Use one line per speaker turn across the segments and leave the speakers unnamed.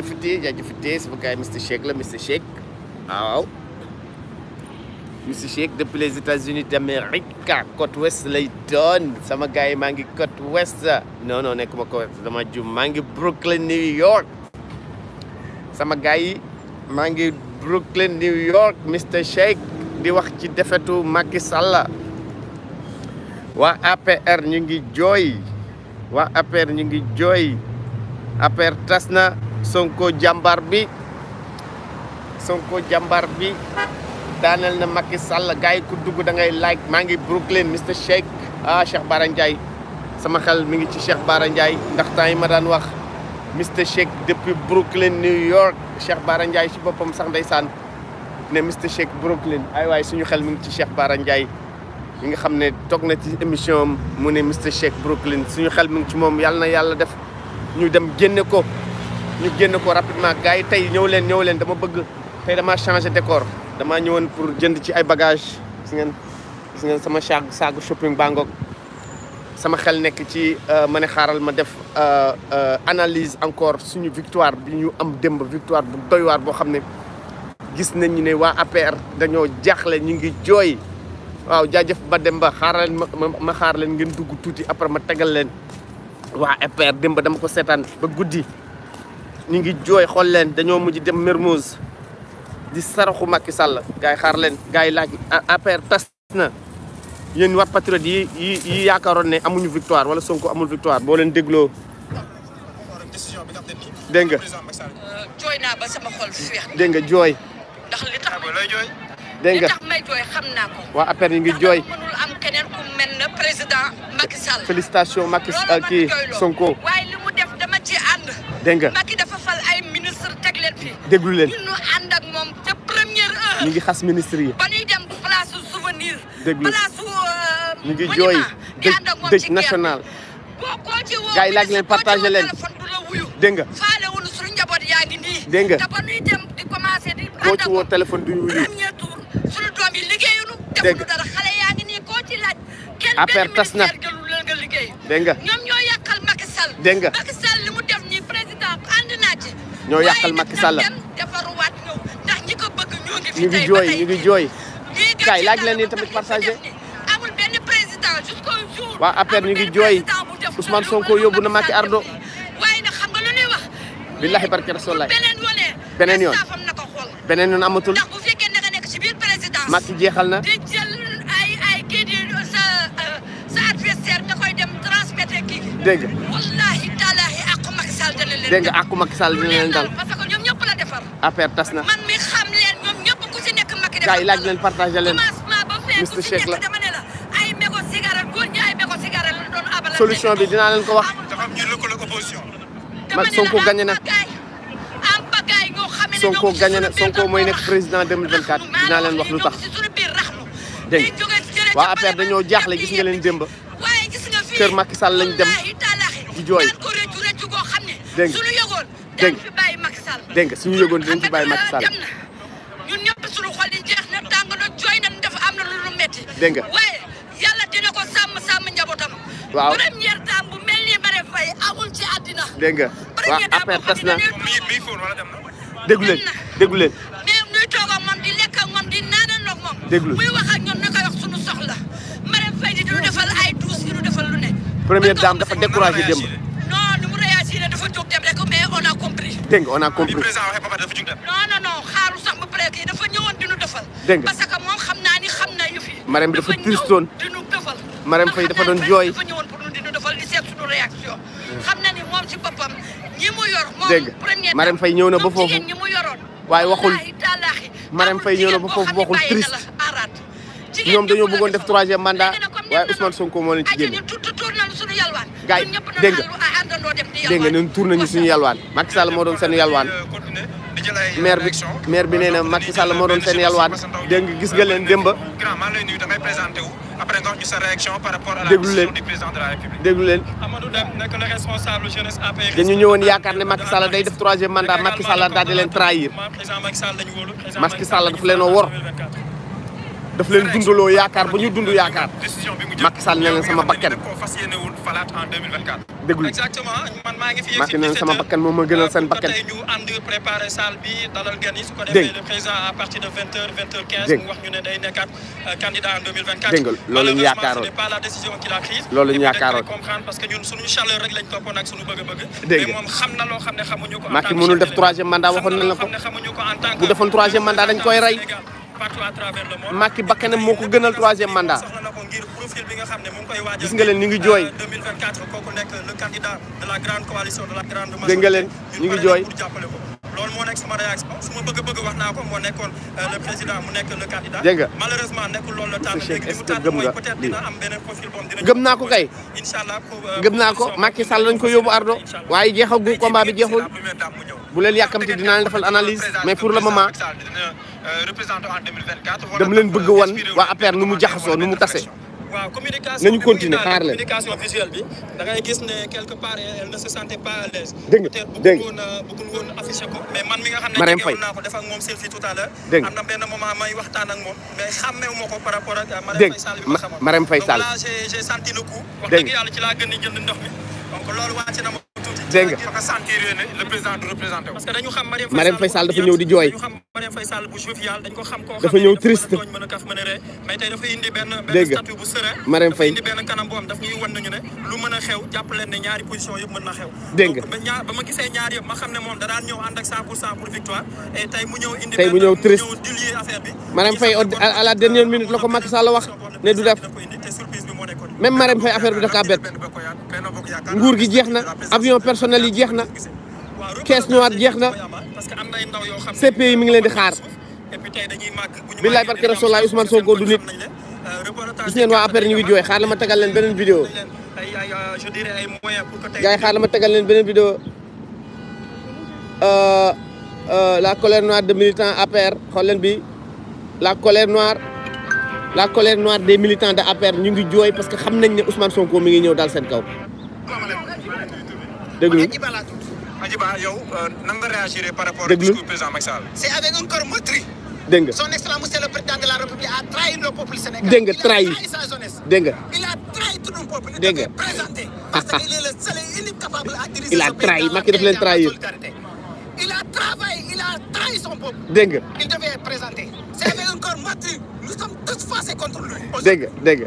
ya jaajëfite sama gars Mr Mister Shake Mr. Mister Shake ah, oh. Mr. Sheikh Shake depuis les États-Unis d'Amérique côte ouest lay don sama gay mangi côte ouest no no sama côte sama ju jum Brooklyn New York sama gay mangi Brooklyn New York Mr Shake di wax ci defetu Macky Sall wa APR ñu ngi joy wa APR ñu ngi joy APR tasna Sonko jàmbaar bi Sonko jàmbaar bi daaneel na Macky Sall gars yi ku dugg da ngay like maa ngi Brooklyn Mr Cheikh ah Cheikh Bara Ndiaye sama xel mi ngi ci Cheikh Bara Ndiaye ndax temps yi ma daan wax Mr Cheikh depuis Brooklyn New York Cheikh Bara Ndiaye ci boppam sax ndeysaan ne Mr Cheikh Brooklyn ay waay suñu xel mi ngi ci Cheikh Bara Ndiaye mi nga xam ne toog na ci émission mu ne Mr Cheikh Brooklyn suñu xel mi ngi ci moom yàlla na yàlla def ñu dem génne ko ñu jënd ko rapidement gaay tay ñew leen ñew leen dama bëgg tay dama changer décor dama ñewon pour jënd ci ay bagage gis ngeen gis ngeen sama shag shag shopping bangok sama xel nek ci euh, ma ne xaaral ma def euh, euh, analyse encore suñu victoire bi ñu am demb victoire bu doy war bo xamné gis nañ ñu né wa APR dañoo jaxlé ñu ngi joy. waaw jaajëf ba dem ba xaaral ma xaar leen ngeen dugg tuuti après ma tégal leen wa APR demb dama ko sétane ba guddii ñu ngi jooy xool leen dañoo mujj dem Mermoz di saraxu makki Sall gars xaar leen gars yi laaj APR tas na yéen waa patriote yi yi yaakaaroon ne amuñu victoire wala Sonko amul victoire boo leen dégloo dégg
jooy naa ba sama xol féex dégg
nga jooy dégg nga naa ko waa APR yi ngi jooy
mënul am keneen
Sonko ci ànd. dégg nga Macky
ay ministre teg leen fi. ak moom ca première heure.
ngi xas ministre yi. ba ñuy
dem place
souvenir. déglu place euh, ngi jooy dëj national. boo ci woo. gars yi laaj leen partagé leen téléphone du la wuyu. dégg nga faale
njaboot yaa ngi nii.
dégg nga te ba ñuy
dem di commencé di.
ànd ak koo ci
doom yi
liggéeyuñu.
dégg nga
dara xale yaa ngi nii koo ci laaj.
affaire tas na kenn benn
ministère jëlul nga liggéey. yàqal. dégg nga mu def nii président ànd naa ci.
ñoo yàqal Macky Sall waaye nag
defaruwaat ñëw ko bëgg ñoo fi. ñu ngi jooy ñu
ngi jooy. kay laaj leen ni tamit partagé. amul benn waa affaire ñu ngi jooy Ousmane Sonko yóbbu na Macky Ardo. waaye nag xam nga lu ñuy wax. billahi barke rasulallah beneen yoon nekk ci biir président. Macky jeexal na. dégg nga. wallaahi
taalaahi àqu Macky Sall dana leen. dégg nga àqu
Macky Sall dana leen dal
parce que ñoom ñëpp la defar.
affaire tas na man
mi xam leen ñoom ñëpp ku si nekk Macky. defar laaj
leen partagé leen. commencement
ba fin ku si nekk dama ne la ay mégo cigarette góor ñi ay mégo cigarette la doon abal.
solution bi dinaa leen ko wax. dafa am ñu lëkkaloo opposition. dama ne la Sonko gagné na. am bagaay ñoo xam ne Sonko gagné na Sonko mooy nekk président 2024 dinaa leen wax lu tax. dégg nga waa affaire dañoo jaaxle gis nga leen démb kër Macky Sall lañ dem di jooy. daan ko rëccu rëccu goo xam ne. dégg suñu yëgoon daan fi bàyyi Macky Sall. na
ñun ñëpp
am na nu métti. dégg nga waaye
yàlla dina ko sàmm sàmm
njabootam. waaw
première dame mel nii Marème Faye amul ci àddina.
dégg nga waaw affaire na déglu leen déglu leen.
moom di lekk ak di naan ak moom. déglu muy wax ak
première dame dafa découragé démb. non
ni mu réagir dafa jóg dem rek mais on a compris.
dégg nga on a compris. non non non xaaru sax ba pare kii dafa ñëwoon di nu defal. dégg nga parce que moom xam naa ni xam na yu fi. Marème dafa tristoon dafa ñëw di nu defal. Marème Faye dafa doon jooy dafa ñëwoon
pour nu di nu defal di seet suñu réaction. Hmm.
xam na ni moom si boppam ñi mu yor. dégg nga Marème Faye ñëw na ba foofu ñi mu yoroon. waaye waxul Marème Faye ñëw na ba foofu waxul triste ñoom dañoo bëggoon def troisième mandat waaye Ousmane Sonko moo leen ci génn. gars yi dégg nga dégg nga ñun tour nañu suñu yalwaan Macky Sall moo doon seen yalwaan maire bi maire bi nee na Macky Sall moo doon seen yalwaan dégg nga gis nga leen démba déglu leen déglu leen dañu ñëwoon yaakaar ne Macky Sall day def troisième mandat Macky Sall daal di leen trahir
Macky Sall dafa leen a wor
daf leen dundaloo yaakaar ba ñu dund yaakaar Macky Sall ne leen sama bakkan déglu Macky ne leen sama bakkan moom ma gënal seen bakkan dégg nga
euh, dégg nga loolu ñu yaakaaroon loolu ñu yaakaaroon dégg nga Macky mënul def
troisième mandat waxoon nañ la ko bu defoon troisième mandat dañ koy rey. Macky bakkanam moo ko gënal troisième mandat gis nga leen ñu ngi jooy euh, dégg nga
moo nekk sama réaction su ma bëgg-bëgg wax naa ko euh, le président mu nekk le candidat. dégg
nga malheureusement nekkul loolu la tànn
léegi li mu tànn mooy peut
gëm naa ko kay. incha allah euh, gëm naa ko Macky Sall dañ ko yóbbu Ardo. waaye jeexagul combat bi jeexul bu leen yàkkamti dinaa leen defal analyse mais pour le moment. Euh, représenté en leen bëgg euh, wan waa APR nu mu jaxasoo nu mu tase. waaw communication nañu continuer xaar leen communication visuelle
bi da ngay gis ne quelque part elle woon euh, affiché ko. mais man mi nga xam moom selfie
tout à l'heure. am na benn moment may waxtaan ak moom. mais xàmmeewu ma ko par rapport ma xamoon. Marème Faye Sall ci laa
gën a jënd ndox mi. donc
loolu wàcc na ma tuuti. dégg dafa le ñëw triste mën a
a a jàpp leen ñaari position yëpp mën na xew dégg ba ma gisee yëpp ma xam ne moom da ñëw ànd ak 100 pour 100 victoire tey mu
ñëw triste affaire bi Marième Faye minute la ko Macky wax ne du def même Marème fay affaire bi da ka bet nguur gi jeexna avion personnel yi jeexna caisse kees ñëwaat jeex na CPI mi ngi leen di xaar billaay barke rasulaay usman Sonko du nit gis ngeen wa affaire ñu ngi xaar lama tagal len benen video gay xaar lama tagal len benen video euh euh la colère noire de militants APR xol len bi la colère noire la colère noire des militants de APR ñu ngi jooy parce que xam nañ ne Ousmane euh, son excellence monsieur le président de la République a a trahi tout le peuple. dégg nga présenté parce que il est le seul et unique capable à diriger il a trahi toute fois c'est contre lui. Dégue, dégue. dégg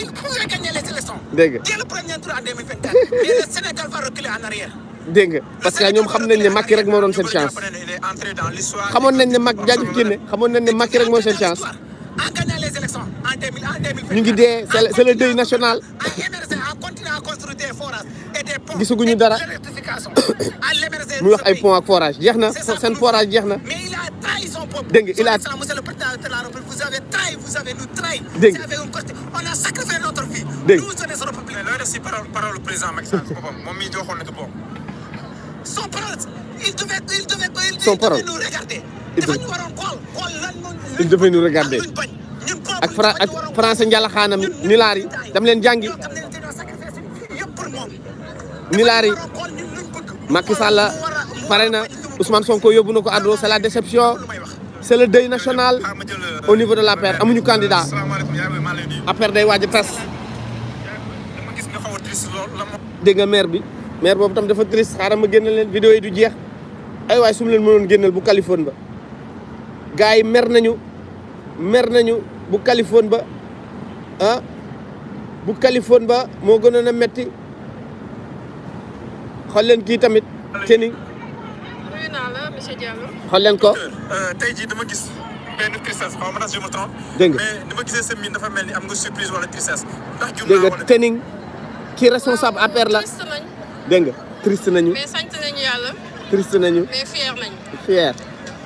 il pourrait gagner les élections. Dégue. nga dès le premier tour en 2024. mais le Sénégal va reculer en arrière. dégg parce que ñoom xam nañ Macky rek moo doon seen chance. xamoon nañ ne Macky jaajëf génne Macky rek moo seen chance. en gagnant les élections en 2000 en 2024. ñu ngi dee c'est le deuil national. à émerger en continuer à construire des forages et des ponts. gisaguñu dara muy wax ay ponts ak forage jeex na seen forage jeex na. mais il a trahi son peuple. dégg il a. Monsieur le Président de la République. vous avez nous trahi. Vous avez nous costé. on a sacrifié notre vie. dégg nous on est sur le public. mais looy def parole parole président Maxime. Sall boppam moom mii di waxoon ne du bon. son parole il devait il devait il devait nous regarder. dafa ñu waroon xool xool lan moo il devait nous regarder. ak Fra ak français njalaxaanam nilaari dam leen jàngi. nilaari Macky Sall parena Ousmane Sonko yobunako na c'est la déception c'est le deuil national au niveau de la paire amuñu candidat APR day waaj a tas dégg nga maire bi maire bobu tam dafa triste xaaral ma génne leen vidéo yi du jeex ay way sum len meunon mënoon bu Californie ba gaay mer nañu mer nañu bu Californie ba ah bu Californie ba mo gënon na metti xol len ki tamit Tening
nuyu ko. Euh, tey jii dama gis dégg dafa mel ni am nga surprise
Tening kii responsable APR la triste dégg nga triste nañu. mais
sant nañu yàlla. triste nañu. fier
nañu. fier.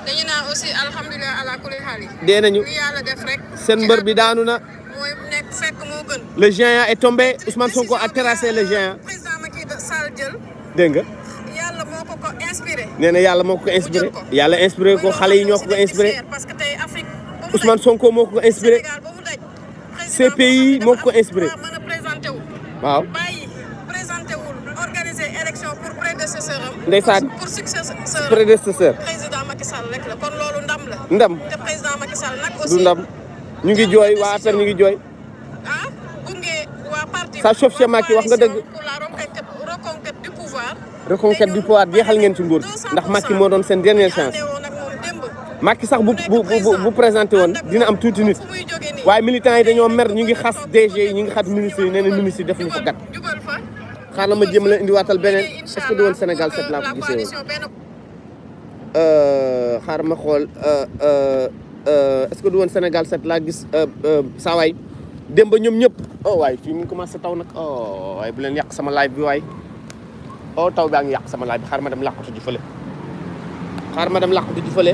dañu naan aussi alhamdulilah ala kulli xaal seen mbër bi daanu na. mooy nekk fekk moo gën. le géant est a terrassé le géant.
président Macky ko na yàlla moo
ko inspiré yàlla inspiré ko xale yi ñoo ko inspiré Ousmane Sonko moo ko inspiré CPI moo ko inspiré waaw.
ndeysaan prédécesseur
président Macky Sall rek la kon ndam ñu ngi jooy waa affaire ñu ngi jooy. ah gunge waa parti. wax nga dëgg. reconquête du pouvoir jeexal ngeen ci nguur ndax Macky mo doon sen dernière chance Macky sax bu bu bu présenté won dina am tout nit waaye militants yi dañoo mer ñu ngi xass DG yi ñu ngi xat ministre yi nee na ministre def ñu fa gat xaar ma jëm la indi watal benen est-ce que du woon Sénégal set laa ko gisee woon euh, xaar ma euh, euh, euh est-ce que du woon Sénégal set laa gis euh saway ba ñom ñep oh way fi mu commencé taw nak oh way bu len yak sama live bi way oo taw baa ngi yàq sama laaj xar xaar ma dem làqatu ji fële xaar ma dem làqatu ji fële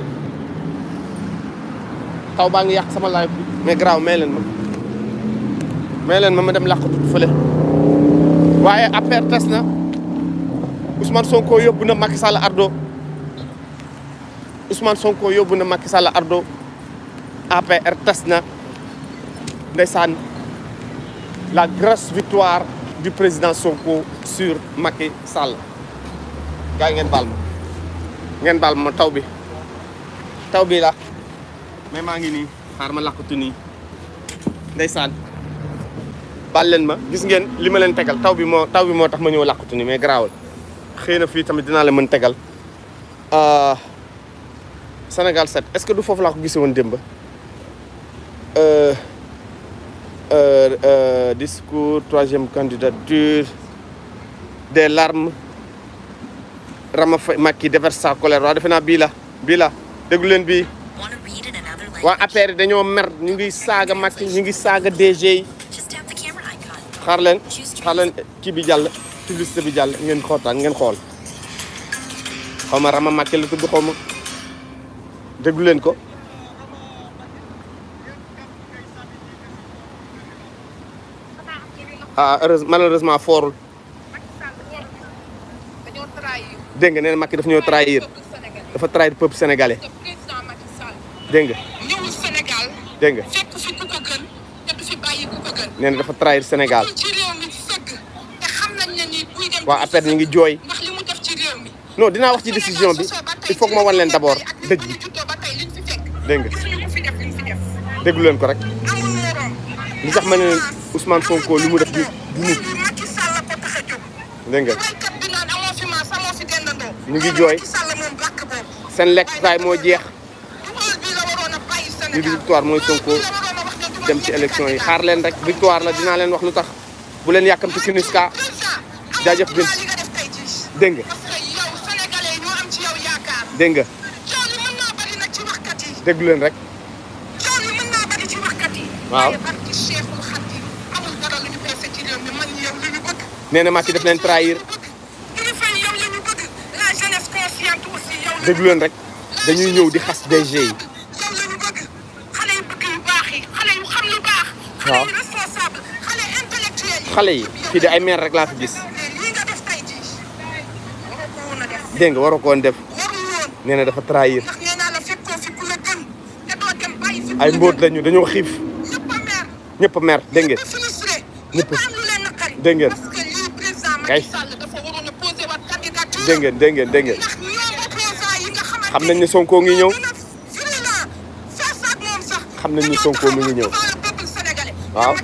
taw baa ngi yàq sama laaj bi mais garaaw may leen ma may leen ma ma dem làqatu ji fële waaye affaire tes na Ousmane Sonko yóbbu na Macky Sall ardo Ousmane Sonko yóbbu na Macky Sall ardo APR tes na ndeysaan la grosse victoire du président Sonko sur Macky Sall gay yi ngeen baal ma ngeen baal ma taw bi taw bi la mais ma ngi ni xaar ma làqatu nii ndaysan bal len ma gis ngeen lima len tegal taw bi mo taw bi moo tax ma ñëw làqatu nii mais garaawal fi tamit dina la mën tegal ah, Sénégal 7 est-ce que du fofu laa ko won demba euh euh, discours, troisième candidature, des larmes. Ramaphosa Macky déverse sa colère waaw defe bila bii la bii la déglu leen bii waa APR yi mer ñu ngi saaga Macky ñu ngi saaga DG yi xaar leen xaar leen kii bi jàll publicité bi jàll ngeen xootaan ngeen xool xaw Rama Macky la tudd xaw ma déglu leen ko. ah heureuse malheureusement foorul dégg nga nee na Macky dafa ñëw trahir dafa trahir peuple sénégalais dégg nga. ñëwul Sénégal. dégg nga fekk fi ku ko gën te du fi bàyyi ku ko gën. nee na dafa trahir Sénégal. ci réew mi sëgg te xam nañ ne ni buy dem. waa affaire ñu ngi jooy. ndax li mu def ci réew mi. non dinaa wax ci décision bi il faut que ma wan leen d' abord dëj bi dégg nga déglu leen ko rek li tax ma ne Ousmane Sonko lu mu def du nit. dégg nga. ñu ngi jooy. seen lekk kaay moo jeex. ñu di victoire mooy Sonko dem ci élection yi xaar leen rek victoire la dinaa leen wax lu tax bu leen yàkkamti Kiniska jaajëf gën dégg nga. dégg nga. déglu leen rek. waaw. nee na Macky daf leen trahir. déglu leen rek dañuy ñëw di xas DG yi. waaw xale yi fii de ay maire rek laa fi gis. dégg nga waroo ko woon def nee na dafa trahir ay mbóot lañu dañoo xiif ñëpp a mer dégg ngeen ñëpp dégg ngeen kay dégg ngeen dégg ngeen dégg ngeen xam nañ ne Sonko ngi ñëw xam nañ ne Sonko mi ngi ñëw waaw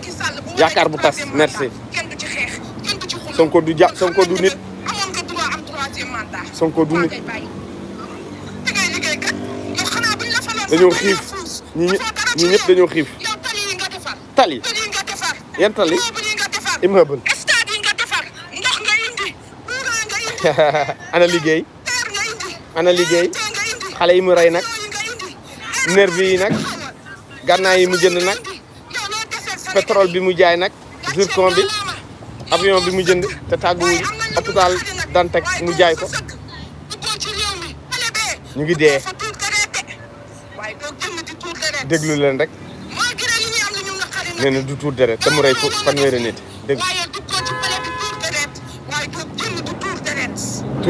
yaakaar bu tas merci Sonko du ja Sonko du nit Sonko du nit dañoo xiif ñi ñi ñëpp dañoo tali yan tali immeuble ana liggéey ana liggéey xale yi mu rey nag nervi nag gànnaay yi mu jënd nag pétrole bi mu jaay nag zircon bi avion bi mu jënd te tàgguwuñu hôpital Dantec mu jaay ko ñu ngi dee déglu leen rek nee du tuur deret te mu rey fanweeri nit dégg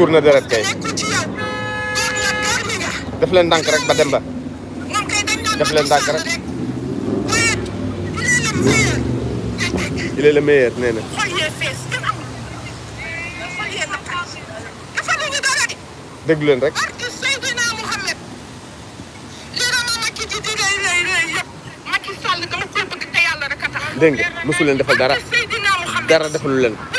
tuur na deret kay def leen ndànk rek ba dem ba def leen ndànk rek il est le meilleur nee na déglu leen rek dégg nga mosu leen defal dara dara defalu leen ko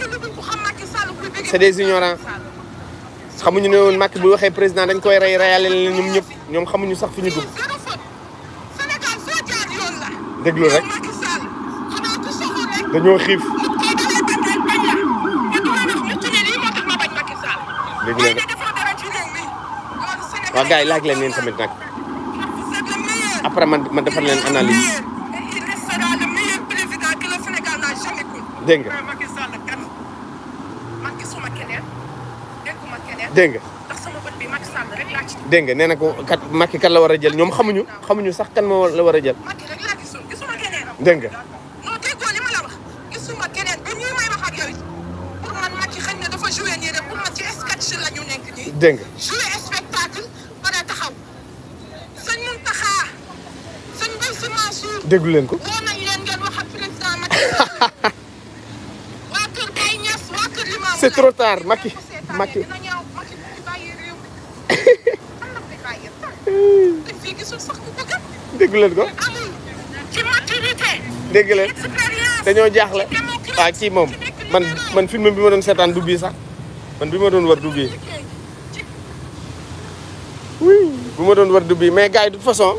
c'est des ignorants xamuñu ne woon Macky bu waxee président dañ koy rey reyale leen ñoom ñëpp ñoom xamuñu sax fi ñu dugg déglu rek dañoo xiif déglu rek waaw gars yi laaj leen leen tamit nag après man man defar leen analyse dégg nga dégg nga nena ko kat makki kan la war jël ñom xamuñu xamuñu sax kan mo la war a jël dégg nga dégg nga jouer spectacle ba da taxaw sëñ Mountakha sëñ Bassirou Mansour déglu leen ko woo nañ leen ngeen wax ak président Macky waa kër Baye Niass waa kër Limamou c'est trop tard maki, maki.
fii gisul sax ku bëgg.
dégg leen ko. ci maturité. dégg leen dañoo jaaxle. waaw kii man man film bi ma doon seetaan du sax man bima ma war du bii. bu ma war du mais gars yi façon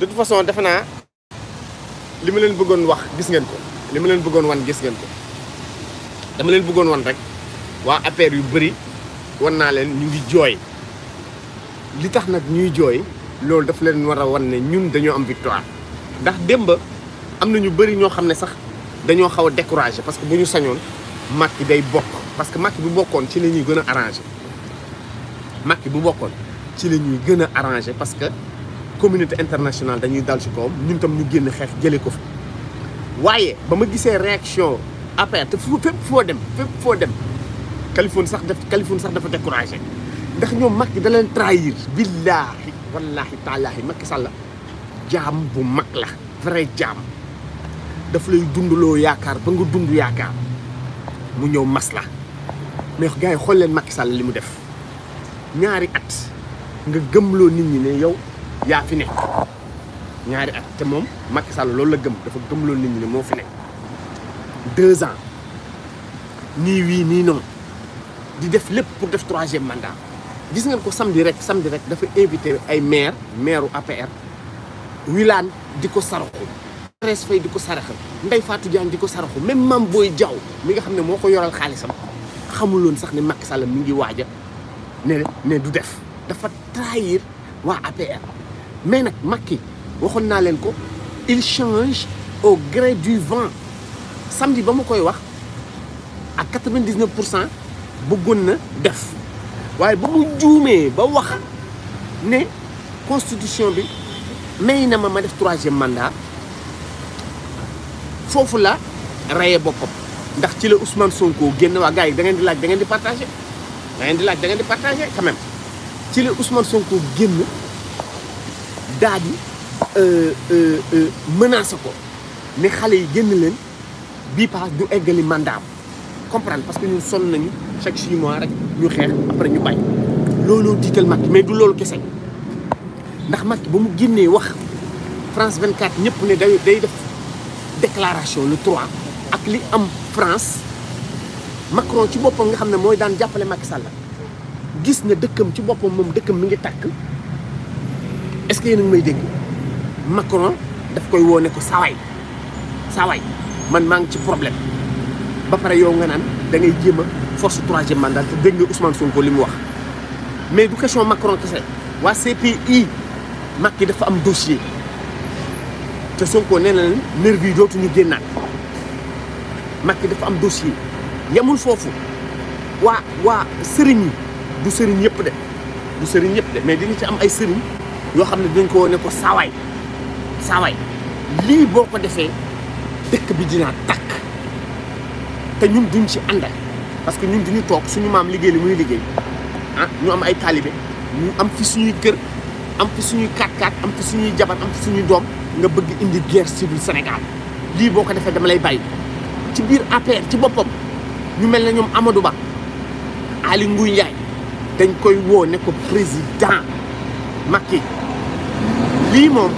de façon defe naa li ma wax gis ngeen ko li ma wan gis ngeen ko dama wan rek wa affaire yu wan naa leen ñu ngi li tax nag ñuy jooy loolu daf leen war a wan ne ñun dañoo am victoire ndax démb am na ñu bëri ñoo xam ne sax dañoo xaw a découragé parce que bu ñu sañoon Macky day bokk parce que Macky bu bokkoon ci la ñuy gën a arrangé Macky bu bokkoon ci la ñuy gën a arrangé parce que communauté internationale dañuy dal ci kawam ñun tam ñu génn xeex jëlee ko fa waaye ba ma gisee réaction après te fu fépp foo dem fépp foo dem Californie sax def Californie sax dafa découragé ndax ñoom Macky da leen trahir billaahi wallaahi taalaahi Macky Sall jaam bu mag la vrai jaam daf lay dunduloo yaakaar ba nga dund yaakaar mu ñëw mas la mais gars yi xool leen Macky Sall li mu def ñaari at nga gëmloo nit ñi ne yow yaa fi nekk ñaari at te moom Macky Sall loolu la gëm dafa gëmloo nit ñi ne moo fi nekk deux ans nii wii nii noonu di def lépp pour def troisième mandat gis ngeen ko samedi rek samedi rek dafa invité ay maire maireu APR Wilane diko saraxu Thérèse fay diko ko saraxal Ndeye Fatou Diagne di ko saraxu même mam boy Diaw mi nga xam moko moo ko yoral xaalisam xamuloon sax ni Macky Sall mi ngi waaj a ne ne du def dafa trahir wa APR mais nak Macky waxon na len ko il change au gré du vent samedi ba koy wax ak 99 pour na def waaye ba mu juumee ba wax ne constitution bi may na ma ma def troisième mandat foofu la rayé boppam ndax ci la Ousmane Sonko génn waa gars yi da ngeen di laaj da ngeen di partagé da di laaj da ngeen di partagé quand même ci la Ousmane Sonko génn daa di euh, euh, euh, ko ne xale yi génn leen bii paas du eggali am comprendre parce que ñun sonn nañu. chaque six mois rek ñu xeex après ñu bay looloo diital Macky mais du loolu kese ndax Macky ba mu génnee wax France 24 ñëpp ne day day def déclaration le 3 ak li am France Macron ci boppam nga xam ne mooy daan jàppale Macky Sall gis na dëkkam ci boppam moom dëkkam mi ngi takk est-ce que yéen ngi may dégg Macron daf koy woone ne ko saway saway man maa ngi ci problème ba pare yow nga naan. da ngay jéem a force troisième mandat te dégg nga Ousmane Sonko li mu wax mais du question Macron kese waa CPI Macky dafa am dossier te Sonko nee na leen nervi yi dootuñu génnaat Macky dafa am dossier yamul foofu waa waa sëriñ yi du sëriñ yëpp de du sëriñ yëpp de mais dina ci am ay sëriñ yoo xam ne dañ ko wone ko saawaay saawaay lii boo ko defee dëkk bi dinaa takk te ñun duñ ci ànd parce que ñun duñu toog suñu maam liggéey li muy liggéey ah ñu am ay taalibe ñu am fi suñuy kër am fi suñuy kaat-kaat am fi suñuy jabar am fi suñuy doom nga bëgg indi guerre civile Sénégal lii boo ko defee dama lay bay ci biir APR ci boppam ñu mel ne ñoom Amadou Ba Ali Nguy Ndiaye dañ koy woo ne ko président Macky lii moom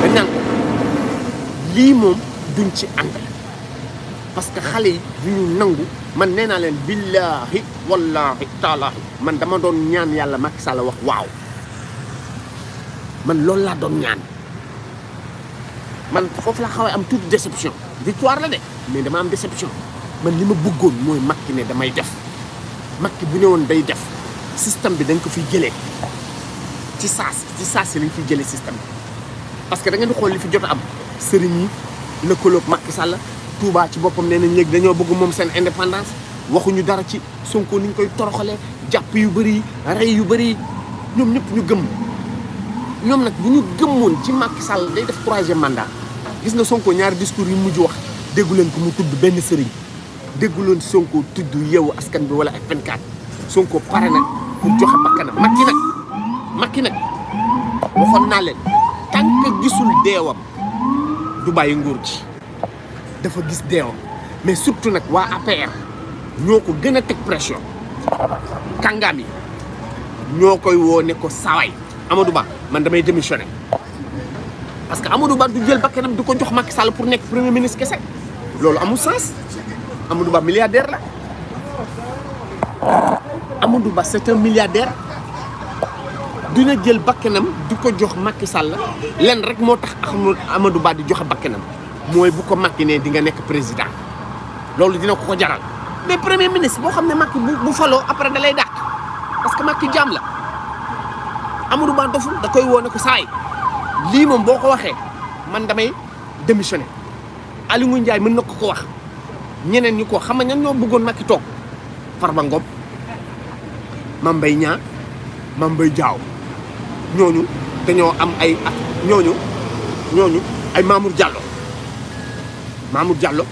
dañ naan lii moom duñ ci ànd parce que xalé yi ñu nangu man néna len billahi wallahi taala man dama doon ñaan yalla Macky Sall wax waaw man lool la doon ñaan man fofu la xawé am toute déception victoire la dé mais dama am déception man lima bëggoon moy Macky né damay def Macky bu néwon day def système bi dañ ko fi jëlé ci sas ci sas lañ fi jëlé système parce que da ngeen xol li fi jot am sëriñ yi lëkkaloog Macky Sall Touba ci bopam nee nañ dañoo bëgg mom seen indépendance waxu ñu dara ci Sonko ni ñu koy toroxalee japp yu bari ray yu bari ñom ñep ñu gëm ñom nak bu ñu gëmmoon ci Macky Sall day def 3e mandat gis na Sonko ñaar discours yu mujj wax déggu leen ko mu tudd ben sëriñ déggu leen Sonko tudd yew askan bi wala ak 24 Sonko paré nak ku joxe bakkanam Macky nak Macky nak waxon na leen tank gisul deewam du bàyyi nguur ci dafa gis deewam mais surtout nag waa APR ñoo ko gën a teg pression kàngaam yi ñoo koy woo ne ko saway Amadou Ba man damay démissionné parce que Amadou Ba du jël bakkanam du ko jox Macky Sall pour nekk premier ministre kese loolu amul sens Amadou Ba la Amadou Ba c'est dina jël bakkanam du ko jox Macky Sall lenn rek moo tax Amadou Ba di joxe bakkanam mooy bu ko Macky ne di nga nekk président loolu dina ko ko jaral mais premier ministre boo xam ne Macky bu bu faloo après da lay dàq parce que Macky jaam la Amadou Ba doful da koy woone ko saay lii moom boo ko waxee man damay démissionné Aliou Ndiaye mën na ko ko wax ñeneen ñi ko xam nga ñan ñoo bëggoon Macky toog Farba Ngom Mame Mbaye Niang Mame Mbaye Diaw ñooñu dañoo am ay ñooñu ñooñu ay Mamour Diallo Mamour Diallo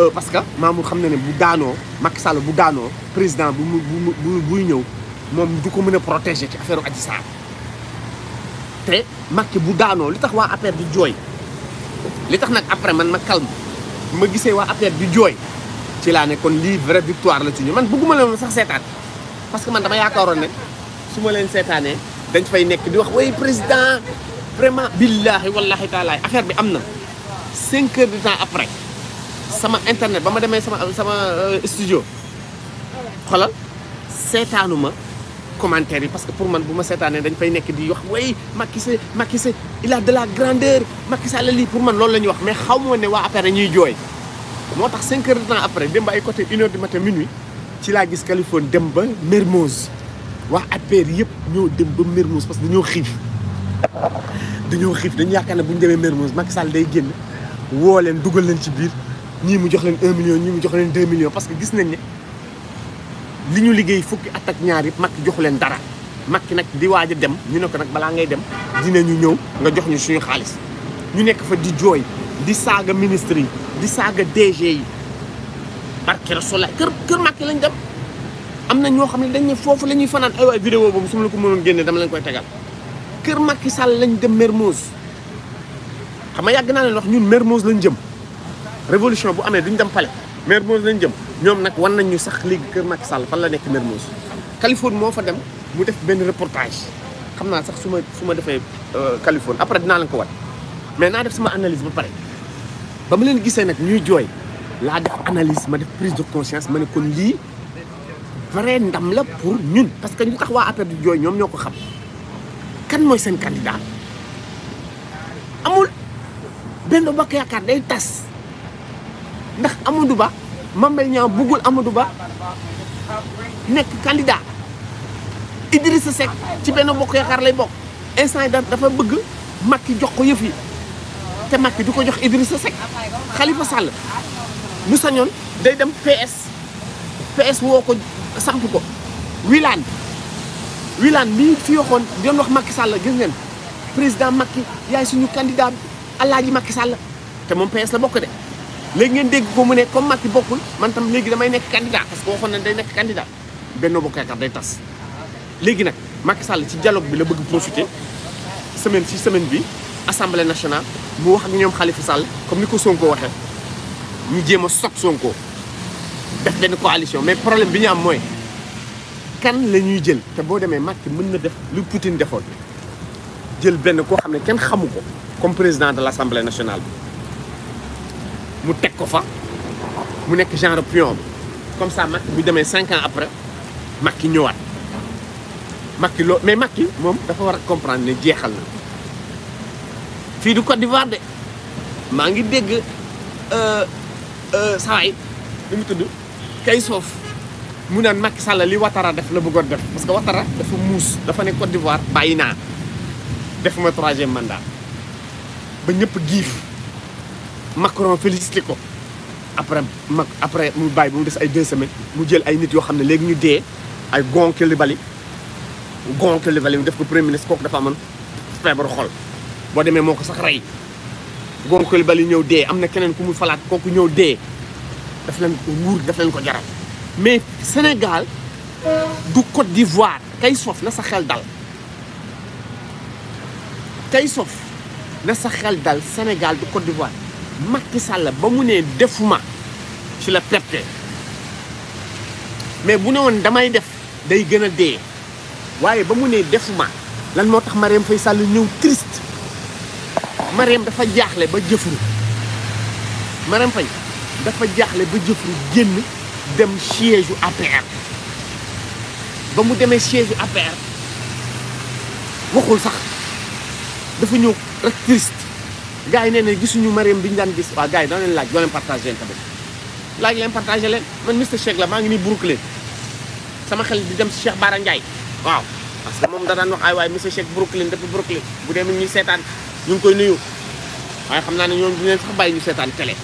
euh, parce que Mamour xam na ne bu daanoo Macky Sall bu daanoo président bu mu buy ñëw moom du ko mën a protéger ci affaire Adji Sarr te makki bu daanoo li tax waa affaire di jooy li tax nag après man ma calme ma gisee waa affaire di jooy ci laa ne kon lii vraie victoire la ci ñu man bëgguma leen sax seetaan parce que man dama yaakaaroon ne su ma leen seetaanee dañ fay nekk di wax way président vraiment billahi wallahi taalaay affaire bi am na cinq heures de temps après sama internet ba ma demee sama sama euh, studio xoolal seetaanu ma commentaire yi parce que pour man bu ma seetaanee dañ fay nekk di wax way Macky Sall Macky Sall il a de la grandeur Macky Sall lii pour man loolu la ñuy wax mais xaw ma ne waa après ñuy jooy moo tax cinq heures de temps après dem ba ay côté une heure du matin minuit ci laa gis Californie dem ba Mermoz waa APR yëpp ñoo dem ba Mermoz parce que dañoo xiif dañoo xiif dañu yaakaar ne bu ñu demee Mermoz Macky Sall day génn woo leen dugal leen ci biir ñii mu jox leen un million ñii mu jox leen deux millions parce que gis nañ ne li ñu liggéey fukki at ak ñaar yëpp Macky joxu leen dara Macky nag di waaj a dem ñu ne ko nag balaa ngay dem dinañu ñëw nga jox ñu suñu xaalis ñu nekk fa di jooy di saaga ministre yi di saaga DG yi barke Rasulullah kër kër Macky lañ dem am na ñoo xam ne dañ ne foofu la ñuy fanaan ay waay vidéo boobu su ma la ko mënoon génne dama leen koy tegal kër Macky Sall lañ dem Mermoz xam nga yàgg naa leen wax ñun Mermoz lañ jëm révolution bu amee duñ dem palais Mermoz lañ jëm ñoom nag wan nañ ñu sax léegi kër Macky Sall fan la nekk Mermoz Californie moo fa dem mu def benn reportage xam naa sax su ma su ma defee euh, Californie après dinaa leen ko wat mais naa def sama analyse ba pare ba ma leen gisee nag ñuy jooy laa def analyse ma def prise de conscience ma ne kon lii vrai ndam la pour ñun parce que ñu tax waa affaire du jooy ñoom ñoo xam kan mooy seen candidat amul benn bokk yaakaar day tas ndax Amadou Ba Mame Mbaye bugul Amadou Ba nek candidat Idrissa sek ci benn bokk yaakaar lay bok ya instant dafa bëgg makki jox ko yëf yi te makki diko jox Idrissa sek Khalifa Sall mu sañon day dem PS PS wo ko samp ko wilan wilan mi fi waxoon doon wax Macky Sall gis ngeen président Macky yaay suñu candidat Alaaji Macky Sall te moom PS la bokk de léegi ngeen dégg ko mu ne comme Macky bokkul man léegi damay nekk candidat parce que waxoon na day nekk candidat Benno Bokk Yaakaar day tas. léegi nag Macky Sall ci dialogue bi la bëgg profité semaine ci semaine bi assemblée nationale mu wax ak ñoom xalifa Sall comme ni ko Sonko waxee ñu jéem a sot Sonko def benn coalition mais problème bi ñu am mooy kan la ñuy jël te boo demee Macky mën na def lu putin defoon jël benn koo xam ne kenn xamu ko. comme président de l'Assemblée nationale mu tek ko fa genre pion comme ça je bu ans après Macky ñëwaat Macky mais Macky mom dafa comprendre ne jéxal na fi du Côte d'Ivoire de ngi euh, euh, mu mu Macky li parce que Ouattara dafa dafa Côte d'Ivoire def mandat ba ñëpp giif Macron félicité ko après ma après mu bàyyi bu mu des ay deux semaines mu jël ay nit yoo xam ne léegi ñu dee ay gon bali gon Coulibaly mu def ko premier ministre kooku dafa amoon feebaru xol boo demee moo ko sax rey gon bali ñëw dee am na keneen ku mu falaat kooku ñëw dee daf leen ko nguur daf leen ko jaral mais Sénégal du Côte d'Ivoire kay sof na sa xel dal kay sof na sa dal Sénégal du Côte d'Ivoire Macky Sall ba mu né defuma ci la perte mais bu ne woon damay def day gëna dé waye ba mu né defuma lan motax tax Marième Faye Sall ñëw triste Marième dafa jaxlé ba jëfru Marième Fay dafa jaxlé ba jëfru génn dem siège u APR ba mu demee siège u APR waxul sax dafa ñëw actrice gars yi nee na gisuñu Mariam bi ñu daan gis waaw gars yi dana leen laaj doo leen partagé leen tamit laaj leen partagé leen man Mister Shake la maa ngi nii Brooklyn sama xel di dem si Cheikh Bara Ndiaye waaw parce que moom da daan wax ay waaye Mister Shake Brooklyn depuis Brooklyn bu dee ñuy seetaan ñu ngi koy nuyu waaye xam naa ne ñoom du leen sax bàyyi ñu seetaan télé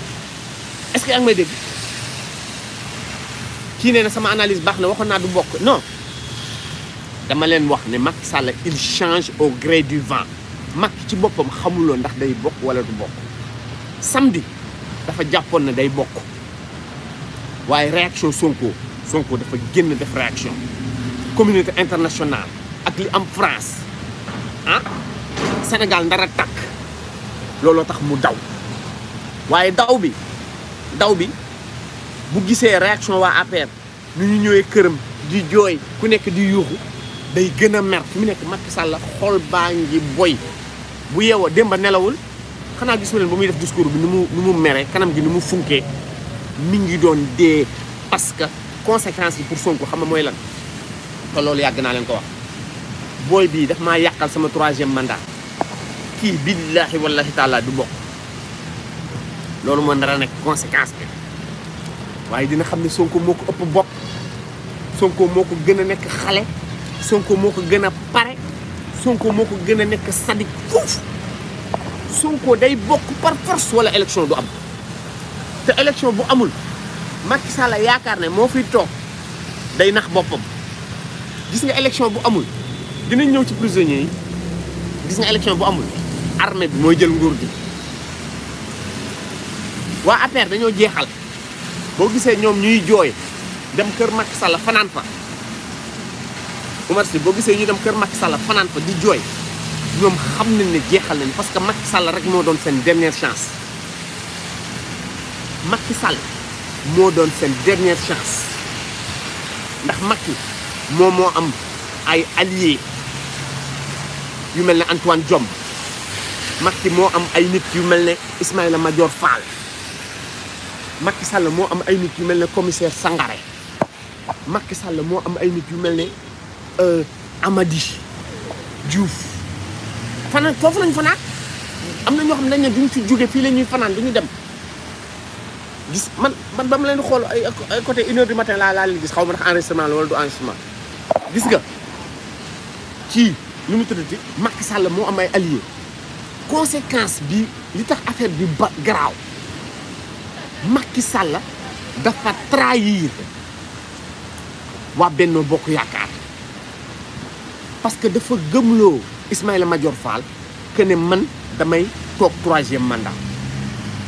est-ce que yaa ngi may dégg kii nee na sama analyse baax na waxoon naa du bokk non dama leen wax ne mag Sall il change au gré du vent Macky ci boppam xamuloo ndax day bokk walla du bokk samedi dafa jàppoon na day bokk waaye réaction Sonko Sonko dafa génn def réaction communauté internationale ak li am France ah Sénégal ndara takk looloo tax mu daw waaye daw bi daw bi bu gisee réaction waa APR nu ñu ñëwee këram di jooy ku nekk di yuuxu day gën a mer fi mu nekk Macky Sall xol baa ngi boy bu yeewoo démba nelawul xanaa gis nga leen ba muy def discours bi nu mu nu mu mere kanam gi nu mu funkee mi ngi doon dee parce conséquence conséquences yi pour Sonko xam nga mooy lan te loolu yàgg naa leen ko wax booy bii daf maa yàqal sama troisième mandat kii billaahi wallahi taala du bokk loolu moo nar a nekk conséquence bi waaye dina xam ne Sonko moo ko ëpp bokk Sonko moo ko gën a nekk xale Sonko moo ko gën a pare Sonko moko gëna nek sadik nekk Sonko day bokk par force wala election du am te election bu amul Macky Sall yaakar ne mo fi tok day nax bopam gis nga election bu amul dina ñëw ci prisonnier gis nga election bu amul armée bi mooy jël nguur gi wa affaire dañu jéxal bo gisé ñom ñuy joy dem kër Macky Sall fanan fa Omar Sy boo gisee ñu dem kër makki Sall fanaan fa di jooy ñoom xam nañ ne jeexal nañ parce que Macky Sall rek moo doon seen dernière chance Macky Sall moo doon seen dernière chance ndax Macky moom moo am ay alliés yu mel ne Antoine Diome Macky moo am ay nit yu mel ne Ismaïla Madior Fall Macky Sall moo am ay nit yu mel ne commissaire Sangaré makki Sall moo am ay nit yu mel ne Euh, amadi Diouf fanaan foofu lañu fanaan am na ñoo xam ne dañ ne duñ fi jóge fii la ñuy fanaan duñu dem gis man man ba mu leen xool ay ay côté une heure du matin laa laa leen gis xaw ma ndax enregistrement la wala du enregistrement gis nga kii nu mu tuddati Macky Sall moo am ay alliés conséquence bi li tax affaire bi ba garaaw Macky Sall dafa trahir waa Benno Bokk Yaakaar parce que dafa gëmloo Ismaïla Madior Fall que ne man damay toog troisième mandat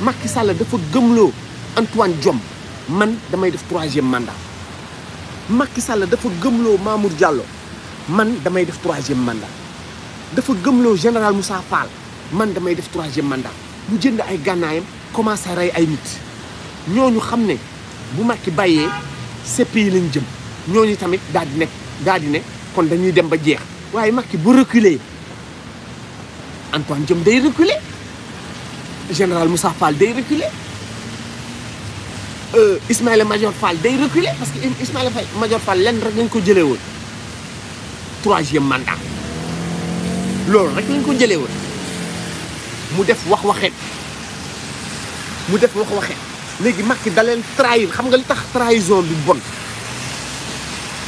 Macky Sall dafa gëmloo Antoine Diome man damay def troisième mandat Macky Sall dafa gëmloo Mamour Diallo man damay def troisième mandat dafa gëmloo général Moussa Fall man damay def troisième mandat mu jënd ay gànnaayam commencé rey ay nit ñooñu xam ne bu Macky bàyyee yi lañ jëm ñooñu tamit daal di nekk daal di nekk kon dañuy dem ba jeex waaye Macky bu reculer Antoine Diom day reculer général Moussa Fall day reculer euh, Ismaïla Major Fall day reculer parce que Ismaïla Major Fall lenn rek lañ ko jëlee woon troisième mandat lool rek lañ ko jëlee woon mu def wax waxé mu def wax waxé légui Macky da trahir xam nga li tax trahison bi bon.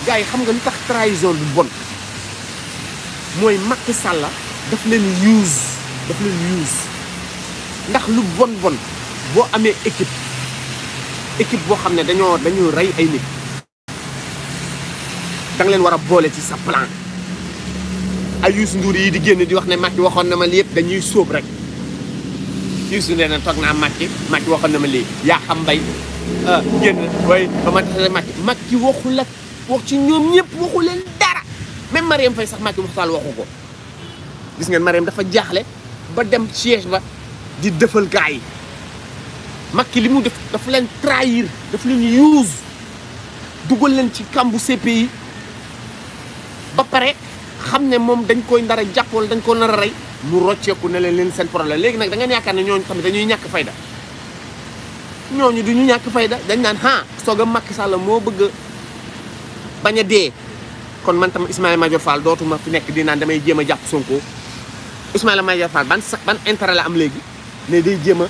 gars yi xam nga lu tax trahison lu bon mooy Macky Sall daf leen use daf ndax lu bon bon boo amee équipe équipe boo xam ne dañoo dañoo rey ay nit da leen war boole ci sa plan ay Youssou Ndour yi di génn di wax ne Macky waxoon na ma lii yëpp dañuy sóob rek Youssou Ndour ne toog naa Macky Macky waxoon na ma lii yaa xam mbay ah, génn ba ma tax Macky Macky waxul wax ci ñom ñepp waxu leen dara même Mariam fay sax Macky waxtal waxu ko gis ngeen Mariam dafa jaxlé ba dem siège ba di defal gaay yi limu def dafa leen trahir daf leen use dugal leen ci kambu CPI ba paré xam mom dañ koy ndara jappol dañ ko nara a mu rocce ko ne leen sen problème légui nak da nga yaakaar ne ñooñu dañuy ñak fayda ñoo ñu duñu ñak fayda dañ nan ha soga a Macky Sall bëgg bañ a kon man tam Ismaïla Madior Fall dootuma fi nek di nan damay jema japp Sonko Ismaïla Madior Fall ban ban intérêt la am léegi né day jema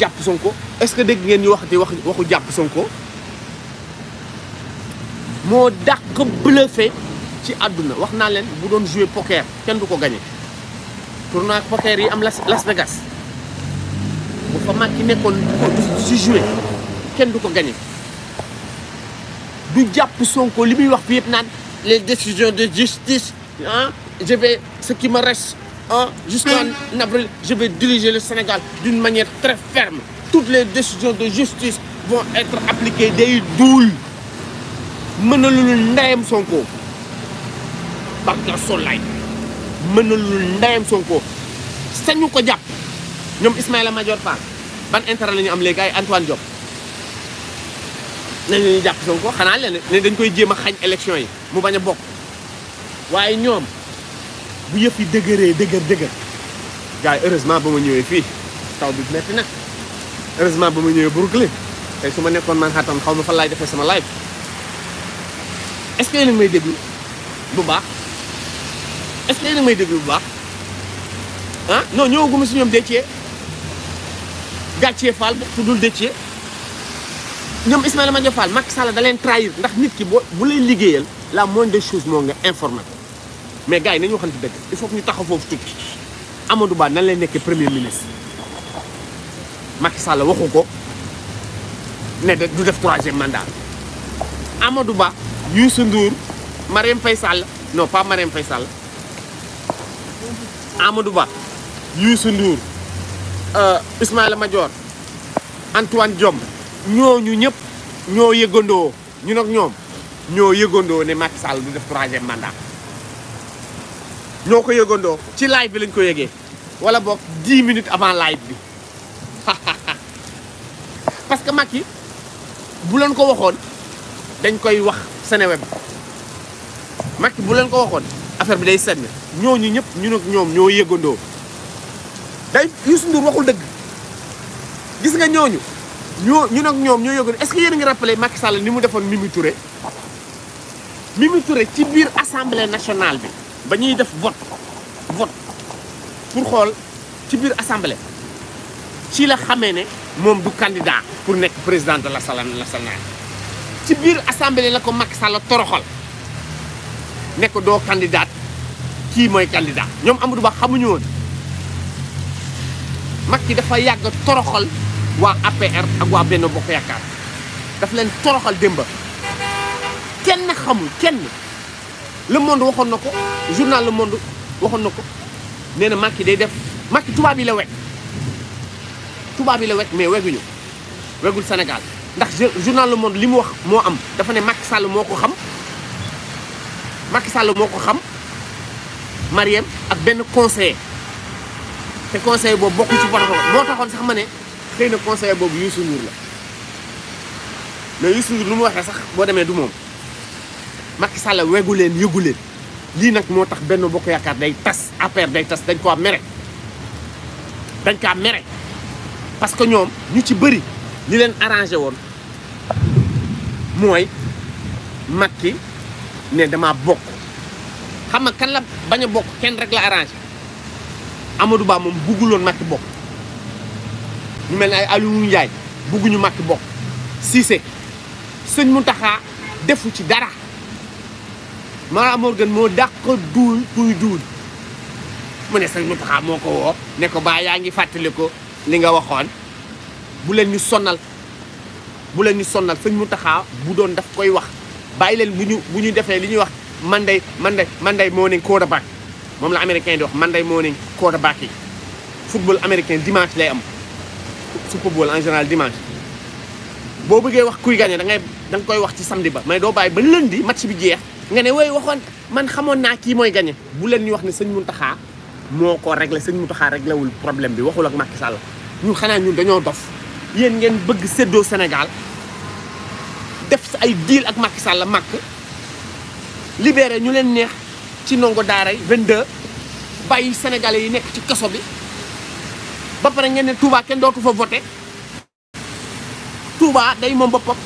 japp Sonko est-ce que dégg ngeen ñu wax wax waxu japp Sonko mo dakk bluffé ci aduna wax naa leen bu doon jouer poker kenn du ko gagné tournoi poker yi am Las Vegas bu fa mag ki nekkoon ci jouer kenn du ko gagné les décisions de justice hein, je vais ce qui me reste hein, avril je vais diriger le Sénégal d'une manière très ferme toutes les décisions de justice vont être appliquées Je ne mënalul pas Sonko barka C'est Sonko sañu ko ban intérêt la les Antoine Diop nañ la ñuy jàpp ko xanaa leen ne dañ koy jéem a xañ élection yi mu bañ a bokk waaye ñoom bu yëf yi dëgëree dëgër dëgër gars yi heureusement ba ma ñëwee fii taw bi metti nag heureusement ba ma ñëwee Brooklyn tey su ma nekkoon Manhattan xaw ma fa laay defee sama live est-ce may déglu bu baax est-ce may déglu bu baax ah non ñëwaguma si ñoom Déthié Gàccee Fall bu dul Déthié ñoom Ismaïla ma Fall Macky Sall daleen leen trahir ndax nit ki boo bu lay liggéeyal la moindre de choses moo nga informé ko mais gars yi nañu waxante dëgg i faut que ñu taxaw foofu tuuti Amadou Ba nan lay nekkee premier ministre Macky Sall waxu ko ne du def troisième mandat Amadou Ba Youssou Ndour Marième Faye Sall non pas Marième Faye Sall Amadou Ba Youssou Ndour euh, Ismaïla Madior Antoine Diome ñooñu ñëpp ñoo yëgandoo ñu ak ñoom ñoo yëgandoo ne Macky Sall du def troisième mandat ñoo ko yëgandoo ci live bi lañ ko yëgee wala boog 10 minutes avant live bi parce que Macky bu leen ko waxoon dañ koy wax web Macky bu leen ko waxoon affaire bi day senn ñu ñëpp ñu ak ñoom ñoo yëgandoo day Youssou Ndour waxul dëgg gis nga ñooñu ñu ñu nak ñoom ñoo yëgoon est ce que yéen a ngi rappelé Macky Sall ni mu defon Mimi Touré Mimi Touré ci bir assemblée nationale bi ba ñuy def vote vote pour xol ci bir assemblée ci la xamé né mom du candidat pour nek président de l'assemblée nationale ci bir assemblée la ko Macky Sall toroxal nek do candidat ki moy candidat ñom Amadou Ba xamuñu won Macky dafa yag toroxal wa APR ak wa Benno Bokk Yakar daf leen toroxal démba kenn xamul kenn Le Monde waxon na ko journal Le Monde waxon na ko nee na Macky day def Macky tubaab yi la weg tubaab yi la weg mais weguñu wegul Sénégal ndax journal Le Monde li mu wax moo am dafa ne Macky Sall moo ko xam Macky Sall moo ko xam Mariem ak benn conseil te conseil boobu bokku ci protocole moo taxoon sax ma ne xeyna conseil bobu Youssou nur la mais Youssou nur lu mu waxee sax bo demé du mom Macky Sall wegu leen yëgu leen lii nag moo benn bokk yakkar day tas affaire day tass dañ koo mere dañ ka mere parce que ñom ñu ci bëri li len arrangé won moy Macky né dama bokk xam nga kan la baña bokk kenn rek la arrangé Amadou Ba mom bugulon Macky bokk ñu mel ne ay Aliou Ndiaye bugguñu Macky bokk Cissé sëñ mu Mountakha defu ci dara Mara Morgan moo dàq duul kuy duul mu ne sëñ Mountakha moo ko woo ne ko baa yaa ngi fàttali ko li nga waxoon bu leen ñu sonnal bu leen ñu sonnal sëñ mu Mountakha bu doon daf koy wax bàyyi leen bu ñu bu ñu defee li ñuy wax man Monday Monday Monday morning quarterback moom la américain di wax man Monday morning quarterback yi football américain dimanche lay am Super Bowl en général dimanche bo bëggee wax kuy gagné da ngay dang koy wax ci samedi ba mais do bay ba lundi match bi jeex nga ne way waxoon man xamone na ki moy gagné bu len ñu wax ne sëñ Mountakha moko régler réglé sëñ régler wul problème bi waxul ak Macky Sall ñun xana ñun dañoo dof yeen ngeen bëgg séddoo Sénégal def ay deal ak Macky Sall mak libéré ñu len neex ci nongo daara 22 bayyi sénégalais yi nekk ci kasso bi ba pare ngeen ne Touba kenn dootu fa voté Touba day moom boppam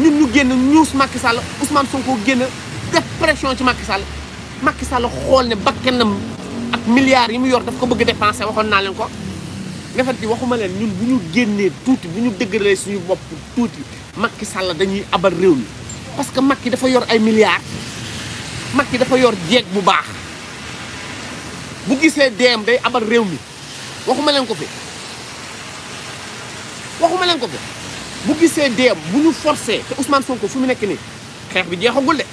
ñun ñu génn ñuus Macky Sall Ousmane ko génn def pression ci Macky Sall Macky Sall xool ne kenn ak milliards yi mu yor daf ko bëgg dépensé waxoon naa leen ko nga di waxuma leen ñun bu ñu génnee tuuti bu ñu dëggalee suñu bopp tuuti Macky sàll dañuy abal réew mi parce que Macky dafa yor ay milliards Macky dafa yor jeeg bu baax bu gisee deem day abal réew mi waxuma len ko fi waxuma len ko bu gisee bu ñu Ousmane Sonko fu mu nekk bi de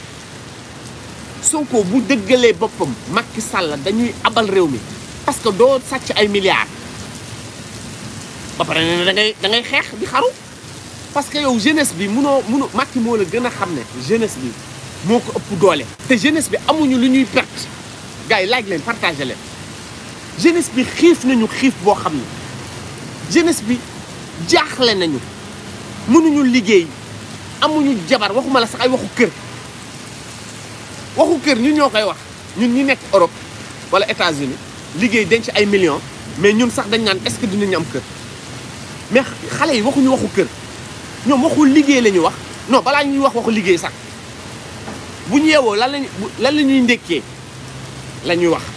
Sonko bu dëggalee boppam Macky Sall dañuy abal réew parce que doo sàcc ay milliards ba pare da ngay da ngay xeex xaru parce que yow jeunesse bi munoo mënu Macky moo la jeunesse bi moo ëpp jeunesse bi amuñu lu ñuy perte gars yi jeunesse bi xiif nañu xiif boo xam ne jeunesse bi jaaxle nañu mënuñu liggéey amuñu jabar waxuma la sax ay waxu kër waxu kër ñun ñoo koy wax ñun ñi nekk Europe wala États-Unis liggéey denc ay millions mais ñun sax dañ naan est-ce que dinañu am kër mais xale yi waxuñu waxu kër ñoom waxu liggéey la ñu wax non balaa ñuy wax waxu liggéey sax bu ñu yeewoo lan lañ lan la ñuy ndékkee la ñuy wax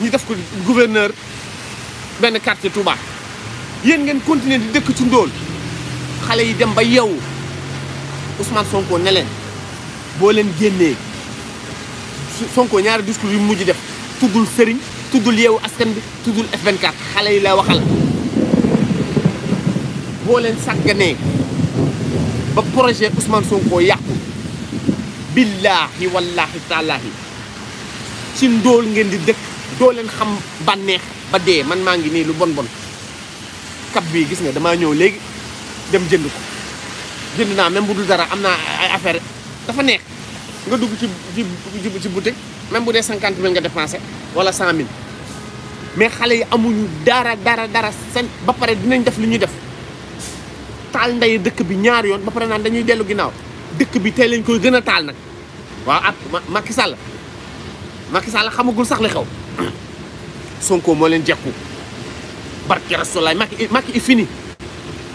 ñi def ko gouverneur ben quartier Touba yéen ngeen continuer di dëkk ci ndol xale yi dem ba yeewu Ousmane Sonko ne len bo len genné Sonko ñaar discours yu mujj def tudul serigne tudul yeewu askan bi tudul F24 xale yi la waxal bo len sagane ba projet Ousmane Sonko yaq billahi wallahi ta'ala ci ndol ngeen di dëkk do len xam banex ba dee man ma ngi ni lu bon bon kat bi gis nga dama ñew léegi dem jënd ko jënd na même bu dul dara amna ay affaire dafa neex nga dugg ci ci ci boutique même bu dé cinquante mille nga dépenser wala cent mille mais xalé yi amuñu dara dara dara sen ba paré dinañ def li ñu def tal nday dëkk bi ñaar yoon ba paré naan dañuy dellu ginaaw dëkk bi té lañ koy gëna tal nak nag waaw ak Macky Sall Macky Sall xamagul sax li xew Sonko mo len jekku barke rasulallah maki Macky ifini fini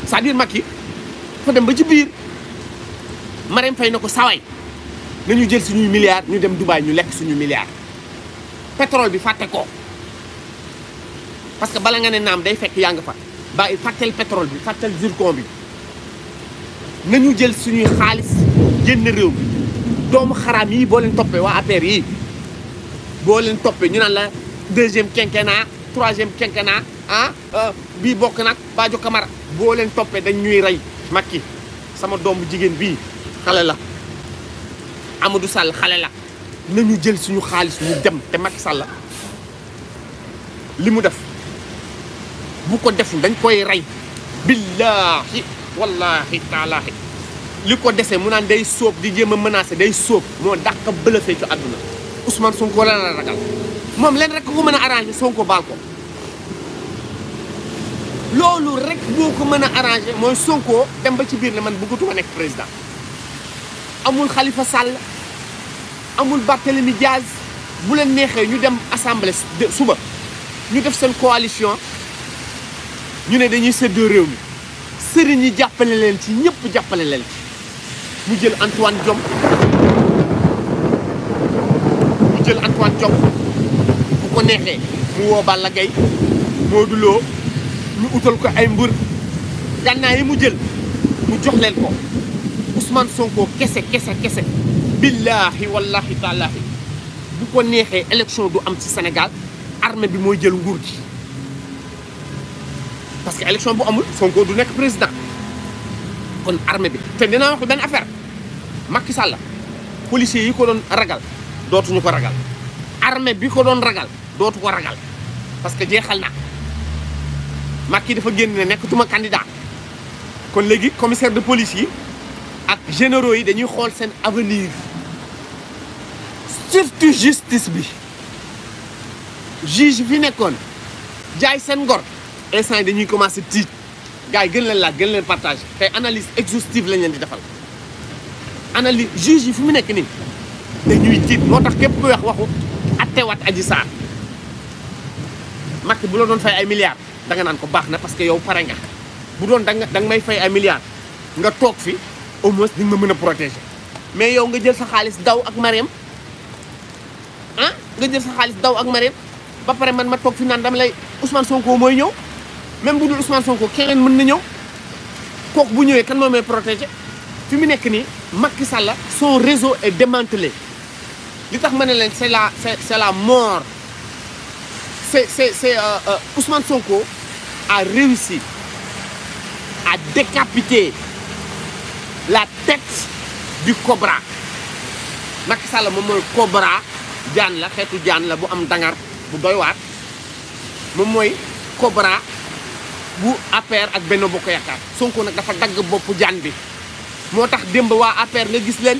c'est-à-dire Macky fa dem ba ci bir marem fay nako ko saway ñu jël suñu milliard ñu dem dubai ñu lek suñu milliard pétrole bi faté ko parce que bala nga né nam day fekk yang fa ba bàyyi fàttel pétrole bi fàttel zircon bi nañu jël suñu xaliss genn rew bi doomu xaraam yi bo len topé wa affaire yi boo topé, ñu nan la deuxième quinquennat troisième quinquennat ah euh, bi bokk nak Badio Camara boo leen topé dañ ñuy ray Macky sama dombu jigen bi xalé la Amadou Sall xalé la nañu jël suñu xaalis ñu dem té Macky Sall li mu def bu ko def dañ koy ray billahi wallahi taalaahi liko ko mu nan day sóob di jéem menacer day sóob mo dàq bëlëfee ci aduna Ousmane Sonko la la ragal moom leen rek ko mën a arrangé Sonko baal ko loolu rek boo ko mën a arrangé mooy Sonko dem ba ci biir ne man ko nekk président amul Khalifa sàll amul Barthélemy Diaz bu leen neexee ñu dem assemblée suba ñu def seen coalition ñu ne dañuy séddoo réew mi sëriñ yi jàppale leen ci ñëpp jàppale leen ci mu jël Antoine Diome jël Antoine Diome bu ko neexee mu woo ko ay mbër gànnaay yi mu jël mu jox leen ko Ousmane Sonko kese kese kese billaahi wallaahi ko neexee élection du am ci Sénégal armée bi mooy jël nguur gi parce que élection bu amul Sonko du nekk président kon armée bi te dinaa wax benn affaire Macky Sall policiers yi ko doon ragal ñu ko ragal armée bi ragal ko parce que jeexal na Macky dafa génn candidat kon commissaire de police yi ak généraux yi dañuy avenir justice juge fi nekkoon jaay seen ngor instant dañuy gars yi partage analyse exhaustive analyse juge yi dañuy tiit moo tax képp ku wax waxu wat aji sa Macky bu la doon fay ay milliard da nga nan ko baax na parce que yow pare nga bu doon da nga da may fay ay milliard nga tok fi au moins ding ma mën protéger mais yow nga jël sa xaliss daw ak Marème ah nga jël sa xaliss daw ak Marème ba paré man ma tok fi nan dama lay Ousmane Sonko moy ñew même bu dul Ousmane Sonko keneen mën na ñew kooku bu ñewé kan mo may protéger fi mu nekk Macky Sall son réseau est démantelé li tax c'est la c'est la mort c'est c'est c'est euh, euh, Ousmane Sonko a réussi à décapiter la tête du cobra Macky Sall moom mooy cobra jaan la xeetu jaan la bu am dangar bu doy wat mom moy cobra bu APR ak Benno Bokk Yaakaar Sonko nak dafa dagg bop jaan bi motax demb wa waa APR nga gis len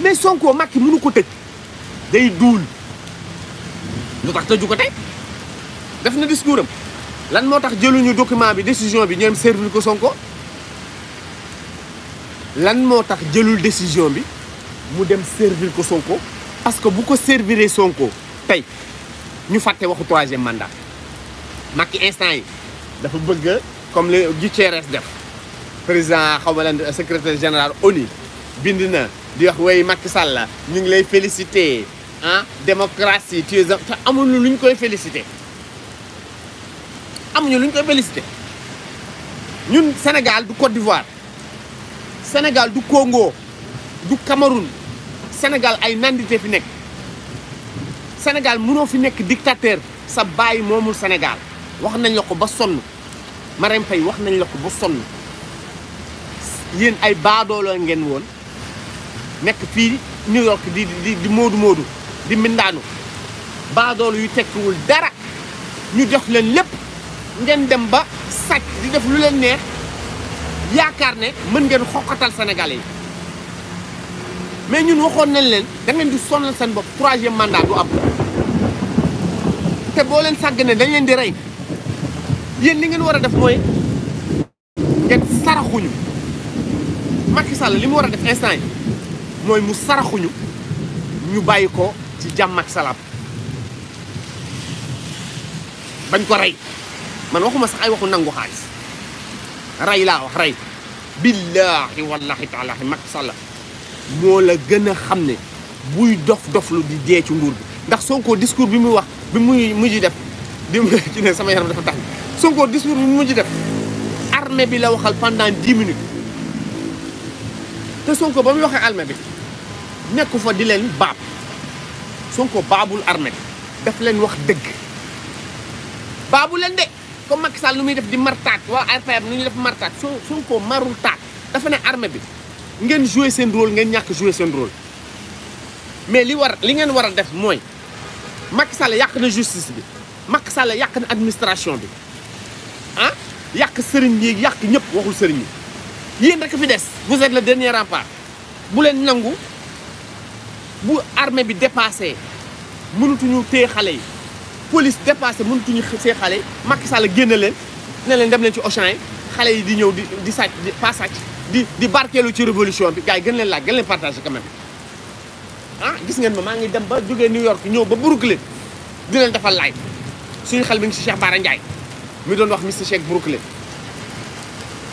mais Sonko Macky mënu ko tej day duul lu tax tëju ko tey def na discours am lan motax tax jëluñu document bi décision bi ñoom servir ko Sonko lan motax tax jëlul décision bi mu dem servir ko Sonko parce que bu ko serviree Sonko tay ñu faté waxu troisième mandat Macky instant yi dafa bëgg comme le Guterres def président xaw secrétaire général ONU bind na di wax way Macky Sall ñu ngi lay félicité ah démocratie tu te amuñu ñu koy félicité amuñu luñ koy félicité ñun Sénégal du Côte d'Ivoire Sénégal du Congo du Cameroun Sénégal ay nandité fi nekk Sénégal mënoo fi nekk dictateur sa bàyyi moomul Sénégal wax nañ la ko ba sonn Marème Faye wax nañ la ko ba sonn yéen ay baadooloo ngeen woon nekk fii New York di di di moodu moodu di mindaanu baadoolu yu tekkiwul dara ñu jox leen lépp ngeen dem ba sàcc di def lu leen neex yaakaar ne mën ngeen xoqatal Sénégalais yi mais ñun waxoon nañ leen dangeen di sonal seen bopp troisième mandat du am te boo leen sàgganee dañ leen di rey yéen li ngeen war a def mooy ngeen saraxuñu Macky Sall li mu war a def instant yi mooy mu saraxuñu ñu bàyyi ko ci jàmm ak salaam bañ ko rey man waxuma sax ay waxu nangu xaalis rey laa wax rey billaahi wallahi taalaahi Macky Sall moo la gën a xam ne buy dof dof di dee ci nguur bi ndax Sonko discours bi mu wax bi muy mujj def di ci ne sama yaram dafa tax Sonko discours bi mu mujj def armée bi la waxal pendant dix minutes te Sonko ba muy waxee armée bi nekku fa di leen baab Sonko baabul arme bi daf leen wax dëgg baabu leen de comme Macky Sall nu muy def di martaat waa RPM nu ñuy def martaat soo Sonko marul taat dafa ne armée bi ngeen joué seen rôle ngeen ñàkk joué seen rôle mais li war li ngeen waral def mooy Macky Sall yàq na justice bi makk Sall yàq na administration bi ah yàq sëriñ yi yàq ñëpp waxul sëriñ yi yéen rek fi des vous êtes le dernier rempart bu leen nangu bu armée bi dépassé mënutuñu téye xale yi police dépassé mënutuñu see xale yi Macky Sall génne leen ne leen dem leen ci Auchan yi xale yi di ñëw di di sàcc di pas sàcc di di barkeelu ci révolution bi gars yi gën leen laaj gën leen partagé quand ah gis ngeen ma maa ngi dem ba jógee New York ñëw ba Brooklyn di leen defal laaj suñu xel mi ngi si Cheikh Bara Ndiaye mi doon wax Mister Shake Brooklyn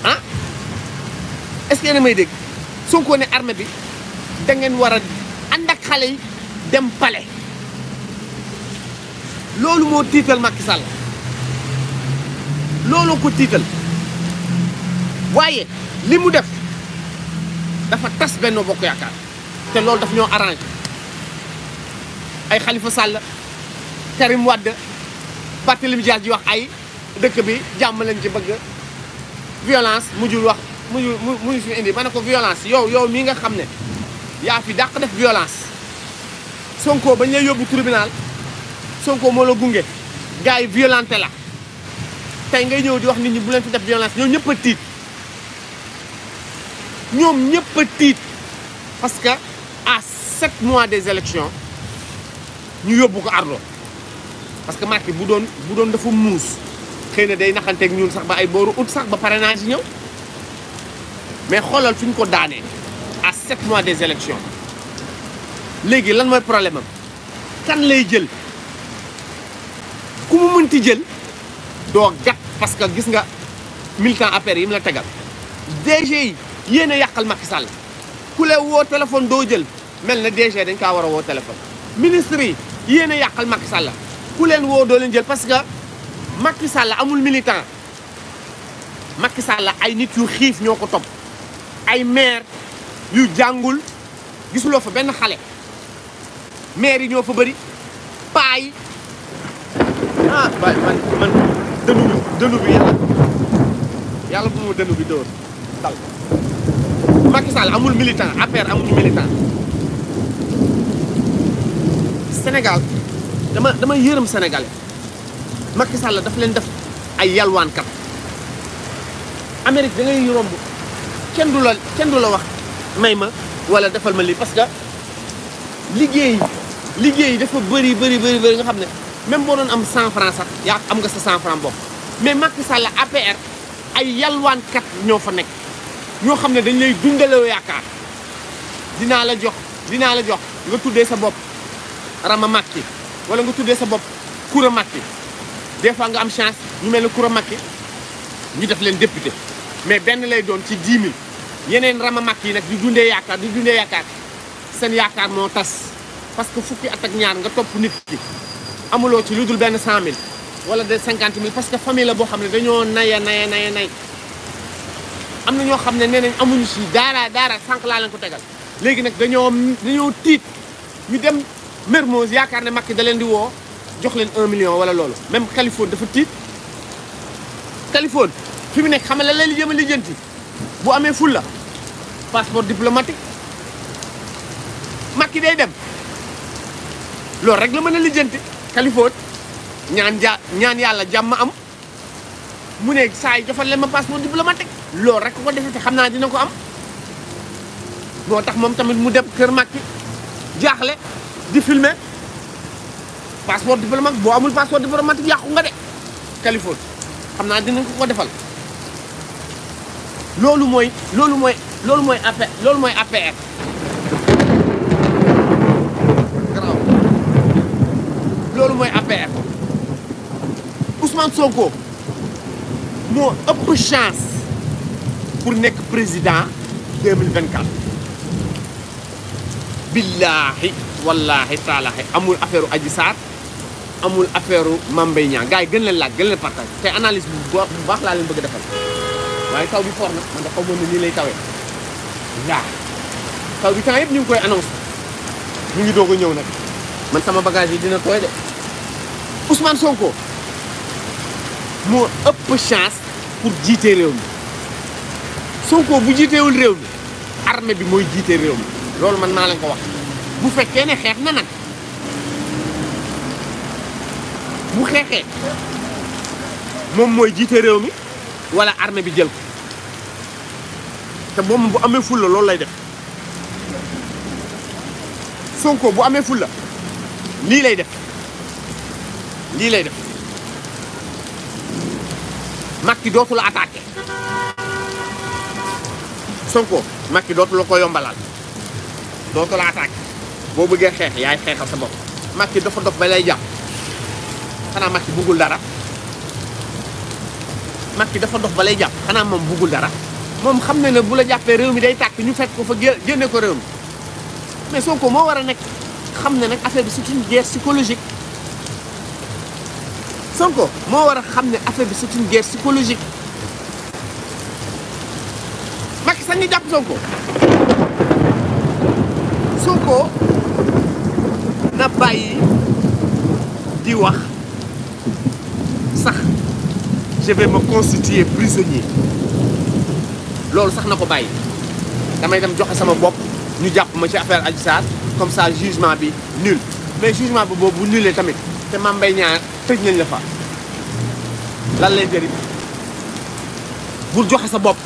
ah est-ce que yéen may dégg Sonko ne armée bi da ngeen war a ànd ak xale yi dem palais loolu moo tiital Macky Sall looloo ko tiital waaye li mu def dafa tas Benno Bokk Yaakaar te loolu daf ñoo arrangé ay Khalifa Sall Karim Wade Barthélémy Dias ji wax ay dëkk bi jàmm lañ ci bëgg violence mujjul wax mu ñu mu ñu fi indi ma ne ko violence yow yow mii nga xam ne yaa fi dàq def violence Sonko bañ lay yóbbu tribunal Sonko moo la gunge gars yi violenté la tey ngay ñëw di wax nit ñi bu leen fi def violence ñoom ñëpp a tiit ñoom ñëpp a tiit parce que à sept mois des élections ñu yóbbu ko arlo parce que Macky bu doon bu doon dafa muus xëy na day naxanteeg ñun sax ba ay booru ut sax ba pare naa parrainage ñëw. mais xoolal fi ñu ko daanee à sept mois des élections léegi lan mooy problème am kan lay jël ku mu mënti jël doo gàtt parce que gis nga militant affaire yi mu la tegal DG yi yéen yàqal Macky Sall ku lee woo téléphone doo jël mel na DG dañ kaa war a woo téléphone ministre yi yéen a yàqal Macky Sall ku leen woo doo leen jël parce que Macky Sall amul militant Macky Sall ay nit yu xiif ñoo ko topp ay maire yu jangul gisulo fa ben xalé maire yi ñoo fa bari paa yi ah bay man man dënu bi bi yalla yalla bu mu dënu bi door dal Macky Sall amul militant affaire amul militant Sénégal dama dama yërem sénégalais Macky Sall daf leen def ay kat Amérique da ngay romb kenn du la kenn du la wax may ma wala defal ma li parce que liggéey liggéey dafa bëri bëri bëri bëri nga xam ne même boo doon am 100 francs sax yaa am nga sa 100 francs bopp mais Macky Sall APR ay kat ñoo fa nekk ñoo xam ne dañ lay dundaloo yaakaar dinaa la jox dinaa la jox nga tuddee sa bopp Rama Macky wala nga tuddee sa bopp Koura Macky des fois nga am chance ñu mel ne Koura Macky ñu def leen député mais benn lay doon ci 10 000 yenen rama mag yi nag di dundé yakkar di dundé yakkar sen yakkar mo tass parce que fukki at ak ñaar nga top nit ki amulo ci luddul ben 100000 wala de 50000 parce que famille la bo xamné dañu dañoo naya naya naya nay am na ñoo xam amuñu ci dara dara sank la lañ ko tégal légui nak dañu dañu tit ñu dem Mermoz yaakaar ne Macky da leen di wo jox leen un million wala lolu même califone dafa tit califone fi mu nekk la lay yema a bu amé ful la passeport diplomatique Macky day dem loolu rek la mën a lijjanti Kaliphone ñaan ja ñaan yàlla jàmm am mu ne saa yi jofal leen ma passeport diplomatique loolu rek ko defee te xam naa dina ko am moo tax moom tamit mu dem kër Macky jaaxle di filmer passeport diplomatique boo amul passeport diplomatique yàqu nga de Kaliphone xam naa dina ko ko defal loolu mooy loolu mooy loolu mooy APR loolu mooy APR. garaaw loolu mooy APR Ousmane Sonko moo ëpp chance pour nekk président 2024. billaahi wallaahi taalaahi amul affaire u Adji amul affaire u Mame Mbaye Niang gën leen laaj gën leen partage te analyse bu baax laa leen bëgg defal waaye taw bi foor na man da xaw nii lay tawee. ñaar taw bi temps yëpp ñu ngi koy annoncé ñu ngi doog a ñëw nag man sama bagage yi dina tooy de Ousmane Sonko moo ëpp chance pour jiite réew mi Sonko bu jiitewul réew mi armée bi mooy jiitee réew mi loolu man maa leen ko wax bu fekkee ne xeex na nag bu xeexee moom mooy jiite réew mi wala armée bi jël ko te moom bu amee fulla loolu lay def Sonko bu amee fulla lii lay def lii lay def Macky dootu la attaqué Sonko Macky dootu la ko yombalal dootu la attaqué boo bëggee xeex yaay xeexal sa bopp Macky dafa dof ba lay jàpp xanaa Macky bëggul dara Macky dafa dof ba lay jàpp xanaa moom bëggul dara mom xamna na ne bu la jappé réew mi day tak ñu fekk ko fa génne ko réew mais Sonko moo war a nekk xam ne affaire bi c'est une guerre psychologique Sonko moo war a xam affaire bi c'est une guerre psychologique Macky sañ ñu jàpp Sonko Sonko na bàyyi di wax sax je vais me constituer prisonnier loolu sax na baye damay dem joxe sama bop ñu japp ma ci affaire Adji comme ça jugement bi nul mais jugement bi bobu bu tamit té Mame Mbaye ñaar tej nañ la fa lan lay jëri bu joxe sa bop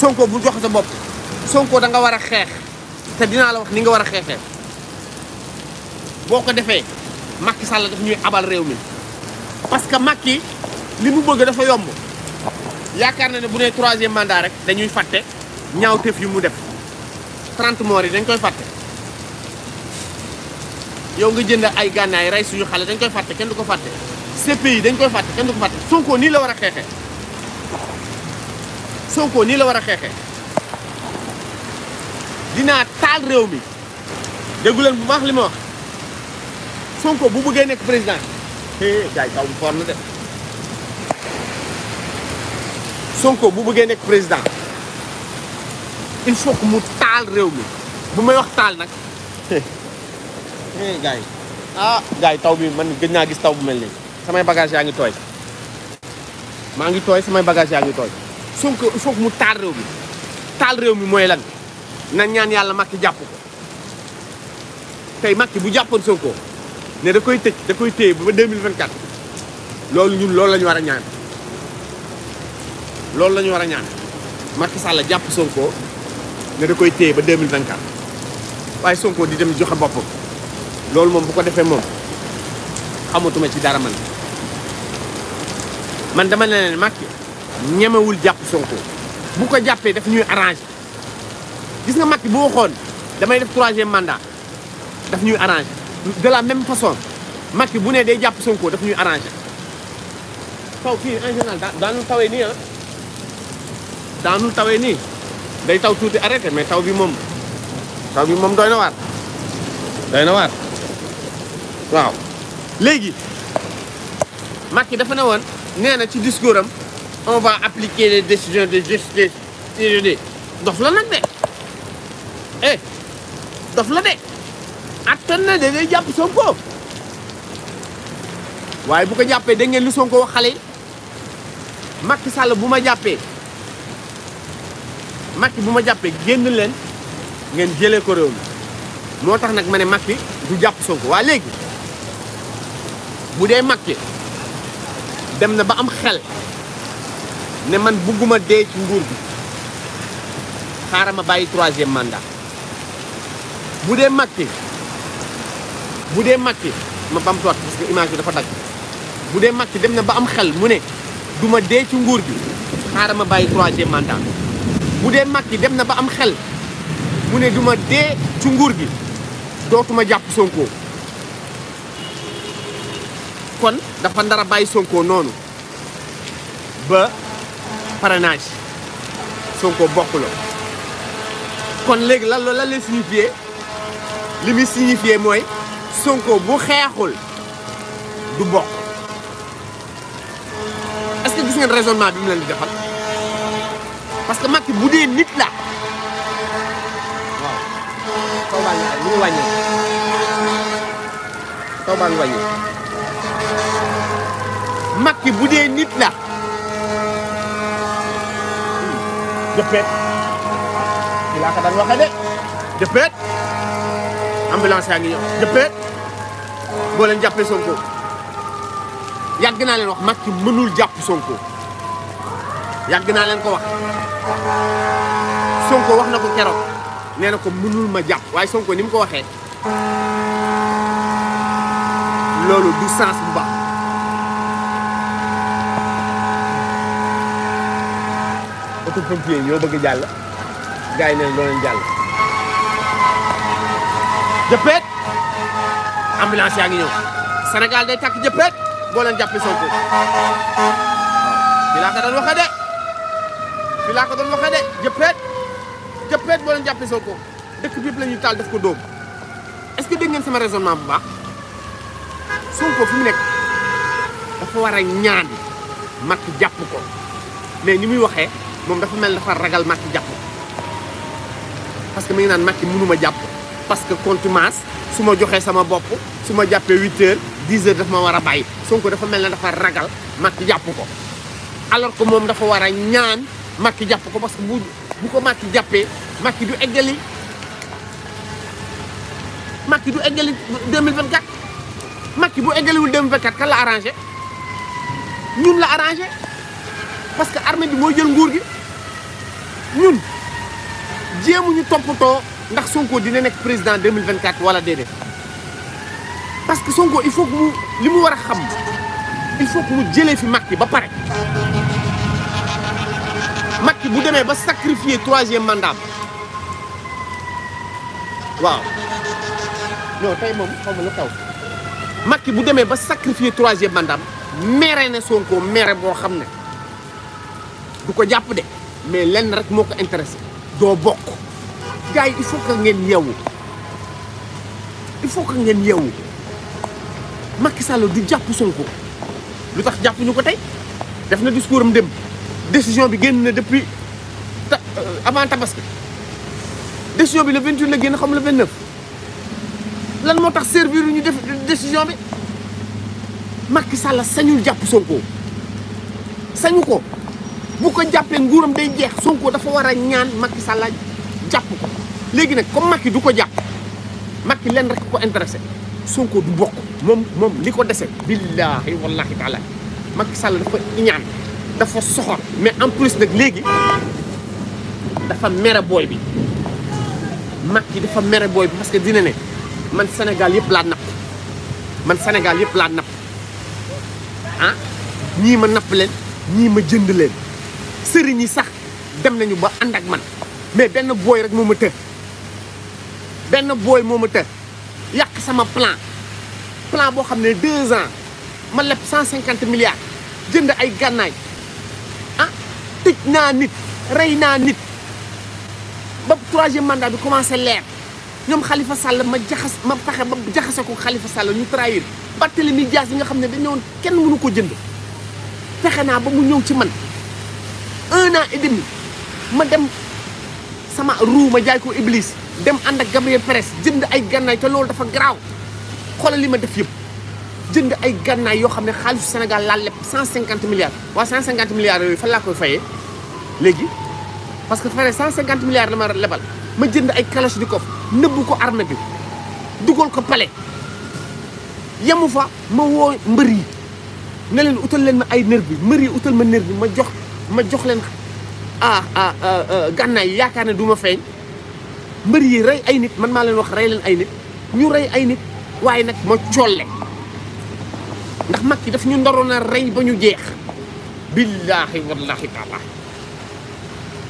Sonko bu joxe sa bop Sonko da nga wara a té dina la wax ni nga wara a boko défé Macky Sall daf ñuy abal réew mi parce que Macky limu bëgg dafa yomb yaakaar na ne bu nee troisième mandat rek dañuy fàtte ñaawteef yu mu def 30 morts yi dañ koy fàtte yow nga jënd ay gànnaay rey suñu xale dañ koy fàtte kenn du ko fàtte CPI dañ koy fàtte kenn du ko fàtte Sonko nii la war a xeexee Sonko nii la war a xeexee dinaa taal mi déggu bu baax li wax Sonko bu bëggee nekk président eh gars taw bi foor def Sonko bu bëggee nek président il faut que mu taal réew mi bu may wax taal nak hey eh, gay ah gay taw bi man gëna gis taw bu melni nii samay bagage yaa ngi tooy maa ngi tooy samay bagage yaa ngi tooy Sonko il faut que mu taal réew mi taal réew mi moy lan na ñaan yalla makki japp ko tay makki bu jappon Sonko ne da koy tejj da koy téye ba 2024 loolu ñun loolu la wara ñaan. loolu la ñu war a ñaan Macky sàlla jàpp Sonko ne da koy téye ba 2024 waaye Sonko di dem joxe boppam loolu moom bu ko defee moom xamatuma ci dara man man dama ne leen Macky ñemewul jàpp Sonko bu ko jàppee daf ñuy arrangé gis nga Macky bu waxoon damay def troisième mandat daf ñuy arrangé de la même façon Macky bu ne day jàpp Sonko daf ñuy arrangé taw fii en daanu tawee nii ah danul tawe kan, ni day taw tuuti arrêté mais taw bi mom taw bi mom doy na waar doy na waar waaw léegi makki dafa newon woon ci discoursam on va appliquer les décisions de justice urd dof la nak de eh dof la de attan na de day jàpp Sonko waye bu ko jappé da ngeen lu Sonko wax xale Macky Sall buma jappé makki buma jappé génn leen ngeen jëlee ko réew mi moo tax nag ma du japp Sonko wa légui bu dee Macky dem na ba am xel né man bugguma dé ci nguur bi xaarama bayyi 3e mandat bu dee Macky bu dee Macky ma bamtuwaat parce que image dafa dag bu dee Macky dem na ba am xel mu né duma dé ci nguur bi xaarama bayyi 3e mandat bu makki dem na ba am xel mune duma du ci nguur gi dootuma japp Sonko kon dafa ndara bàyyi Sonko nonu ba paranage Sonko bokku lo. kon la lo la lay signifier limi signifier moy Sonko bu xeexul du bok est-ce que gis ngeen raisonnement bi mu len di defal parce que Macky bu nit la waaw taw baa ngi mu ngi ngi wàññee Macky bu nit la jëppeet ci laa ko daan waxee de ambulance yaa ngi ñëw leen Sonko leen wax mënul Sonko leen ko wax Sonko wax na ko keroog nee na ko mënul ma jàpp waaye Sonko ni mu ko waxee loolu du sens bu baax auto pompier ñoo bëgg jàll gars yi neen dooleen jàll jëppeet ambulance yaa ngi ñëw Sénégal day takk jëppeet boo leen jàppee Sonko waaw di laa ko de laa ko doon waxee de jëppeet jëppeet boo leen jàppee ko dëkk bi yëpp la ñuy taal def ko dóom est-ce que dégg ngeen sama raisonnement bu baax ko fu mu nekk dafa war a ñaan Macky jàpp ko mais ni muy waxee moom dafa mel dafa ragal Macky jàpp parce que mi ngi naan Macky mënuma jàpp parce que contumace su ma joxee sama bopp su ma jàppee huit heures dix heures daf ma war a bàyyi Sonko dafa mel ne dafa ragal Macky jàpp ko alors que moom dafa war a ñaan Macky japp ko parce que bu ko Macky jappé Macky du eggali Macky du eggali 2024 Macky bu wul 2024 kan la arranger ñun la arranger parce que armée bi mo jël nguur gi ñun jéemuñu toppatoo ndax Sonko dina nek président 2024 wala dédé parce que Sonko il faut que mu limu wara a xam il faut que mu jëlee fi Macky ba paré ki bu demee ba sacrifier troisième mandat waaw non tey moom xaw ma lu taw Macky bu demee ba sacrifier troisième mandat mere ne Sonko mere boo xam ne du ko jàpp de mais lenn rek moko ko intéressé doo bokk gars il faut que ngeen yewu il faut que ngeen yewu Macky Sall du japp Sonko lutax japp ñuko tay def na discoursum dem décision bi génn na depuis euh, avant tabaski décision bi le 28 la génn xam le 29 lan moo tax servir ñu def décision bi Macky Sall sañul jàpp Sonko sañu ko bu ko jàppee nguuram day jeex Sonko dafa war a ñaan Macky Sall jàpp ko léegi nag comme Macky du ko jàpp Macky leen rek ko intéressé Sonko du bokk moom moom li ko dese billaahi wallahi taala Macky Sall dafa ñaan dafa soxor mais en plus nag léegi dafa mere booy bi Macky dafa mere booy bi parce que dina ne man Sénégal yëpp laa napp man Sénégal yëpp laa napp ah ñii ma napp leen ñii ma jënd leen sëriñ yi sax dem nañu ba ànd ak man mais benn booy rek moo ma të benn booy moo ma të yàq sama plan plan boo xam ne deux ans ma leb cent cinquante milliards jënd ay gànnaay tëj naa nit rey naa nit ba troisième mandat bi commencé leer ñoom xalifa Sall ma jaxas ma fexe ba jaxase ko xalifa Sall ñu trahir Barthélémy Dias yi nga xam ne dañu woon kenn mënu ko jënd fexe naa ba mu ñëw ci man un an et ma dem sama ruu ma jaay ko Iblis dem ànd ak Gabriel Presse jënd ay gànnaay te loolu dafa garaaw xoolal li ma def yëpp jënd ay gànnaay yoo xam ne xaalisu Sénégal laa leb cent cinquante milliards waaw cent cinquante milliards yooyu fan laa léegi parce que fere 150 milliards la ma lebal ma jënd ay kalachnikov nëbbu ko arme bi dugal ko pale yemu fa ma woo mbër yi ne leen utal leen ma ay nervi bi mbër yi utal ma nervi bi ma jox ma jox leen ah gànnaay yaakaar ne duma feeñ mbër yi rey ay nit man maa leen wax rey leen ay nit ñu rey ay nit waaye nag ma colle ndax mag ki daf ñu ndaroon a rey ba ñu jeex billaahi wallaahi taala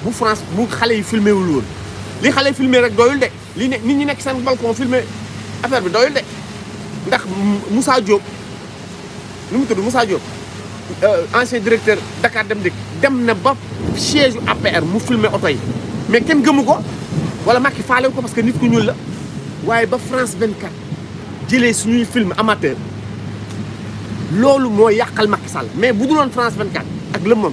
bu France bu xalé yi filmé wul woon li xalé filmé rek doyul de li ne nit ñi nek sen balcon filmé affaire bi doyul de ndax Moussa Diop nu mu tuddu Moussa Diop euh, ancien directeur Dakar Dem dik dem na ba siège APR mu filmé auto yi mais ken gëmu wala Macky faalew ko parce que nit ku ñuul la waye ba France 24 jëlee suñu film amateur lolu mo yàqal Macky Sall mais bu duloon France 24 ak Le Monde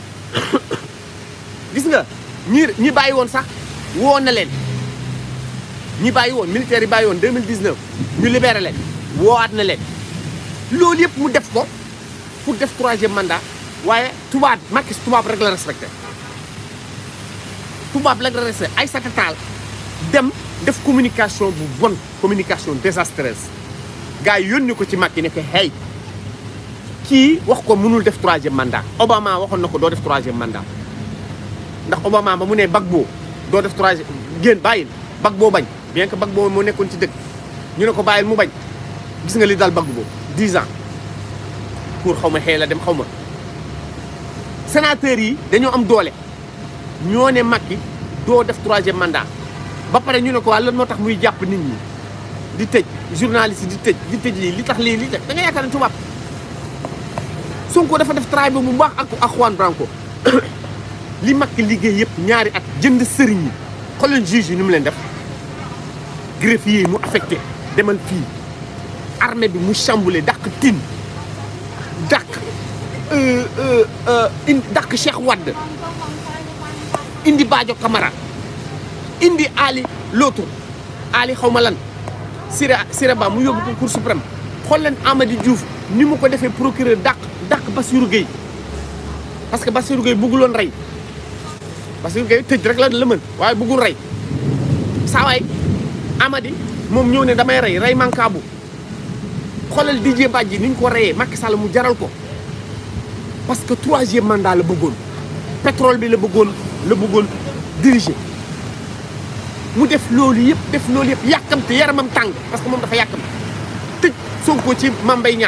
gis nga ñi ñi bàyyi woon sax woo na leen ñi bàyyi woon militaire yi bàyyi woon 2019 ñu libéré leen woowaat na leen loolu yëpp mu def ko pour def troisième mandat waaye tubaab Macky tubaab rek la respecté tubaab rek la respecté ay sakataal dem def communication bu bon communication désastreuse gars yi yónni ko ci mag ne ko hey kii wax ko mënul def troisième mandat Obama waxoon na ko doo def troisième mandat ndax Obama ba mu ne Gbagbo doo def troisième génn bàyyil Gbagbo bañ bien bag boo moo nekkoon ci dëkk ñu ne ko bàyyil mu bañ gis nga li daal Gbagbo dix ans pour xaw ma xëy la dem xaw ma sénateurs yi dañoo am doole ñoo ne Macky doo def troisième mandat ba pare ñu ne ko waa lan moo tax muy jàpp nit ñi di tëj journaliste di tëj di tëj lii li tax lii li tax da nga yaakaar ne tubaab Sonko dafa def travail bu baax ak ak Juan Branco li Macky liggéey yëpp ñaari at jënd sëriñ yi xoolal juge yi ni mu leen def greffier yi mu affecté demal fii armée bi mu chamboulé daq tin dàq euh, euh, euh, indi dàq Cheikh Wade indi baajo Camara indi Ali Lotu Ali xaw ma lan Sira Sira Ba mu yóbbu ko Cour suprême xool leen Amady Diouf ni mu ko defee procureur dàq Bassirou Gueye parce que Bassirou Gueye bëgguloon rey Bassirou Gueye tëj rek la la mën waaye bëggul rey saawaay Amady moom ñëw ne damay rey rey Mankaabu xoolal Didier Badji ni ñu ko reyee Macky Sall mu jaral ko parce que troisième mandat la bëggoon pétrole bi la bëggoon la bëggoon diriger mu def loolu yëpp def loolu yëpp yàkkamte yaramam tàng parce que moom dafa yàkkamte tëj Sonko ci Mame Mbaye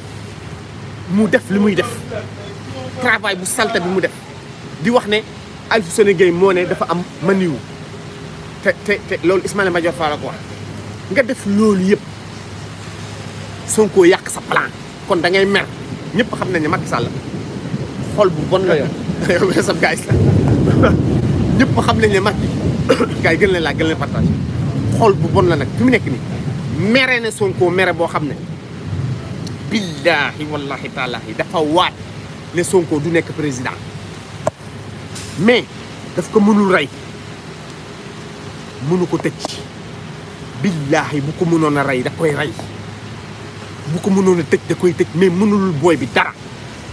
mu def limuy def travail bu salta bi mu def di wax ne Alfousseyni Gueye mo ne dafa am maniwu te te te lolou ismaël Madior Fall la ko wax nga def loolu yëpp Sonko yak sa plan kon da ngay mer ñepp xam nañ ne Macky Sall xol bu bon la yow yow sa gaay ñepp xam nañ ne Macky gaay gën la laa gën la partage xol bu bon la nak fimu nek ni nii né Sonko mere bo xamné billahi wallahi taalahi dafa waat ne Sonko du nekk président mais daf ko mënul rey mënu ko tëj billahi bu ko mënoon a rey da koy rey bu ko mënoon a tëj da koy tëj mais mënul booy bi dara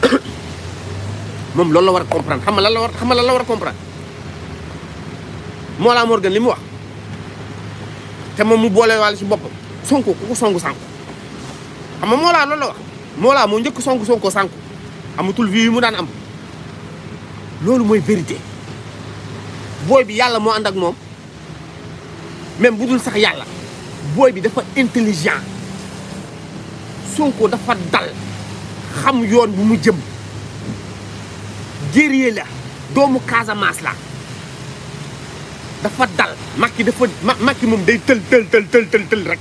moom loolu la war a comprendre xam nga la war xam nga lan la war a moo laa Morgan li mu wax te moom mu boole waale si boppam Sonko ku ko songu sànku xam nga Mollah loolu la wax Mollah moo njëkk sonk sonko sànku amatul vie mu daan am loolu mooy vérité booy bi yàlla moo ànd ak moom même bu dul sax yàlla booy bi dafa intelligent sonko dafa dal xam yoon bu mu jëm guerrier la doomu Casamance la dafa dal Macky dafa Macky moom day tël tël tël tël tël rek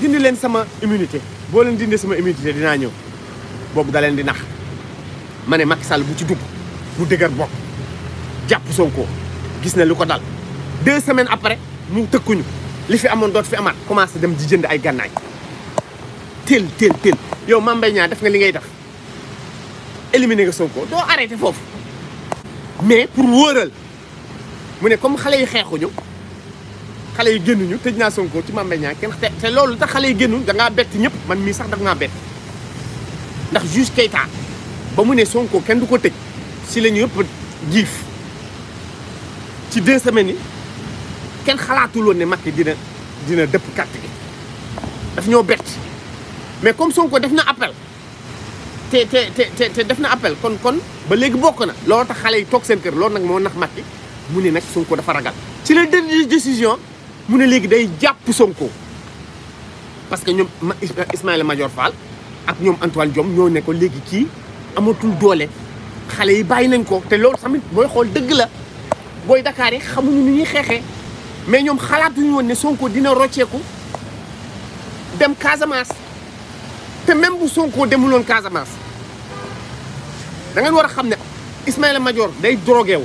dindi leen sama immunité boo leen dindee sama immunité dinaa ñëw boobu da leen di nax ma ne Macky Sall bu ci dugg mu dëgër bopp jàpp Sonko gis na lu ko dal deux semaine après mu tëkkuñu li fi amoon dootu fi amaat commencé dem ji jënd ay gànnaay teel teel yow Mame Mbaye Niang def nga li ngay def éliminer nga Sonko doo arrêté foofu mais pour wóoral mu ne comme xale yi xeexuñu xalé yi gennuñu tej na sonko ci mambe ñaan ken té loolu tax xalé yi gennu da nga bett ñep man mi sax da nga bett ndax juge keita ba mu né sonko ken duko tej si lañu yëpp ci deux semaines ken xalaatu lo né makki dina dina depp carte gi daf ñoo bett mais comme sonko def na appel té té té té def na appel kon kon ba légui bokk na lolu tax xalé yi tok seen kër lolu nak mo nax makki mu né nak sonko dafa ragal ci la décision mune légui day jàpp Sonko parce que ñom ismaël major Fall ak ñom Antoine diom ñoo ne ko léegi kii amatul doole xale yi bàyyi nañ ko te lool tamit boy xol deug la boy Dakar yi xamu nu ñuy xexé mais ñom xalaatu ñu won ne Sonko dina rocceeku dem Casamance te même bu Sonko demul won Casamance da ngeen wara xamné ismaël major day drogué wu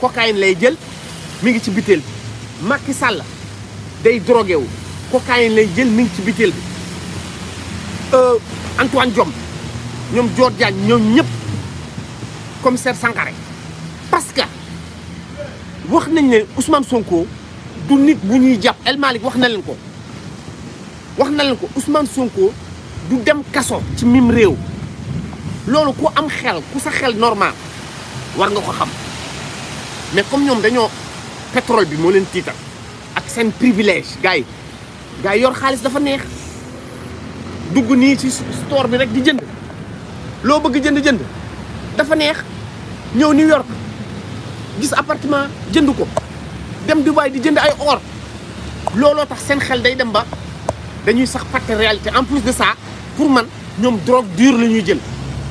cocaïne lay jël mi ngi ci bitel bi Macky Sall day drogué wu cocaïne lay jël mi ci bitéel bi euh, Antoine Diome ñoom Dior Diagne ñoom ñëpp commissaire Sankaré parce que wax nañ ne Ousmane Sonko du nit bu ñuy jàpp El Malick wax na leen ko wax na ko Ousmane Sonko du dem kaso ci miim réew loolu ku am xel ku sa xel normal war nga ko xam mais comme ñoom dañoo pétrole bi mo len tital ak sen privilège gay gay yor xaalis dafa neex dugg ni ci store bi rek di jënd lo bëgg jënd jënd dafa neex ñew New York gis appartement jënd ko dem dubai di jënd ay or lolo tax sen xel day dem ba dañuy sax patte réalité en plus de ça pour man ñom drogue dure lañuy jël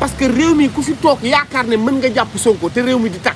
parce que réew mi ku fi tok yaakar ne mën nga japp Sonko te réew mi di tak.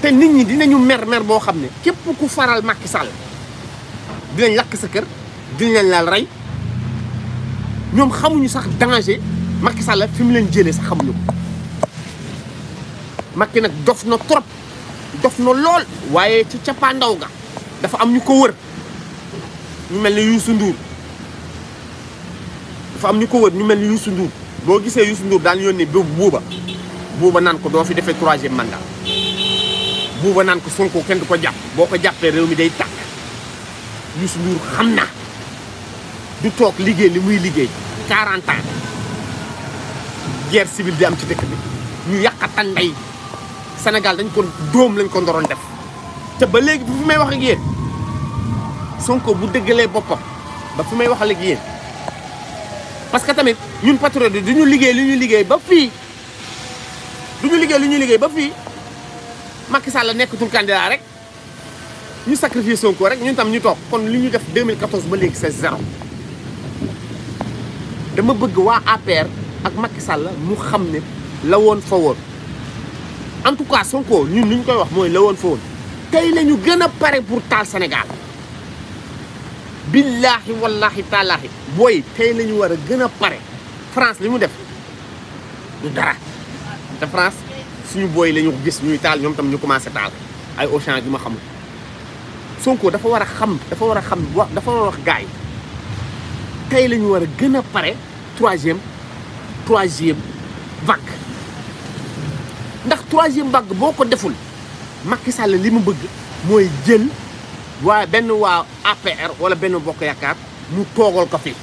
te nit ñi dinañu mer mer boo xam ne képp ku faral Macky Sall dinañ lakk sa kër dinañ laal rey ñoom xamuñu sax danger makki Sall fi mu leen jëlee sax xamuñu ko Macky nag dof na trop dof na lool waaye ci cappaandaw ga dafa am ñu ko wër ñu mel ni Youssou Ndour dafa am ñu ko wër ñu mel ni Youssou Ndour boo gisee Youssou Ndour daan yónnee ba buuba buuba naan ko doo fi defee troisième mandat buuba nan ko sonko ken du ko jàpp boo ko jàppee mi day tak yus Ndour xamna du tok liggéey li muy liggéey 40 ans guerre civile di am ci dekk bi ñu yakata nday Sénégal dañ ko dom lañ ko ndoron def te ba légui bu fi may wax ak yeen sonko bu deggalé bopam ba fu may wax ak yeen parce que tamit ñun patriote yi ñu liggéey li ñu liggéey ba fi duñu liggéey li ñu liggéey ba fi Macky Sall nekkatul candidat rek ñu sacrifier ko rek ñun tam ñu top kon li ñu def 2014 ba légui c'est zéro dama bëgg wa APR ak Macky Sall mu xam la won fa won en tout cas ko ñun ñu koy wax moy la won fa won tay lañu gëna paré pare pour taal Sénégal billahi wallahi taalaahi boy tay lañu wara gëna paré pare France limu def du dara de France Si nous avons ñuy taal tam ñu commencé taal Sonko troisième troisième vague ndax troisième vague beaucoup de deful Macky Sall li mu bëgg jël APR ou la bokk mu nous ko fi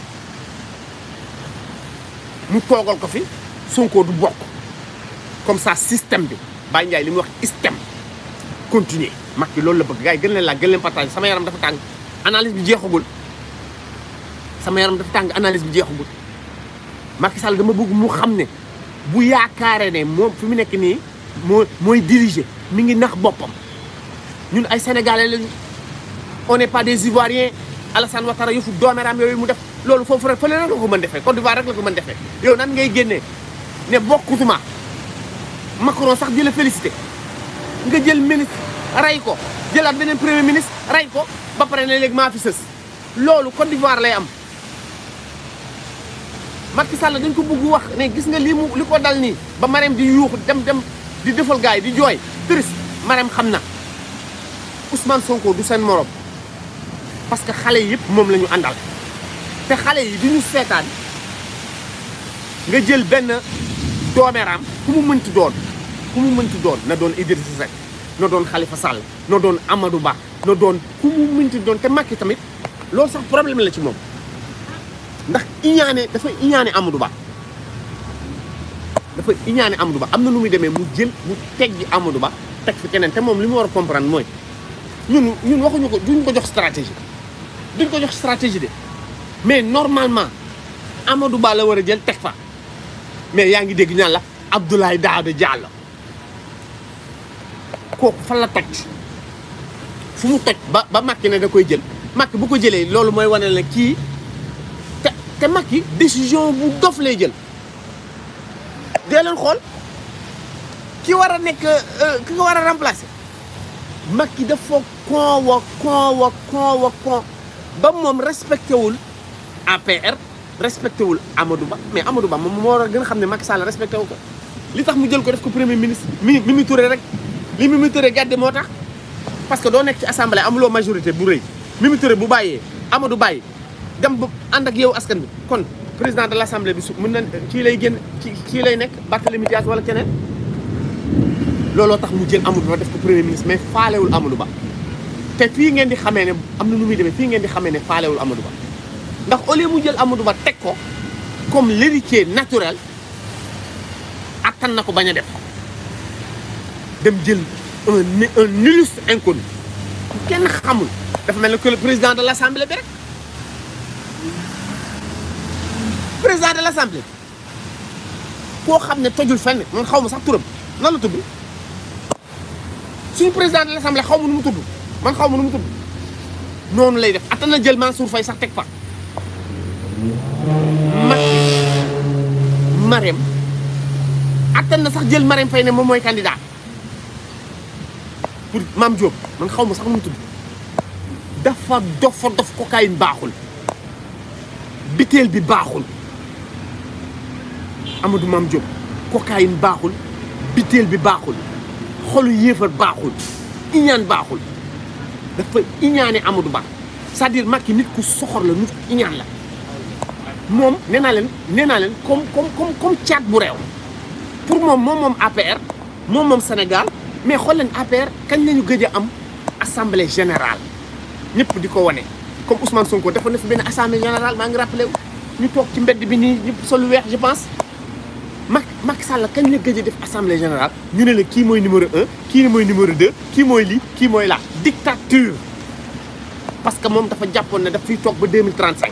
mu ko fi Sonko du bokk comme ça système bi Baye Ndiaye li wax système continuer Macky loolu la bëgg gay gën leen laa gën leen partage sama yaram dafa tang analyse bi jéxugul sama yaram dafa tang analyse bi jéxugul Macky Sall dama bëgg mu xamné bu yaakaaree né mom fi mu nekk nii moo diriger mi ngi nax bopam ñun ay sénégalais lañu on n'est pas des ivoiriens Alassane Ouattara yëfu dooméram yoyu mu def loolu fofu rek fële la ko mën defee Côte d'Ivoire rek la ko mën defee yow nan ngay génnee ne bokkutuma Macron sax di la félicité nga jël ministre ray ko jëlat benen premier ministre ray ko ba paré né lég ma fi seuss lolu Côte d'Ivoire lay am Macky Sall dañ ko bëgg wax né gis nga li mu liko dal ni ba marém di yuux dem dem di defal gaay di joy triste marém xamna Ousmane Sonko du sen morom parce que xalé yépp mom lañu andal té xalé yi du ñu nga jël benn doomeeraam ku mu mënti doon ku mu mënti doon na doon Idrissa Seck na doon Khalifa Sall na doon Amadou Ba na doon ku mu mënti doon te Macky tamit loo sax problème la ci moom ndax iñaane dafa iñaane Amadou Ba dafa iñaane Amadou Ba am na lu muy demee mu jël mu teggi Amadou Ba teg fi keneen te moom li mu war a comprendre mooy ñun ñun waxuñu ko duñ ko jox stratégie duñ ko jox stratégie de mais normalement Amadou Ba la war a jël teg fa mais yaa ngi dégg la Abdoulaye Daouda Diallo ko fa la toj fu mu ba ba ne da koy jël makki bu ko jëlé lolu moy ki décision bu dof lay jël dé xol ki a euh, ki nga Quoi remplacer APR respecté wul Amadou Ba mais Amadou Ba moom moo war a gën a xam ne Macky Sall respecté wu ko li tax mu jël ko def ko premier ministre mi Mimi Touré rek li Mimi Touré gàdde moo tax parce que doo nekk ci assemblée amuloo majorité bu rëy Mimi Touré bu bàyyee Amadou bàyyi dem ba ànd ak yow askan bi kon président de l' assemblée bi su mën na kii lay génn kii lay nekk Barthélémy Dias wala keneen looloo tax mu jël Amadou Ba def ko premier ministre mais faalewul Amadou Ba te fii ngeen di xamee ne am na nu muy demee fii ngeen di xamee ne faalewul Amadou ndax au lieu mu jël Amadou Ba teg ko comme l'héritier naturel attan na ko bañ a def dem jël un un illustre kenn xamul dafa mel ne que le président de l' assemblée bi rek président de l' assemblée koo xam ne tojul fenn man xaw ma sax turam nan la tudd suñu président de l' assemblée xaw ma nu mu tudd man xaw ma nu mu tudd noonu lay def attan na jël suur Faye sax teg fa. Macky Marème attan na sax jël Marème fay ne moom mooy candidat pour mam Diop man xaw ma sax nu mu tudd dafa dofa dof cocaïne baaxul biteel bi baaxul Amadou Mame Diop cocaïne baaxul biteel bi baaxul xolu yéefar baaxul iñaan baaxul dafa iñaane Amadou Ba c'est-à-dire Macky nit ku soxor la nit iñaan la Je nénalen, suis comme comme comme comme pour mon, mon, suis APR mon, ne Sénégal mais xool APR quand lañu assemblée générale comme Ousmane Sonko dafa une assemblée générale ngi rappelé ñu ci mbedd bi je pense Mack Sall Quand la assemblée générale nous ne le kii le numéro un le numéro 2, qui mooy lii qui la dictature parce que moom dafa Japon ne daf fiy ba 2035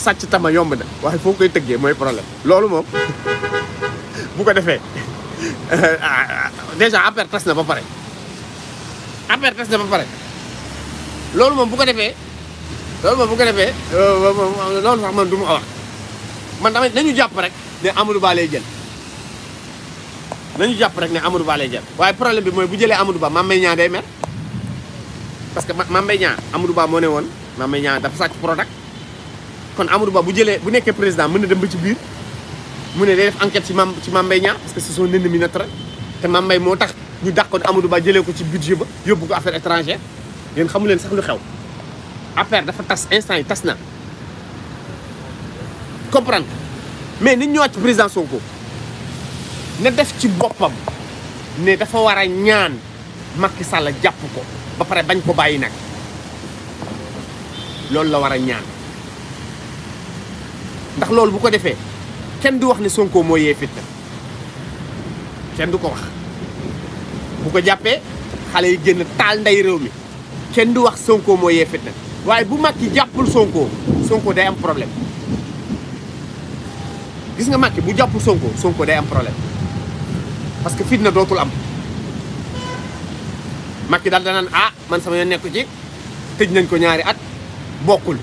sacc tama yomb na waaye foo koy tëggee moy problème lolu mom bu ko defee ah, ah, déjà après tass na ba pare après tass na ba pare lolu mom bu ko lalu lolu mom bu ko defee lolu euh, sax man duma wax man dama nañu japp rek né Amadou balay jël nañu japp rek né Amadou balay jël waaye problème bi moy bu jëlé Amadou Ba ma may ñaan day mer parce que ma may ñaan Amadou Ba mo né won ma may ñaan dafa sacc product kon Amadou bu jëlee bu nekkee président mën na dem ba ci biir mu ne day def enquête ci Mame ci Mame Mbaye Niang parce que c'est son ennemi naturel te Mame Mbaye moo tax ñu dàqoon Amadou Ba jëlee ko ci budget ba yóbbu ko affaire étrangère yéen xamu leen sax lu xew affaire dafa tas instant yi tas na comprendre mais nit ñëwaat ci président ko na def ci boppam ne dafa war a ñaan Macky Sall jàpp ko ba pare bañ ko bàyyi nag loolu la war a ñaan ndax loolu bu ko defé kenn du wax ni sonko moo yee fitna kenn du ko wax bu ko jappé xalé yi genn tal nday rew mi kenn du wax sonko moo yee fitna waye bu makki jappul sonko sonko day am problème gis nga makki bu jappul sonko sonko day am problème parce que fitna dotul am dal da nan ah man sama yoon nekk ci tëj nañ ko ñaari at bokul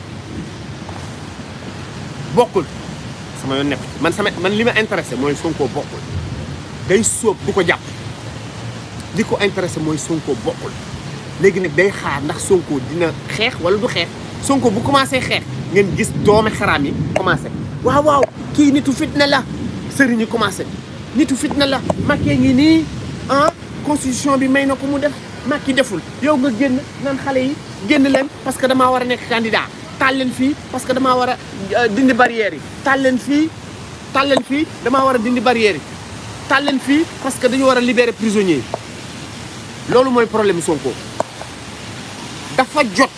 bokkul sama yoon nekk man sama man li ma intéressé mooy Sonko bokkul day sóob du ko jàpp li ko intéressé mooy Sonko bokkul léegi nag day xaar ndax Sonko dina xeex wala du xeex Sonko bu commencé xeex ngeen gis doomi xaraam yi commencé waaw waaw kii nitu fitna la sëriñ yi commencé nitu fitna la Macky ngi nii ah constitution bi may na ko mu def Macky deful yow nga génn naan xale yi génn leen parce que damaa war a nekk candidat taal fii parce que damaa war a euh, dindi barrière yi leen fii taal fii damaa war a dindi barrière yi fii parce que dañu war a libérer prisonniers yi loolu mooy problème Sonko dafa jot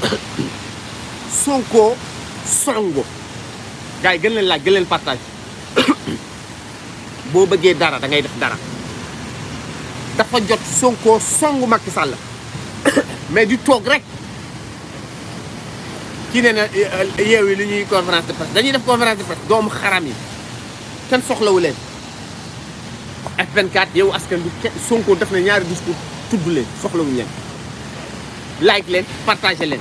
Sonko songo gars yi gën leen laaj gën leen partage boo bëggee dara da ngay def dara dafa jot Sonko songu Macky Sall mais di toog rek kii nee na yeew yi lu ñuy conférence de presse dañuy def conférence de presse doomu xaram yi kenn soxlawu leen F24 yow askan bi kenn Sonko def na ñaari discours tudd leen soxlawuñu leen like leen partagé leen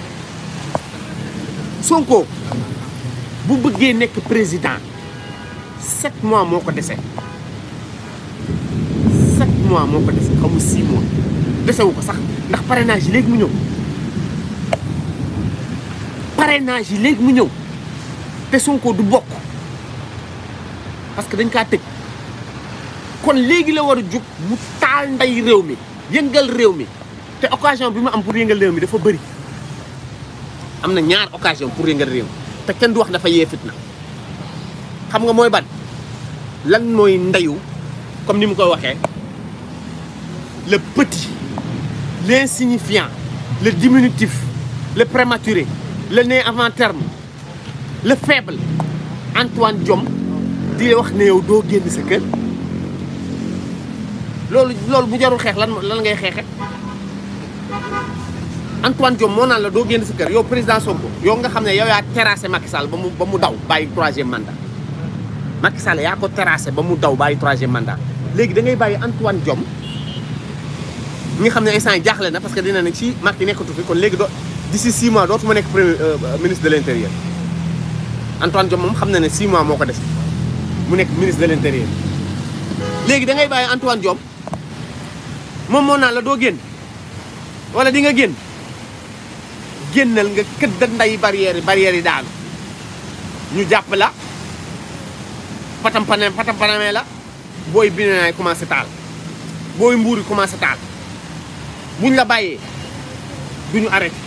Sonko bu bëggee nekk président sept mois moo ko dese sept mois moo ko dese xamu six mois desewu ko sax ndax parrainage léegi mu ñëw parrainage yi léegi mu ñëw te Sonko du bokk parce que dañ kaa tëj kon léegi la war a jug mu taal ndey réew mi yëngal réew mi te occasion bi mu am pour yëngal réew mi dafa bëri am na ñaar occasion pour yëngal réew te kenn du wax dafa yee na xam nga mooy ban lan mooy ndeyu comme ni mu koy waxee le petit l'insignifiant le diminutif le prématuré le nez avant terme le faible Antoine Diom dit wax ne au dos de ce qu'il bu jarul lan ngay Antoine Djom, moo la dos de ce qu'il président Sonko yo nga yow terrassé Macky Sall ba troisième mandat Macky Sall ko terrassé ba troisième mandat da Antoine ne instant parce que dina ci nekkatu fi d'ici six mois dootuma nekk premier euh, euh, ministre de l' intérieur Antoine Diome moom xam na ne six mois moo ko def mu nekk ministre de l' léegi da ngay bàyyi Antoine Diome moom moo naa la doo génn wala di nga génn génnal nga këdd nday barrière yi barrière yi daanu ñu jàpp la patam pane la booy binenaay commencé taal booy mbuur yi commencé taal buñ la bàyyee duñu arrêté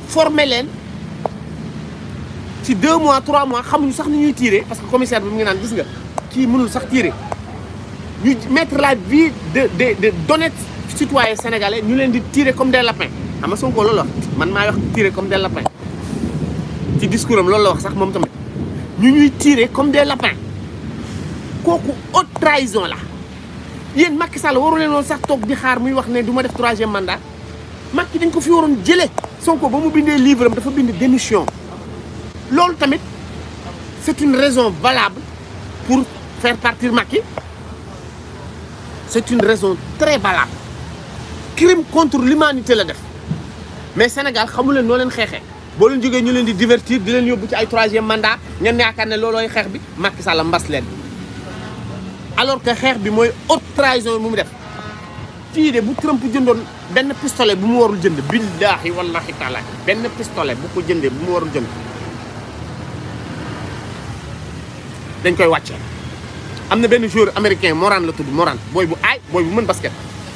formez-les deux mois trois mois nous nous sommes parce que le commissaire nous mu ngi tirer mettre la vie de de de d'honnêtes citoyens sénégalais nous les tirer comme des lapins xam je tirer comme des lapins ci discours am la wax sax tirer comme des lapins une haute trahison la Il y Sall waru qui sax en di xaar muy wax y a mandat dañ ko fi Sonko ba mu bindee livre am dafa bind démission loolu tamit c'est une raison valable pour faire partir Macky c'est une raison très valable crime contre l'humanité la def mais Sénégal xamu leen noo leen xeexee boo leen ñu leen di divertir di leen yóbbu ci ay troisième mandat ngeen yaakaar ne loolooy bi Macky Sall mbas leen alors que xeex bi mooy haute trahison bu mu def fii de bu Trump jëndoon benn pistolet bu mu warul jënd billaahi wallahi taala benn pistolet bu ko jëndee bu mu warul jënd dañ koy wàccee am na benn joueur americain Moran la tudd Moran booy bu aay booy bu mën basket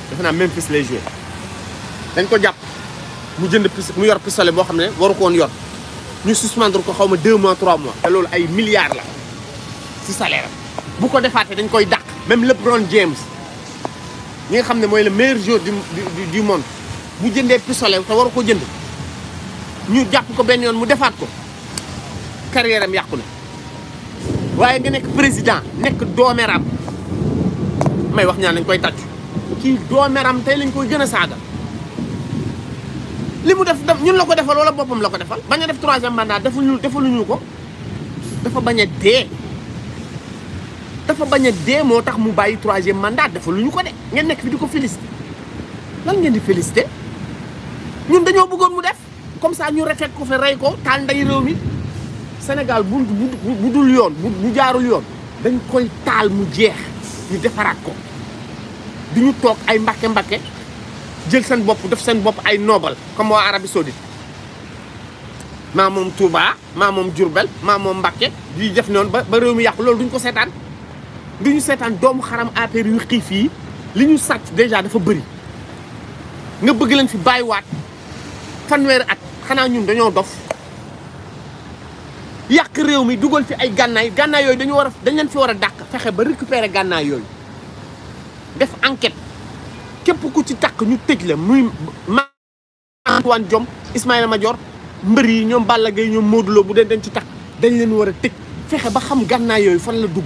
defe naa Memphis lay joué dañ ko jàpp mu jënd mu yor pistolet boo xam ne waru ko woon yor ñu suspendre ko xaw ma deux mois trois mois te loolu ay milliards la si salaire bu ko defaatee dañ koy dàq même LeBron James ñu nga xam ne mooy le meilleur joueur du du monde bu jëndee pistolet te waru ko jënd ñu jàpp ko benn yoon mu defaat ko carrière yàqu na waaye nga nekk président nekk doomeram may wax ñaan nañ koy tàcc kii doomeram tey lañ koy gën a saaga li mu def ñun la ko defal wala boppam la ko defal bañ a def troisième mandat defuñu defaluñu ko dafa bañ a dee dafa bañ a dee moo tax mu bàyyi troisième mandat dafa lu ñu ko de ngeen nekk fi di ko félicité lan ngeen di félicité ñun dañoo bëggoon mu def comme ça ñu refet ko fa rey ko taal nday réew mi Sénégal bu bu dul yoon bu jaarul yoon dañ koy taal mu jeex ñu defaraat ko duñu toog ay mbake mbake jël seen bopp def seen bopp ay noobal comme waa Arabie Saoudite maa moom Touba maa moom Diourbel maa moom Mbacké di def noonu ba ba réew mi yàqu loolu duñ ko seetaan du ñu seetaan doomu xaram APR yu xiif yi li ñu sàcc déjà dafa bëri nga bëgg leen fi bàyyiwaat fanweeri at xanaa ñun dañoo dof yàq réew mi dugal fi ay gànnaay gànnaay yooyu dañu war a dañ leen fi war a dàq fexe ba récupérer gànnaay yooyu def enquête képp ku ci takk ñu tëj la muy Antoine Diome Ismaïla Madior mbër yi ñoom Balla Gaye ñoom Modou bu dee dañ ci takk dañ leen war a tëj fexe ba xam gànnaay yooyu fan la dugg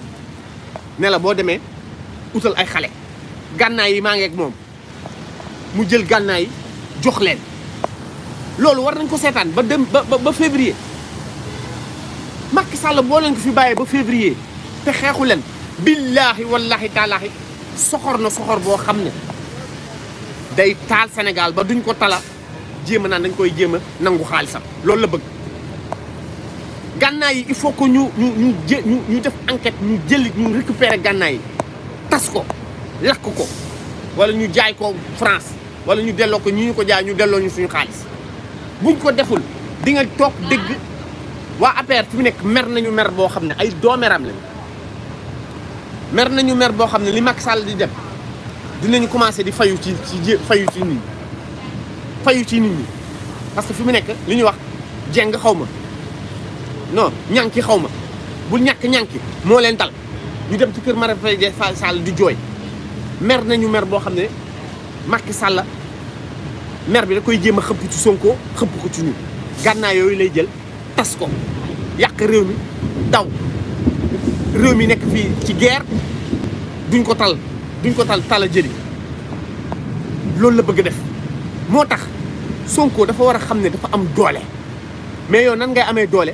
ne la boo demee utal ay xale gànnaay yi maa ngi ak moom mu jël gànnaay yi jox leen loolu war nañ ko seetaan ba dem ba ba février Macky Sall boo leen ko fi bàyyee ba février te xeexu leen billaahi wallaahi taalaahi soxor na soxor boo xam ne day taal senegal ba duñ ko tala jéem a naan dañ koy jéem a nangu xaalisam loolu la bëgg il faut que nous nous nous nous enquête nous nous, nous nous, nous, tas nous, nous, ko nous France wala ñu nous, nous ñi nous nous, nous. nous nous nous, nous, nous, nous, nous, nous, nous, nous nous, nañu mer nous, nous, li nous, nous di nous, nous, nous, di fayu nous. nous, fayu nous. nous, parce que nous nous, nous, nous nous, nous, jeng non ñànki xaw ma bul ñàkk ñànki moo leen dal ñu dem ci kër Marème Faye Sall di jooy mer nañu mer boo xam ne Macky sàll mer bi da koy jéem a xëpp ci Sonko xëpp ko ci ñun gànnaay yooyu lay jël tas ko yàq réew mi daw réew mi nekk fii ci guerre duñ ko tal duñ ko tal tala jëli loolu la bëgg a def moo tax Sonko dafa war a xam ne dafa am doole mais yow nan ngay amee doole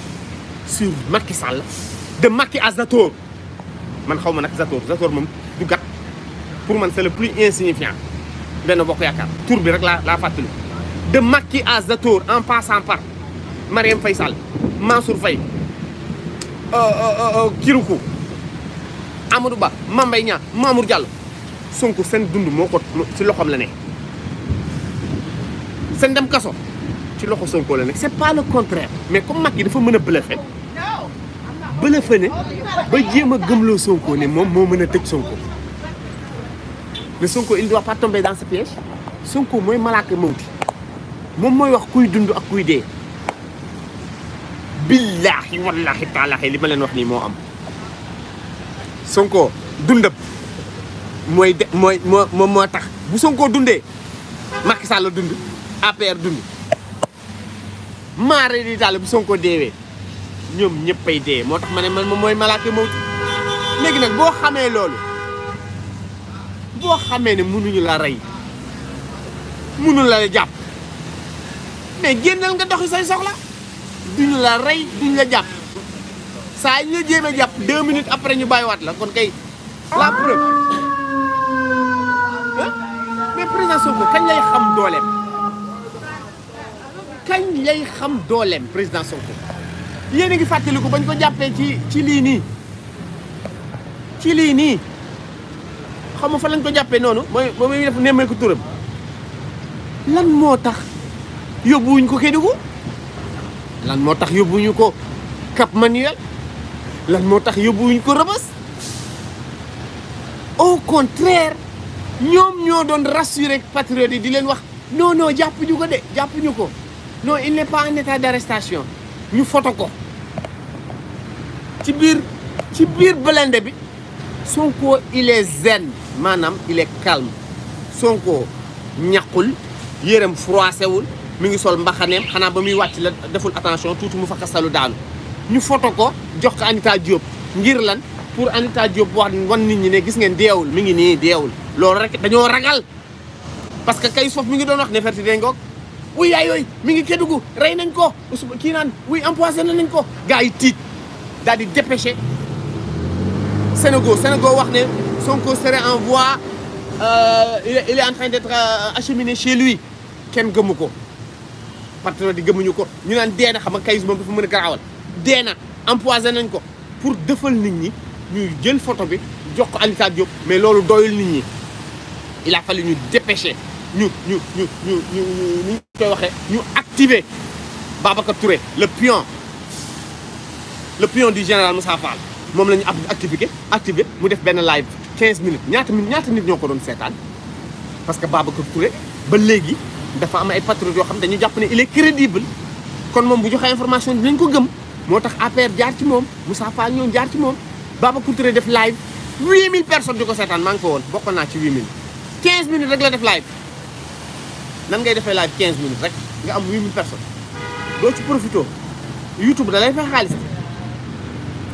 sur Macky Sall de Macky à Je man xaw pas nag Zator Zator moom du gat pour man c'est le plus insignifiant benn bokk yaakaar tur bi rek la, la fatule. de Macky à Zator en passant par Marième Fay Sall Mansour Fay... Euh, euh, euh, Kiroukou Amadou Ba Mame Mbaye Niang Mamour Diallo Sonko seen dund moo ko ci loxoom la ne seen dem kaso ci loxo Sonko la ne c'est pas le contraire mais comme Macky dafa mën a bluffé bële ba jéem a gëmloo Sonko ne moom moo mën a tëj Sonko mais Sonko il ne doit pas tomber dans ce piège Sonko mooy malaaka moom mooy wax kuy dund ak kuy dee. billaahi wallaahi taalaahi li ma leen wax nii moo am Sonko dundam mooy de mooy moo moo tax bu Sonko dundee Macky Sall dund APR dund maare di daal bu Sonko deewee. ñoom ñëppay dee moo tax ma ne man moom mooy malaaka mawt léegi nag boo xamee loolu boo xamee ne mënuñu la rey mënu la jàpp mais génnal nga doxi say soxla duñu la rey duñu la jàpp saa ñu la jéem a jàpp deux minutes après ñu bàyyi waat la kon kay la preuve mais kañ lay xam dooleem kañ lay xam dooleem président Sonko yéen a ngi fàttaliku bañ ko jàppee ci ci lii nii ci lii nii xam nga fa lañ ko jàppee noonu mooy ba muy def nemmee ko turam lan moo tax yóbbuwuñ ko Kédougou lan moo tax yóbbuwuñu ko Cap Manuel lan moo tax yóbbuwuñ ko Rebeuss au contraire ñoom ñoo doon rassurer patriotes yi di leen wax non jàppuñu ko de jàppuñu ko non il n'est pas en état d'arrestation ñu foto ko ci biir ci biir blende bi Sonko il est maanaam il est calme Sonko ñaqul yërëm froissé wul mi ngi sol mbaxaneem xanaa ba muy wàcc la deful attention tuuti mu fa xasalu daanu ñu foto ko jox ko Anita Diop ngir lan pour Anita Diop wax wan nit ñi ne gis ngeen deewul mi ngi nii deewul loolu rek dañoo ragal parce que kay sof mi ngi doon wax ne ferti dengoog wuy yaay yooyu mi ngi Kédougou rey nañ ko kii naan wuy na nañ ko gars yi tiit Il a dépêché Sénégal Sénégal son en voie il est en train d'être acheminé chez lui partenaire di Nous ñu un a pour defal nit ñi nous photo bi jox ko mais nous nit il a fallu nous nous nous Nous nous activer le pion le pion du général Moussa Fall mom la ñu activer activé mu def ben live 15 minutes ñaata minutes ñaata nit ñoko done sétane parce que Babacar Touré ba légui dafa am ay patrouille yo xam dañu japp né il est crédible kon mom bu joxe information dinañ ko gëm motax APR jaar ci mom Moussa Fall ñoo jaar ci moom Babacar Touré def live 8000 personnes diko sétane seetaan maa ko won bokkoon ci 8000 15 minutes rek la def live nan ngay defee live 15 minutes rek nga am 8000 personnes do ci profito YouTube da lay fay xaalis.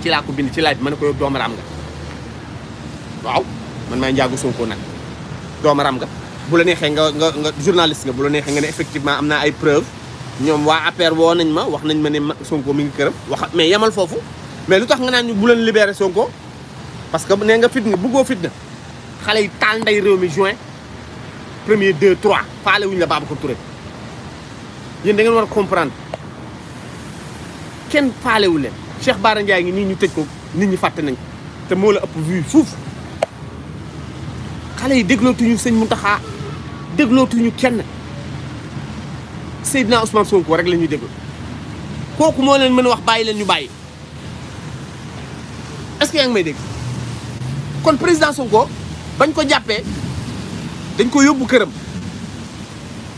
ci laa ko bind ci laaj bi ma ko yow doomu raam nga waaw man maay njaagu Sonko nag doomu raam nga bu la neexee nga nga nga journaliste nga bu la neexee nga ne effectivement am na ay preuve ñoom waa APR woo nañ ma wax nañ ma ne Sonko mi ngi këram wax mais yemal foofu mais lu tax nga naan ñu bu leen libéré Sonko parce que nee nga fit fitna bëggoo fitna xale yi taal nday réew mi juin premier deux trois faale wuñ la Babacar Touré yéen da ngeen war a comprendre kenn faalewu leen Cheikh Bara Ndiaye ngi nii ñu tëj ko nit ñi fàtte nañ te moo la ëpp vu fuuf xale yi déglootuñu sëñ Mountakha déglootuñu kenn Seydina Ousmane Sonko rek la ñuy déglu kooku moo leen mën a wax bàyyi leen ñu bàyyi est yaa ngi may dégg kon président Sonko bañ ko jàppee dañ ko yóbbu këram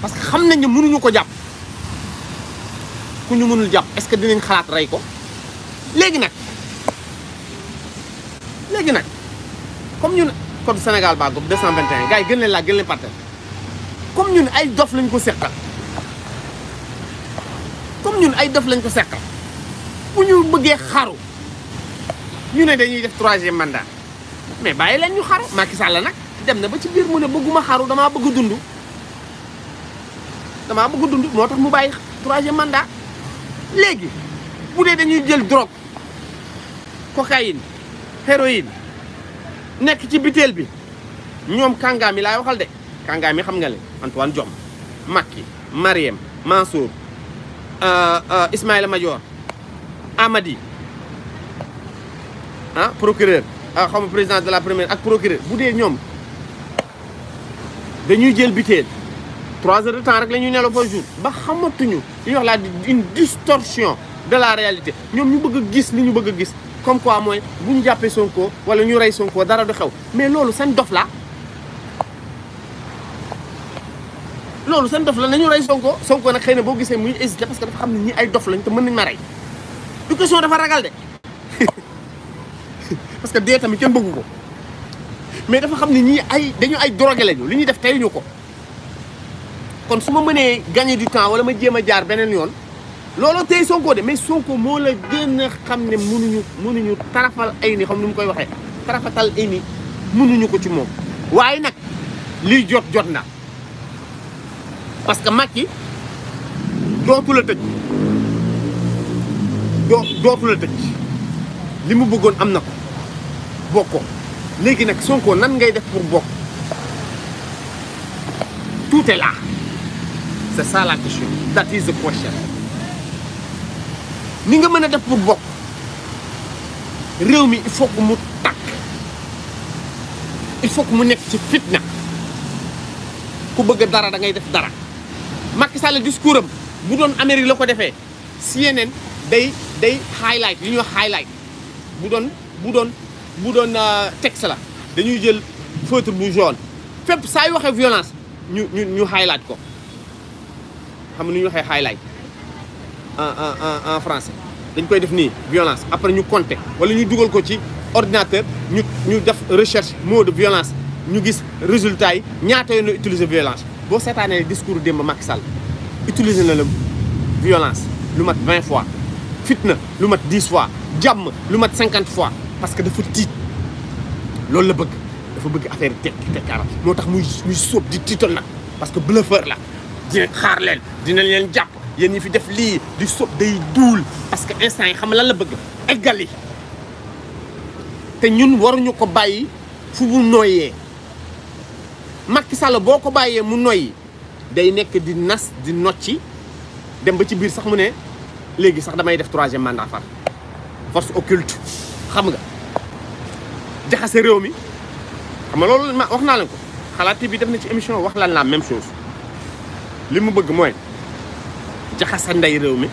parce que xam nañ ne mënuñu ko jàpp ku ñu mënul jàpp est-ce que dinañ xalaat rey ko. léegi nag léegi nag comme ñun code Sénégal ba gopp 221 gars yi gën leen laa gën leen partage comme ñun ay dof lañu ko seqal comme ñun ay dof lañ ko seqal bu ñu bëggee xaru ñu ne dañuy def troisième mandat mais bàyyi leen ñu xaru Macky Sall nag dem na ba ci biir mu ne bëgguma xaru damaa bëgg dund damaa bëgg dund moo tax mu bàyyi troisième mandat léegi bu dee dañuy jël drogue cocaïne héroïne nek ci bitel bi ñom la waxal de Antoine Diom... Macky Mariem Mansour euh, euh, Ismaël Major, Amadi ah, procureur ah président de la première ak procureur boudé ñom dañuy jël trois heures de temps rek nélo jour ba xamatuñu li la wax une distorsion de la réalité ñom ñu bëgg gis comme quoi mooy bu ñu jàppee Sonko wala ñu rey Sonko dara du xew mais loolu seen dof la loolu seen dof la ñu rey Sonko Sonko nag xëy na boo gisee muy hésité parce que dafa xam ne ñi ay dof lañ te mën nañ ma rey du dafa ragal de parce que dee tamit kenn bëggu ko mais dafa xam ne ñii ay dañu ay drogué lañu li ñuy def tey ñu ko kon su ma mënee gagner du temps wala ma jéem a jaar beneen yoon. lolo tay Sonko de mais Sonko mo le ne mënuñu mënuñu tarafal ay ni xam nu koy ko ci jot parce que Macky dootu la la limu bëggoon ko na Sonko nan ngay pour bokk tout est là c'est ça la question that is the question ni nga mën a def pour bokk réew mi il faut mu tàkk il faut mu nekk ci fitna ku bëgg dara dangay def dara Macky Sall discours am bu doon Amérique la ko defee si yeneen day day highlight li ñuy wax highlight bu doon bu doon bu doon euh, texte la dañuy jël feutre bu jaune fépp saa yu waxee violence ñu ñu ñu highlight ko xam nga nu ñu waxee highlight en français dañ koy def violence après nous comptons. wala ñu ko ordinateur ñu ñu recherche mot de violence ñu gis résultat Nous ñaata la violence Si le discours de Macky Sall utiliser la violence lu mat 20 fois fitna lu mat 10 fois jàmm lu mat 50 fois parce que de tiit loolu la bëgg dafa bëgg affaire faire des muy di parce que bluffeur la faire des yéen ñi fi def lii di sob day duul parce que instant yi xam lan la bëgg eggali te ñun waruñu ko bàyyi fu mu noyyee Macky boo ko bàyyee mu noyyi day nekk di nas di nocci dem ba ci biir sax mu ne léegi sax damay def troisième mandat far force occulte xam nga jaxase réew mi xam nga loolu ma wax naa leen ko xalaat bi def na ci émission wax lan naa même chose li mu bëgg mooy jaxasa nday réew mi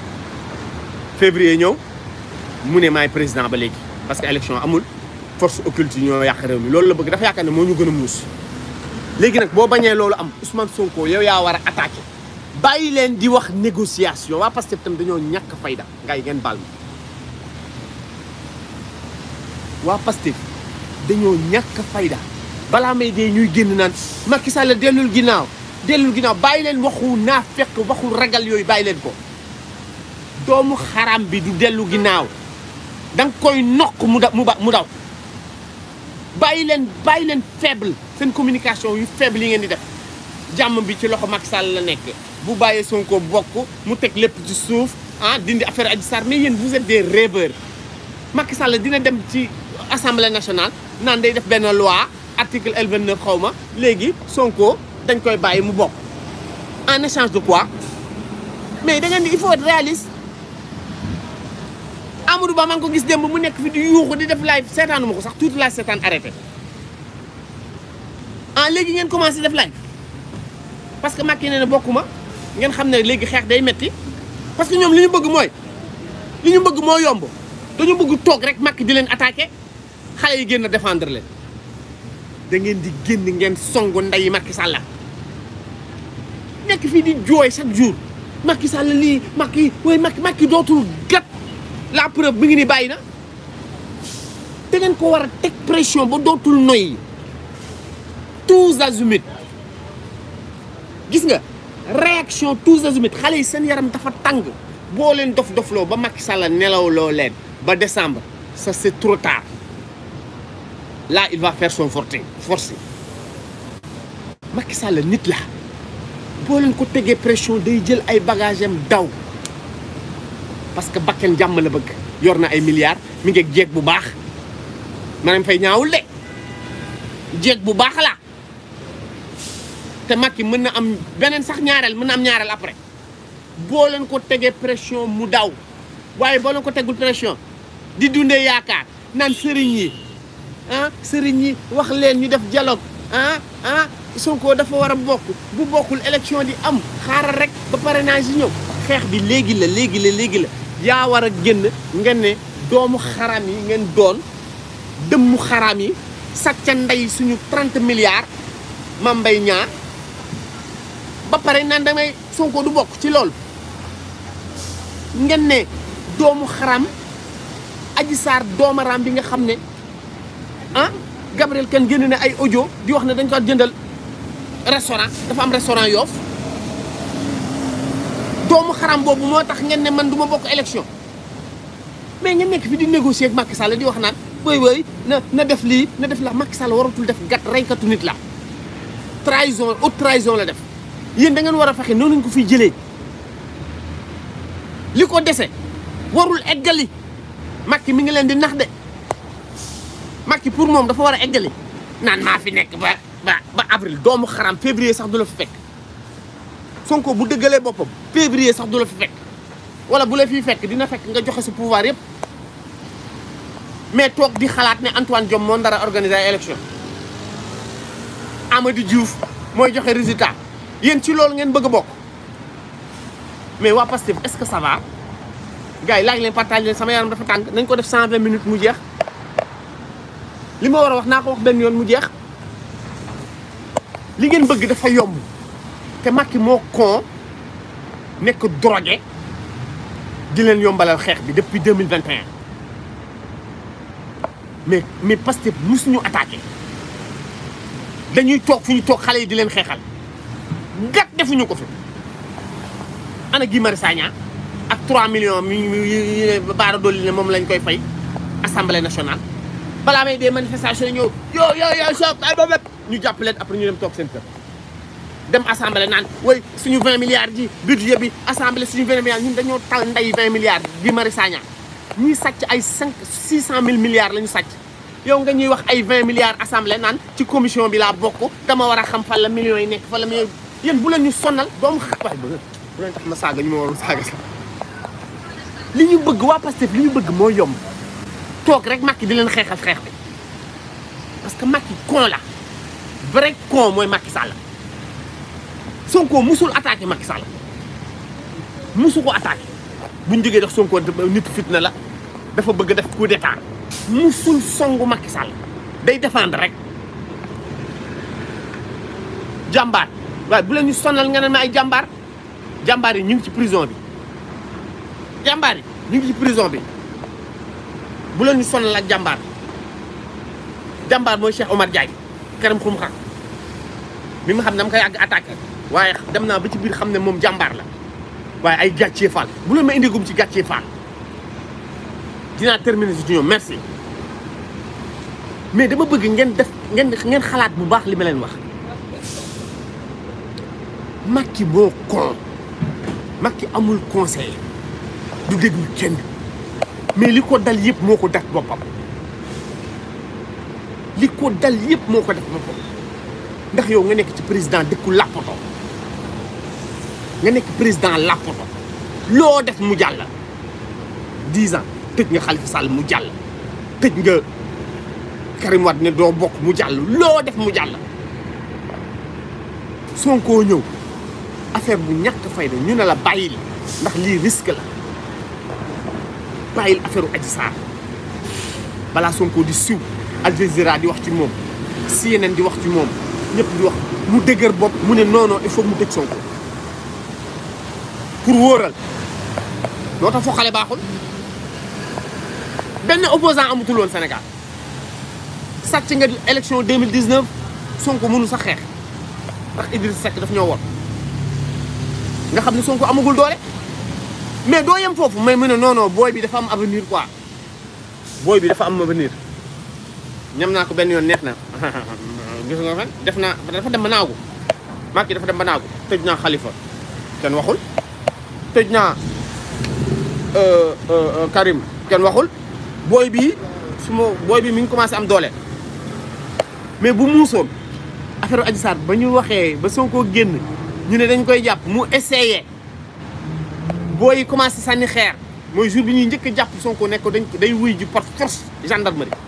février ñëw mu ne maay président ba léegi parce que élection amul force occulte yi ñoo yàq réew mi loolu la bëgg dafa yaakaar ne moo ñu gën a muus léegi nag boo bañee loolu am Ousmane Sonko yow yaa war a attaqué bàyyi leen di wax négociation waa Pastef tam dañoo ñàkk fayda ngay ngeen baal ma waa Pastef dañoo ñàkk fayda balaa may dee ñuy génn naan Macky Sall dellul ginnaaw dellu ginnaaw bàyyi leen waxu naa fekk waxu ragal yooyu bàyyi leen ko doomu xaram bi du dellu ginnaaw danga koy nokk mu da mu daw bàyyi leen bàyyi leen faible seen communication yu faible yi ngeen di def jàmm bi ci loxo Macky Sall la nekk bu bàyyee Sonko bokk mu teg lépp ci suuf ah dindi affaire Adji Sarr mais yéen vous êtes des rêveurs Macky Sall dina dem ci assemblée nationale naan day def benn loi article L29 xaw ma léegi Sonko dañ koy bàyyi mu bok en échange de quoi mais da nga di il faut être réaliste Amadou Ba maa ko gis dem mu nek fi di yuxu di def live seetaanuma mako sax toute la seetaan arrêté en ah, légui ngeen commencer def live parce que makine na bokuma ngeen xam légui xex day metti parce que ñom li ñu bëgg moy li ñu bëgg mo yomb dañu bëgg tok rek makki di len attaquer xalé yi génn défendre len da ngeen di génn ngeen songu nday makki sallah nekk fii di jooy chaque jour Macky Sall Maki, Macky way Maki, Macky dootul gat la preuve mi ngi ni bàyyi na te ko war a pression ba dootul noyyi tous azimuts gis nga réaction tous azimuts xale yi seen yaram dafa tàng boo leen dof dofloo ba Macky Sall nelawloo leen ba décembre ça c'est trop tard là il va faire son forter, forcer. Macky Sall nit la boo leen ko tegee pression day jël ay bagage am daw parce que bakken jam la bëgg yor na ay milliards mi ngi jeeg bu baax manam fay ñaawul de jeeg bu baax la té makki mën na am benen sax ñaaral mën na am ñaaral après boo leen ko tegee pression mu daw waaye boo leen ko tegul pression di dundé yaakaar nan sëriñ yi ah sëriñ yi wax leen ñu def dialogue ah ah Sonko dafa war a bokk bu bokkul élection di am xaaral rek ba parrainage yi ñëw xeex bi léegi la léegi la léegi la yaa war a génn ngeen ne doomu xaram yi ngeen doon dëmmu xaraam yi sàcca ndey suñu 30 milliards Mame Mbaye Niang ba pare naan damay Sonko du bokk ci loolu ngeen ne doomu xaram Adji Sarr doomaraam bi nga xam ne ah Gabriel Kane génn ne ay ojo di wax ne dañ ko jëndal restaurant dafa am restaurant Yoff doomu xaram bobu motax ngeen ne man duma ma bokk élection mais ngeen nek fi di négocier ak Macky Sall di wax naan boy boy na na def li na def la Macky Sall waratul def gat katu nit la trahison haute trahison la def yeen da ngeen wara faxe fexe noonu ko fiy jëlee warul eggali Macky mi ngi leen di nax de Macky pour mom dafa wara a eggali naan maa fi nek ba ba ba avril doomu xaram février sax dula fi fekk Sonko bu dëggalee bopam février sax dula fi fekk wala bu la fi fekk dina fekk nga joxe ci pouvoir yëpp mais tok di xalat ne Antoine diom mo ndara organiser ay élection Amady Diouf moy joxe résultat yeen ci loolu ngeen bëgg a mais wa Pastef est-ce que ça va gay yi laaj leen partager sama yaram dafa tank nañ ko def 120 minutes mu jeex lima wara wax nako wax ben yon mu jeex li ngeen bëgg dafa yomb te Macky moo kon nekk drogué di leen yombalal xeex bi depuis deux mille vingt et un mais mais Pastef musuñu attaqué dañuy toog fu ñu toog xale yi di leen xeexal gat defuñu ko fi ana Guy Marius ak 3 millions mi ñu baara dolli ne moom lañ koy fay assemblée nationale balaa may dee manifestation yi ñëw yow yow yow ñu jàpp leen après ñu dem tok seen kër dem assemblé nan way suñu 20 milliards ji budget bi assemblé suñu 20 milliards ñun dañu tal nday 20 milliards bi Mari saña ñi sàcc ay 5 600000 milliards lañu ñu yow nga ñuy wax ay 20 milliards assemblé nan ci commission bi la bokku dama wara xam fa la millions yi nek fa la millions yéen bu leen ñu sonal doomu xabaay bu leen tax ma saga ñu ma waroon saaga sax li ñu bëgg wa parce que li ñu bëgg mo yom tok rek makki di leen xexal xex bi parce que makki kon la vrai con mooy Macky Sall Sonko musul attaqué Macky Sall musu ko attaqué bu ñu jógee def Sonko nit fitna la dafa bëgg def coup d'état musul songu Macky Sall day défendre rek jàmbaar waaye bu leen ñu sonal nga ne ma ay jàmbaar jàmbaar yi ñu ngi ci prison bi jàmbaar yi ñu ngi ci prison bi bu leen ñu sonal ak jàmbaar jàmbaar mooy Cheikh Omar Diagne. Karim Xrum Xax mi ma xam ne dama koy yàgg attaqué waaye dem naa ba ci biir xam ne moom jàmbaar la waaye ay gàccee faal bu leen ma indi gum ci gàccee faal dinaa terminer si ci ñoom merci mais dama bëgg ngeen def ngeen ngeen xalaat bu baax li ma leen wax Macky moo kon Macky amul conseil du déglu kenn mais li ko dal yëpp moo ko dak boppam li ko dal yëpp moo ko def boppam ndax yow nga nekk ci président dëkku làppato nga nekk président làppato loo def mu jàll dix ans tëj nga Khalifa Sall mu jàll tëj nga Karim wat ne doo bokk mu jàll loo def mu jàll Sonko ñëw affaire bu ñàkk fayda ñu ne la bàyyil ndax lii risque la bàyyil affaire u Adji Sarr son الجزيره دي وقتي موم سي ان ان دي وقتي موم نيب دي وقت مو دغر بوب مو ني نونو اي فو مو تيك سونكو بور وورال لوتا فو خالي باخول بن اوبوزان اموتو لون سنغال ساتي غادي الكسيون 2019 سونكو مو نو سا خيخ داك ادريس ساك داف نيو وور nga xamni sonko amagul doole mais do yem fofu mais mune non non boy bi dafa am avenir quoi boy bi dafa am avenir ñam naa ko benn yoon neex na gis nga def naa dafa dem ba naagu Macky dafa dem ba naagu tëj naa Khalifa kenn waxul tëj naa euh, euh, euh, Karim kenn waxul booy bi su ma booy bii mi ngi commencé am doole mais bu muusoon affaire Adji Sarr ba ñu waxee ba sonkoo génn ñu ne dañ koy jàpp mu essayé booy yi commencé sànni xeer mooy jour bi ñuy njëkk a jàpp Sonko nekk dañ day wuy ji par force gendarmerie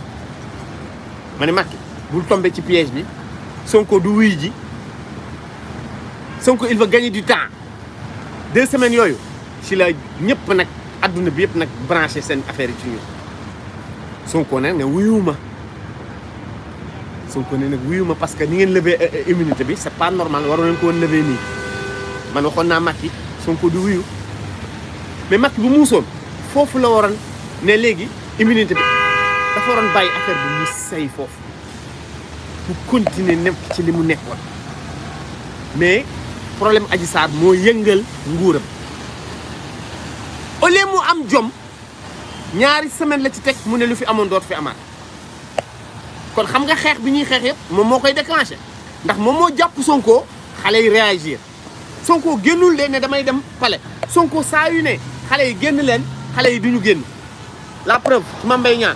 mané ne Macky bul tombé ci piège bi Sonko du wuy ji Sonko il va gagner du temps deux semaines yoyu ci la ñepp nak aduna bi yëpp nak brancher sen affaire yi ci ñu Sonko nag ne wuyuma Sonko ne nak wuyuma parce que ni ngeen lever euh, euh, immunité bi c'est pas normal waro leen ko woon lever ni man waxoon na Macky Sonko du wuyu mais Macky bu muusoon fofu la waroon ne légui immunité bi dafa waroon bàyyi affaire bi mu say foofu bu continuer nekk ci li mu nekkoon mais problème Adji Sarr moo yëngal nguuram au lieu mu am jom ñaari semaine la ci teg mu ne lu fi amoon dootu fi amaat kon xam nga xeex bi ñuy xeex moom moo koy déclenché ndax moom moo jàpp Sonko xale yi réagir Sonko génnul leen ne damay dem pale Sonko saa yu ne xale yi génn leen xale yi ñu génn la preuve Mame Mbaye Niang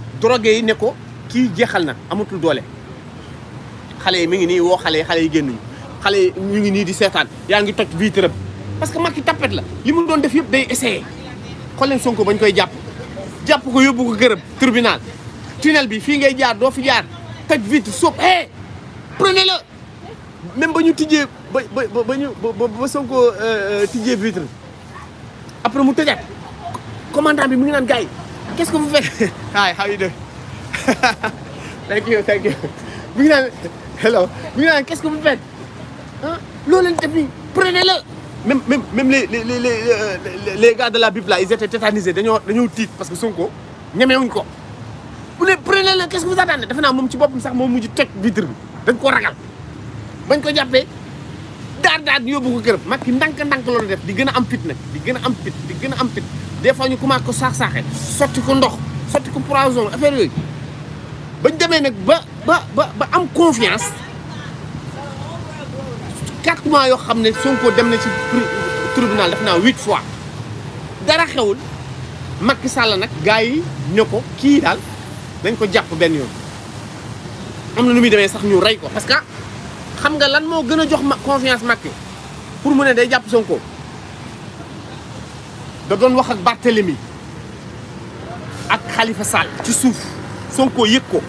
drogué yi neko ki kii na amatul doole xalé yi mi ngi ni wo xalé xalé yi génnuñu yi ngi ni di seetaan ya ngi tok vitre parce que makki tapet la limu doon def yeb day essayer xool Sonko bañ koy japp japp ko yóbbu ko gërëm tribunal tunnel bi fi ngay jaar do fi jaar toj vitre sop eh prenez le même bañu ñu bañu ba ba ba ñu Sonko euh, euh, vitre après mu tejat commandant bi mu ngi nan gars Qu'est-ce que vous faites? Hi, how you doing? thank you, thank you. hello qu'est-ce que vous faites? Hein? prenez-le. même euh, les gars de la Bible, ils étaient tétanisés Ils ont parce que Sonko ils ko. prenez-le qu'est-ce que vous attendez des fois ñu commencé ko saax-saaxe sotti ko ndox sotti ko poison affaire yooyu bañ demee nag ba ba ba ba am confiance quatre mois yoo xam ne Sonko dem na ci tribunal daf naa huite fois dara xewul Macky sàll nag gars yi ne ko kii daal dañ ko jàpp benn yoon am na nu muy demee sax ñu rey ko parce que xam nga lan moo gën a jox ma confiance Macky pour mu ne day jàpp Sonko da doon wax ak Barthélemy ak xalifa Sall ci suuf Sonko yëg ko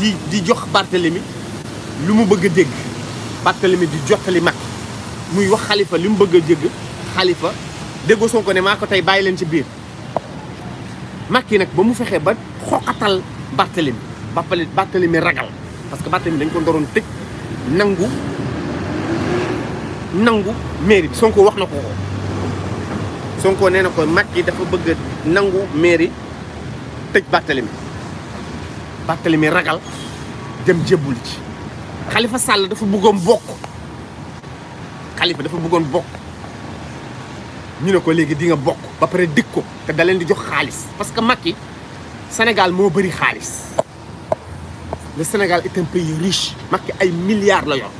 di di jox Barthélemy lu mu bëgg a dégg Barthélemy di jottali mag muy wax xalifa li mu bëgg a dégg Khalifa déggoo Sonko ne maa ko tey bàyyi leen ci biir Macky nag ba mu fexee ba xoqatal Barthélemy ba pare Barthélemy ragal parce que Barthélemy dañ ko ndoroon tëj nangu nangu mairie bi Sonko wax na ko ko Sonko nee na ko Macky dafa bëgg nangu mairie tëj Barthélemy mi ragal dem jébbul ci Khalifa Sall dafa bëggoon bokk Khalifa dafa bëggoon bokk ñu ne ko léegi dinga bokk ba pare dikk ko te da di jox xaalis parce que Macky Sénégal moo bëri xaalis le Sénégal est un pays riche ay milliards la yoon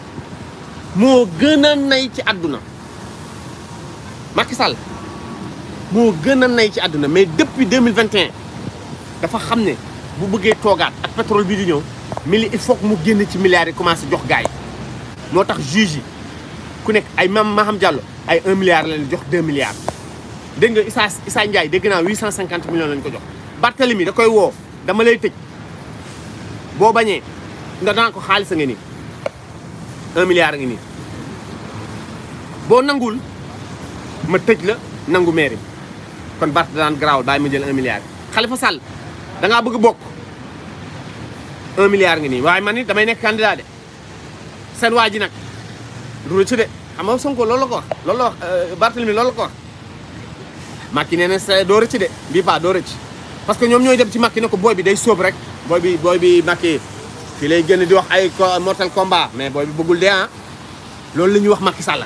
moo gën nay ci àdduna Macky Sall mo gëna nay ci aduna mais depuis 2021 dafa xam bu bëggé toogaat ak pétrole bi di ñëw mili il faut mu gën ci milliards yi commencé jox gaay motax moo juge ku nek ay mam Maham Diallo ay 1 milliard lañ jox 2 milliards dégg nga Issa Issa Ndiaye dégg na 850 millions lañ ko jox Barthélemy da koy wo dama lay tejj bo bañé nga daan ko xaalis nga ni un milliard ngi nii boo nangul ma tëj la nangu mairie kon Bart daan garaawal bàyyi ma jël un milliard Khalifa Sall da ngaa bëgg bokk un milliard ngi nii waaye man damay nekk candidat de seen waa ji nag du rëcc de xam nga Sonko loolu la ko wax loolu la wax euh, Barthélemy loolu la ko wax Macky nee na sa doo rëcc de bii paa doo rëcc parce que ñoom ñooy dem ci Macky ne ko booy bi day soob rek booy bi booy bi Macky fi lay génn di wax ay mortal combat mais boy bi bëggul dé ah loolu la ñuy wax Macky Sall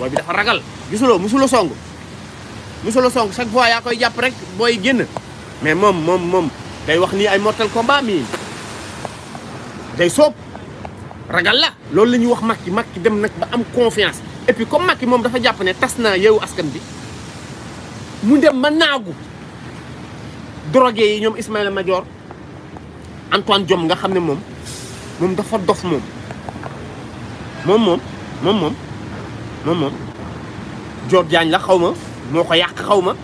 boy bi dafa ragal gisulo musulo song musulo song chaque fois ya koy japp rek boy génn mais mom mom mom, day wax ni ay mortal combat mi day sop ragal la loolu la ñuy wax Macky Macky dem nak ba am confiance et puis comme Macky mom dafa japp né tasna naa askan bi mu dem ma nagu drogué yi ñom Ismaïla Madior Antoine Diome nga xam ne moom moom dafa dof moom moom moom moom moom moom moom Dior Diagne la xaw ma moo ko yàq xaw ma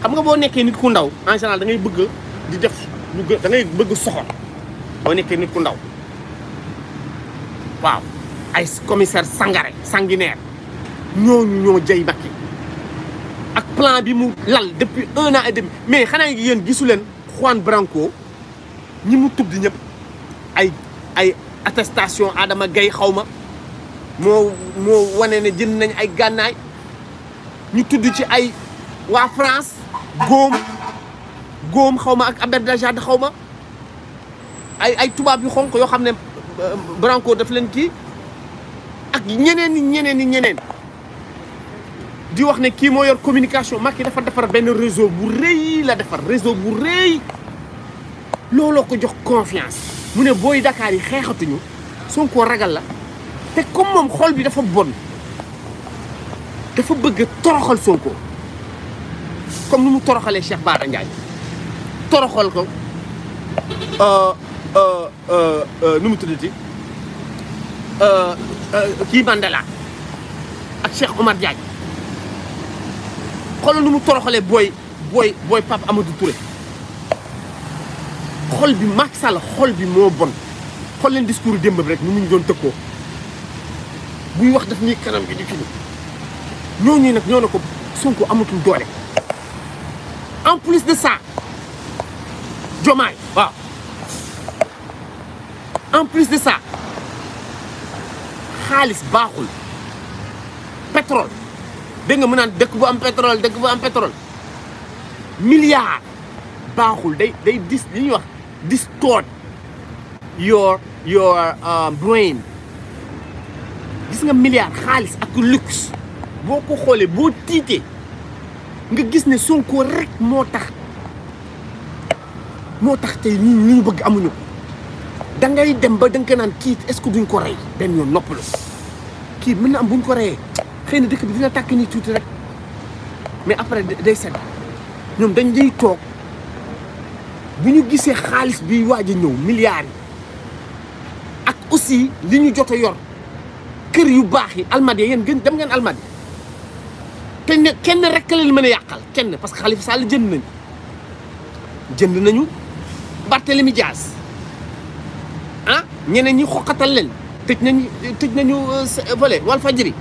xam nga boo nekkee nit ku ndaw en général da ngay bëgg di def lu gën da ngay bëgg soxor boo nekkee nit ku ndaw waaw ay commissaire Sangaré sanguinaire ñooñu ñoo jay Macky ak plan bi mu lal depuis un an et demi mais xanaa yéen gisu leen Juan Branco ñi mu tudd ñëpp ay ay attestation Adama gay xaw ma moo moo wane ne jënd nañ ay gànnaay ñu tudd ci ay waa France góom góom xaw ma ak Aberdajad xaw ma ay ay tubaab yu xonq yoo xam ne euh, Branco def leen kii ak ñeneen ni ñeneen ni ñeneen di wax ne kii mooy yor communication Macky dafa defar benn réseau bu rëy la defar réseau bu rëy qui ko jox confiance vous ne Dakar yi Son ragal la Et comme xol bi bon dafa bëgg toroxal corps..! comme nous, Cheikh Bara Ndiaye toroxal ko euh euh, euh, euh, euh ki Mandela ak Cheikh Omar Diagne Boy.. Boy.. Pape Amadou Touré. xol bi Macky Sall xol bi moo bon xool leen discours démb bi rek mu muñ doon tëkkoo buy wax daf ni kanam gi di ñoo ñooñu nag ñoo ne ko Sonko amatul doole en plus de ça Diomaye waaw en plus de ça xaalis baaxul pétrole dégg nga naan dëkk bu am pétrole dëkk bu am pétrole milliard baaxul day day dis li ñuy wax distort your your um, brain gis nga milliard xaalis ak luxe boko ko bo tité nga gis ne Sonko rek motax motax moo tax tey ñu bëgg amuñu da ngay dem ba da nga Ki kii est ce duñ ko ray ben yoon noppalu ki mën na am buñ ko rayé xeyna dëkk bi dina tak ni tuuti rek mais après day set ñom dañ lay tok bu ñu gisee xaalis biy waaj a ñëw milliards yi ak aussi li ñu jot a yor kër yu baax yi almadi yéen gën dem ngeen almadi te ne kenn rek leen mën a yàqal kenn parce que Khalifa Sall jënd nañu jënd nañu Barthélemy Dias ah ñeneen ñi xoqatal leen tëj nañu tëj nañu euh, volet Walfadjri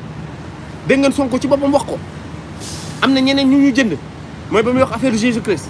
dégg ngeen Sonko ci boppam wax ko am na ñeneen ñu ñu jënd mooy ba muy wax affaire Jésus Christ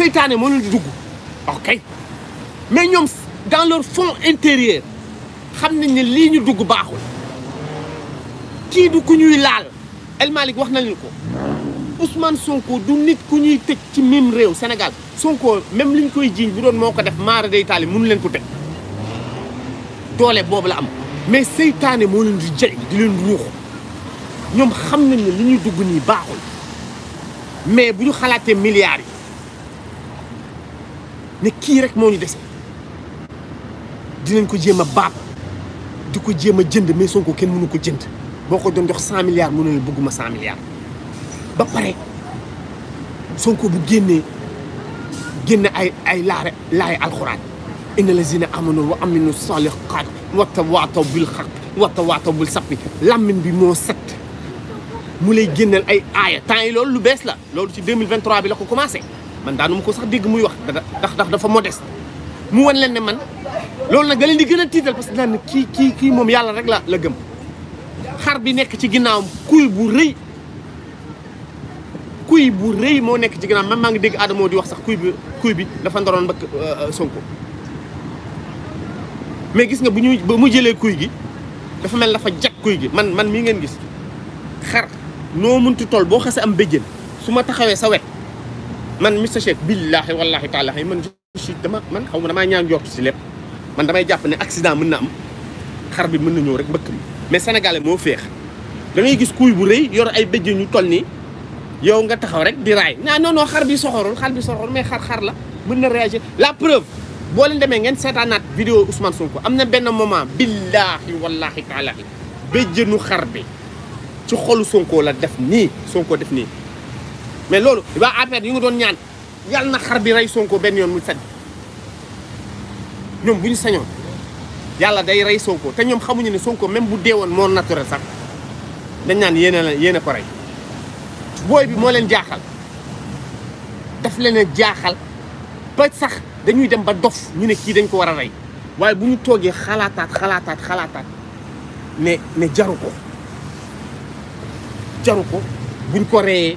seytaane moo leen dugg ok mais ñom dans leur fond intérieur xam ni li ñu dugg baaxul ki du ku ñuy laal El malik wax na ko Ousmane Sonko du nit ku ñuy tëj ci même réew Sénégal Sonko même liñ koy jiiñ bu doon moko def mara day tali mënu leen ko teg doole bobu la am mais seytaane moo leen jël di leen ruux ñom xam ni li ñuy dugg ni baaxul mais buñu xalaté milliards ne kii rek moo ñu dinañ ko jéem a baab ko jéem jënd mais Sonko kenn mënu ko jënd boo ko jox cent milliards mu ne bëgguma cent milliards ba pare Sonko bu génnee génne ay ay laare laay alxuraan inna lazina amanu wa aminu saliqaat wa tawaataw bil xaq wa tawaataw bil sappi làmmiñ bi moo set mu lay génneel ay aaya temps yi loolu lu bees la loolu ci 2023 bi la ko commencé man daanuma ko sax deg muy wax tax tax dafa modeste mu won len ne man lol nak da di gën tital parce que daan ki ki kii moom yàlla rek la la gëm xar bi nek ci ginnaawam kuy bu reuy kuy bu reuy mo nek ci ginnaaw man maa ngi Adamo di wax sax kuy bi kuy bi dafa ndoron bak euh, euh, Sonko mais gis nga bu ñu mu kuy gi dafa mel dafa jak kuy gi man man mi ngeen gis xar no muntu tol bo xasse am béjjén suma taxawé sa wet man Mister Shake billaahi wallaahi taala man je dama man xaw ma damaa ñaan njortu si lépp man damay jàpp ne accident mën na am xar bi mën na ñëw rek mbëkk mi mais sénégalais moo feex da gis kuuy bu rëy yor ay béjjën ñu toll nii yow nga taxaw rek di raay naa non noo xar bi soxorul xar bi soxorul mais xar xar la mën na réagir la preuve boo demee ngeen seetaanaat vidéo Ousmane Sonko am na benn moment billaahi wallaahi taala béjjënu xar bi ci xolu Sonko la def nii Sonko def nii mais loolu waa APR yi nga doon ñaan yàlla na xar bi rey Sonko benn yoon mu sedd ñoom bu ñu sañoon yàlla day rey Sonko te ñoom xamuñu ne Sonko même bu dee woon moo naturel sax dañ naan yéene la yéene ko rey booy bi moo leen jaaxal daf leen a jaaxal ba sax dañuy dem ba dof ñu ne kii dañ ko war a rey waaye bu ñu toogee xalaataat xalaataat xalaataat ne ne jaru ko jaru ko buñ ko reyee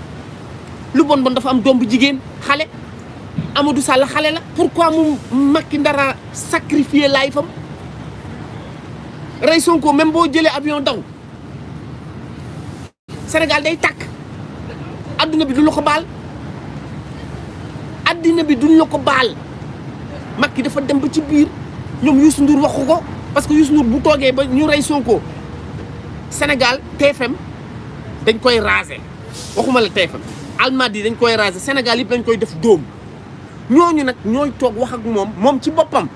lu bon bon dafa am doom jigéen xale Amadou sàll xale la pourquoi mu Macky ndara sacrifier life am rey Sonko même boo jëlee avion daw senegal day takk adduna bi du la ko baal adduna bi duñ la ko baal Macky dafa dem ba ci biir ñoom Youssou Ndour waxu ko parce que Youssou bu toogee ba ñu rey Sonko senegal TFM dañ koy raser waxuma la TFM yi dañ koy raser Sénégal yëpp dañ koy def dóom ñooñu nag ñooy toog wax ak moom moom ci boppam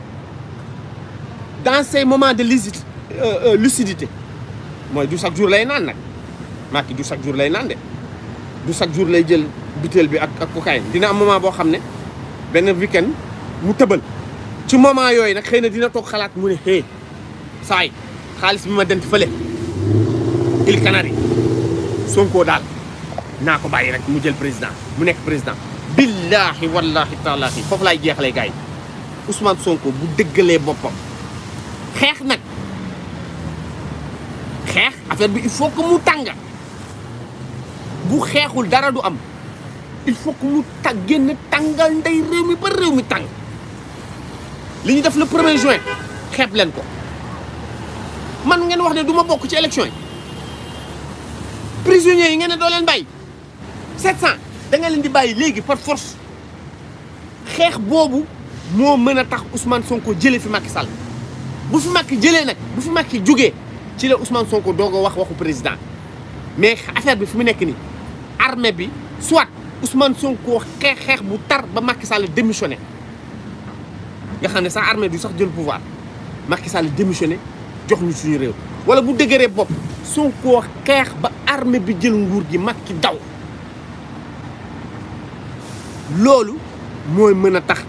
dans ces moments de lucidité euh, euh, mooy du chaque jour lay naan nag Macky du chaque jour lay naan de chaque jour lay jël butéel bi ak ak cocaïne dina am moment boo xam ne benn weekend mu tëbal ci moment yooyu nag xëy na dina toog xalaat mu ne xëy saay xaalis bi ma dent fële il Canari Sonko daal nako baye rek mu jël président mu nek président billahi wallahi taalaahi foofu laay ya, jeexalee gars Ousmane Sonko bu deggalé bopam xex nak xex affaire bi il faut que mu tanga bu xexul dara du am il faut que mu ta génn tàngal ndey réew mi ba réew mi tàng li def le 1er juin xeeb len ko man ngeen wax ne duma bok ci élection yi yi ngeen ne doo leen 700 da nga leen di bàyyi léegi par force xeex boobu moo mën a tax Ousmane Sonko jëlee fi Macky Sall bu fi Macky jëlee nag bu fi Macky jógee ci la Ousmane Sonko doog wax waxu président mais affaire bi fi mu nekk nii armée bi soit Ousmane Sonko xeex xeex bu tar ba makki Sall démissionné nga xam ne sax armée du sax jël pouvoir Macky Sall démissionné jox ñu suñu réew wala bu dëgëree bopp Sonko xeex ba armée bi jël nguur gi Macky daw. loolu moy meuna tax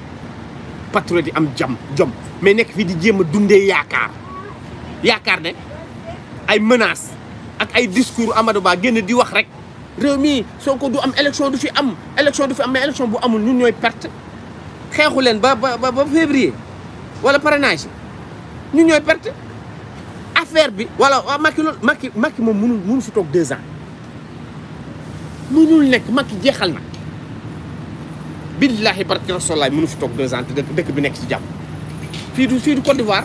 patrouille yi am jam jom mais nek fi di jema dundé yakar Yakar. né ne ay menaces ak ay discours Amadou Ba génn di wax rek rewmi soko du am élection du fi am élection du fi am mais élection bu amul ñun ñoy perte xeexu len ba ba ba février wala parrainage ñun ñoy perte affaire bi wala waa Macky loolu Macky Macky moom mënul mënul fi toog deux ans mënul nek Macky jéxal na billahi barki rasulallah munu fi tok 2 ans te dëkk bi nek ci jàmm fi du fi du Côte d'Ivoire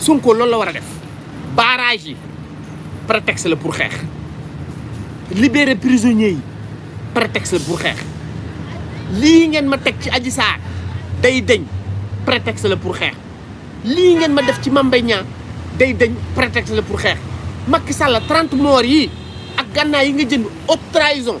Sonko loolu la wara def barrage yi prétexte le pour xex libérer prisonniers yi prétexte le pour xex li ngeen ma tek ci Adji Sarr day deñ prétexte le pour xex li ngeen ma def ci mambay Mbaye day deñ prétexte le pour xex Macky Sall 30 morts yi ak ganna yi nga jënd haute trahison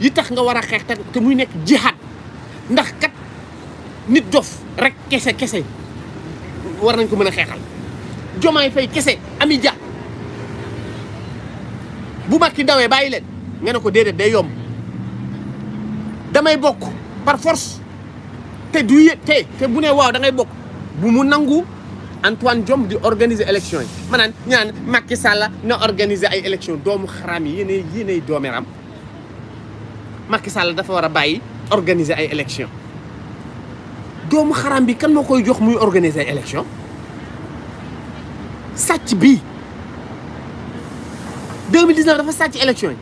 yi tax nga wara xex xeex te muy nek jihad ndax kat nit dof rek kesse kesse war nañ ko mën xexal jomay fay kesse ami ja bu makki dawe bàyyi leen nga ne day yom damay bok par force te du yete te bu ne waw da ngay bok bu mu nangu Antoine Diom di organiser élection manan Nyan, ñaan Macky Sall na organiser ay élection doomu xaraam yi yéenay yéenay doomeram Macky Sall dafa wara bàyyi organiser ay élection doomu xaram bi kan moo jox muy organiser ay élection satch bi 2019 dafa satch élection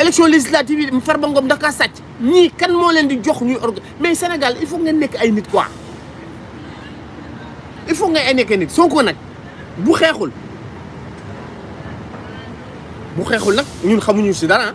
élection législative yi Farba Ngom dafa satch ni kan mo len di jox ñuy org mais Sénégal il faut nga nek ay nit quoi il faut nga ay nek nit Sonko nak bu xexul bu xexul nak ñun xamuñu ci dara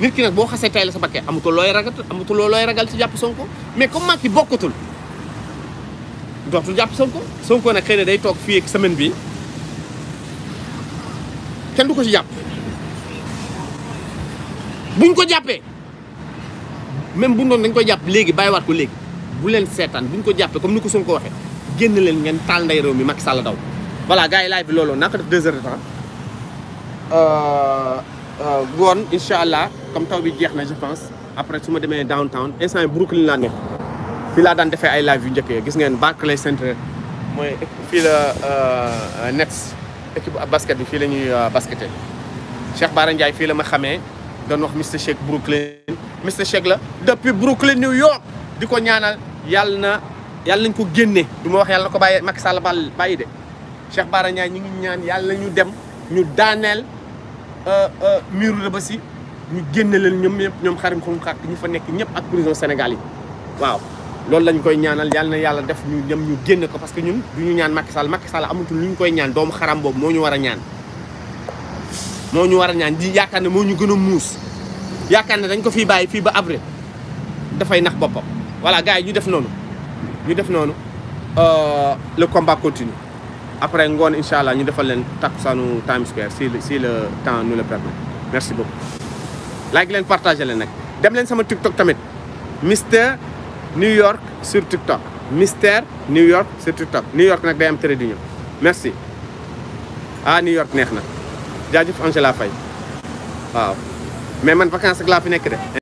nit ki nak bo xasse tay la sa bakkee amatul looy ragal amatul loy ragal ci japp Sonko mais comme Macky bokkatul dootul japp Sonko Sonko nak xeyna day tok fi ak semaine bi kenn du ko ci japp buñ ko jappé même bu ndon dañ ko légui bay wat ko légui bu len seetaan buñ ko jappé comme niko Sonko waxé genn len ngeen tal nday rew mi mak sala daw voilà gaay live lolo nak def heures de temps bon, euh, inshallah, comme taw bi jeex je pense après tout downtown instant Brooklyn la Brooklyn fi la dan ay live Barclays Center la euh, équipe basket bi la euh, Cheikh la ma wax Brooklyn Mr Cheikh, la depuis Brooklyn New York diko ñaanal na ko du wax ko Cheikh ñaan Euh, euh, miiru Rebeuss ñu génne leen ñoom ñëpp ñoom xarim xum ñu fa nekk ñëpp ak prison Sénégal yi waaw loolu lañ koy ñaanal yàlla na yàlla def ñu ñoom ñu génn ko parce que ñun du ñu ñaan Macky Sall Macky Sall amatul lu ñu koy ñaan doomu xaram boobu moo ñu war a ñaan moo ñu war a ñaan di yaakaar ne moo ñu gën a muus yaakaar ne dañ ko fi bàyyi fii ba avril dafay nax boppam voilà gars yi ñu def noonu ñu def noonu euh, le combat continue après ngoon incha allah ñu defal leen takkusaanu Times Square si si le temps nous le permet merci beaucoup. laaj leen partagé leen nag dem leen sama TikTok tamit Mister New York sur TikTok Mister New York sur TikTok New York nag day am trait d'union merci ah New York neex na jaajëf Angela fay waaw mais man vacances ak laa fi nekk de.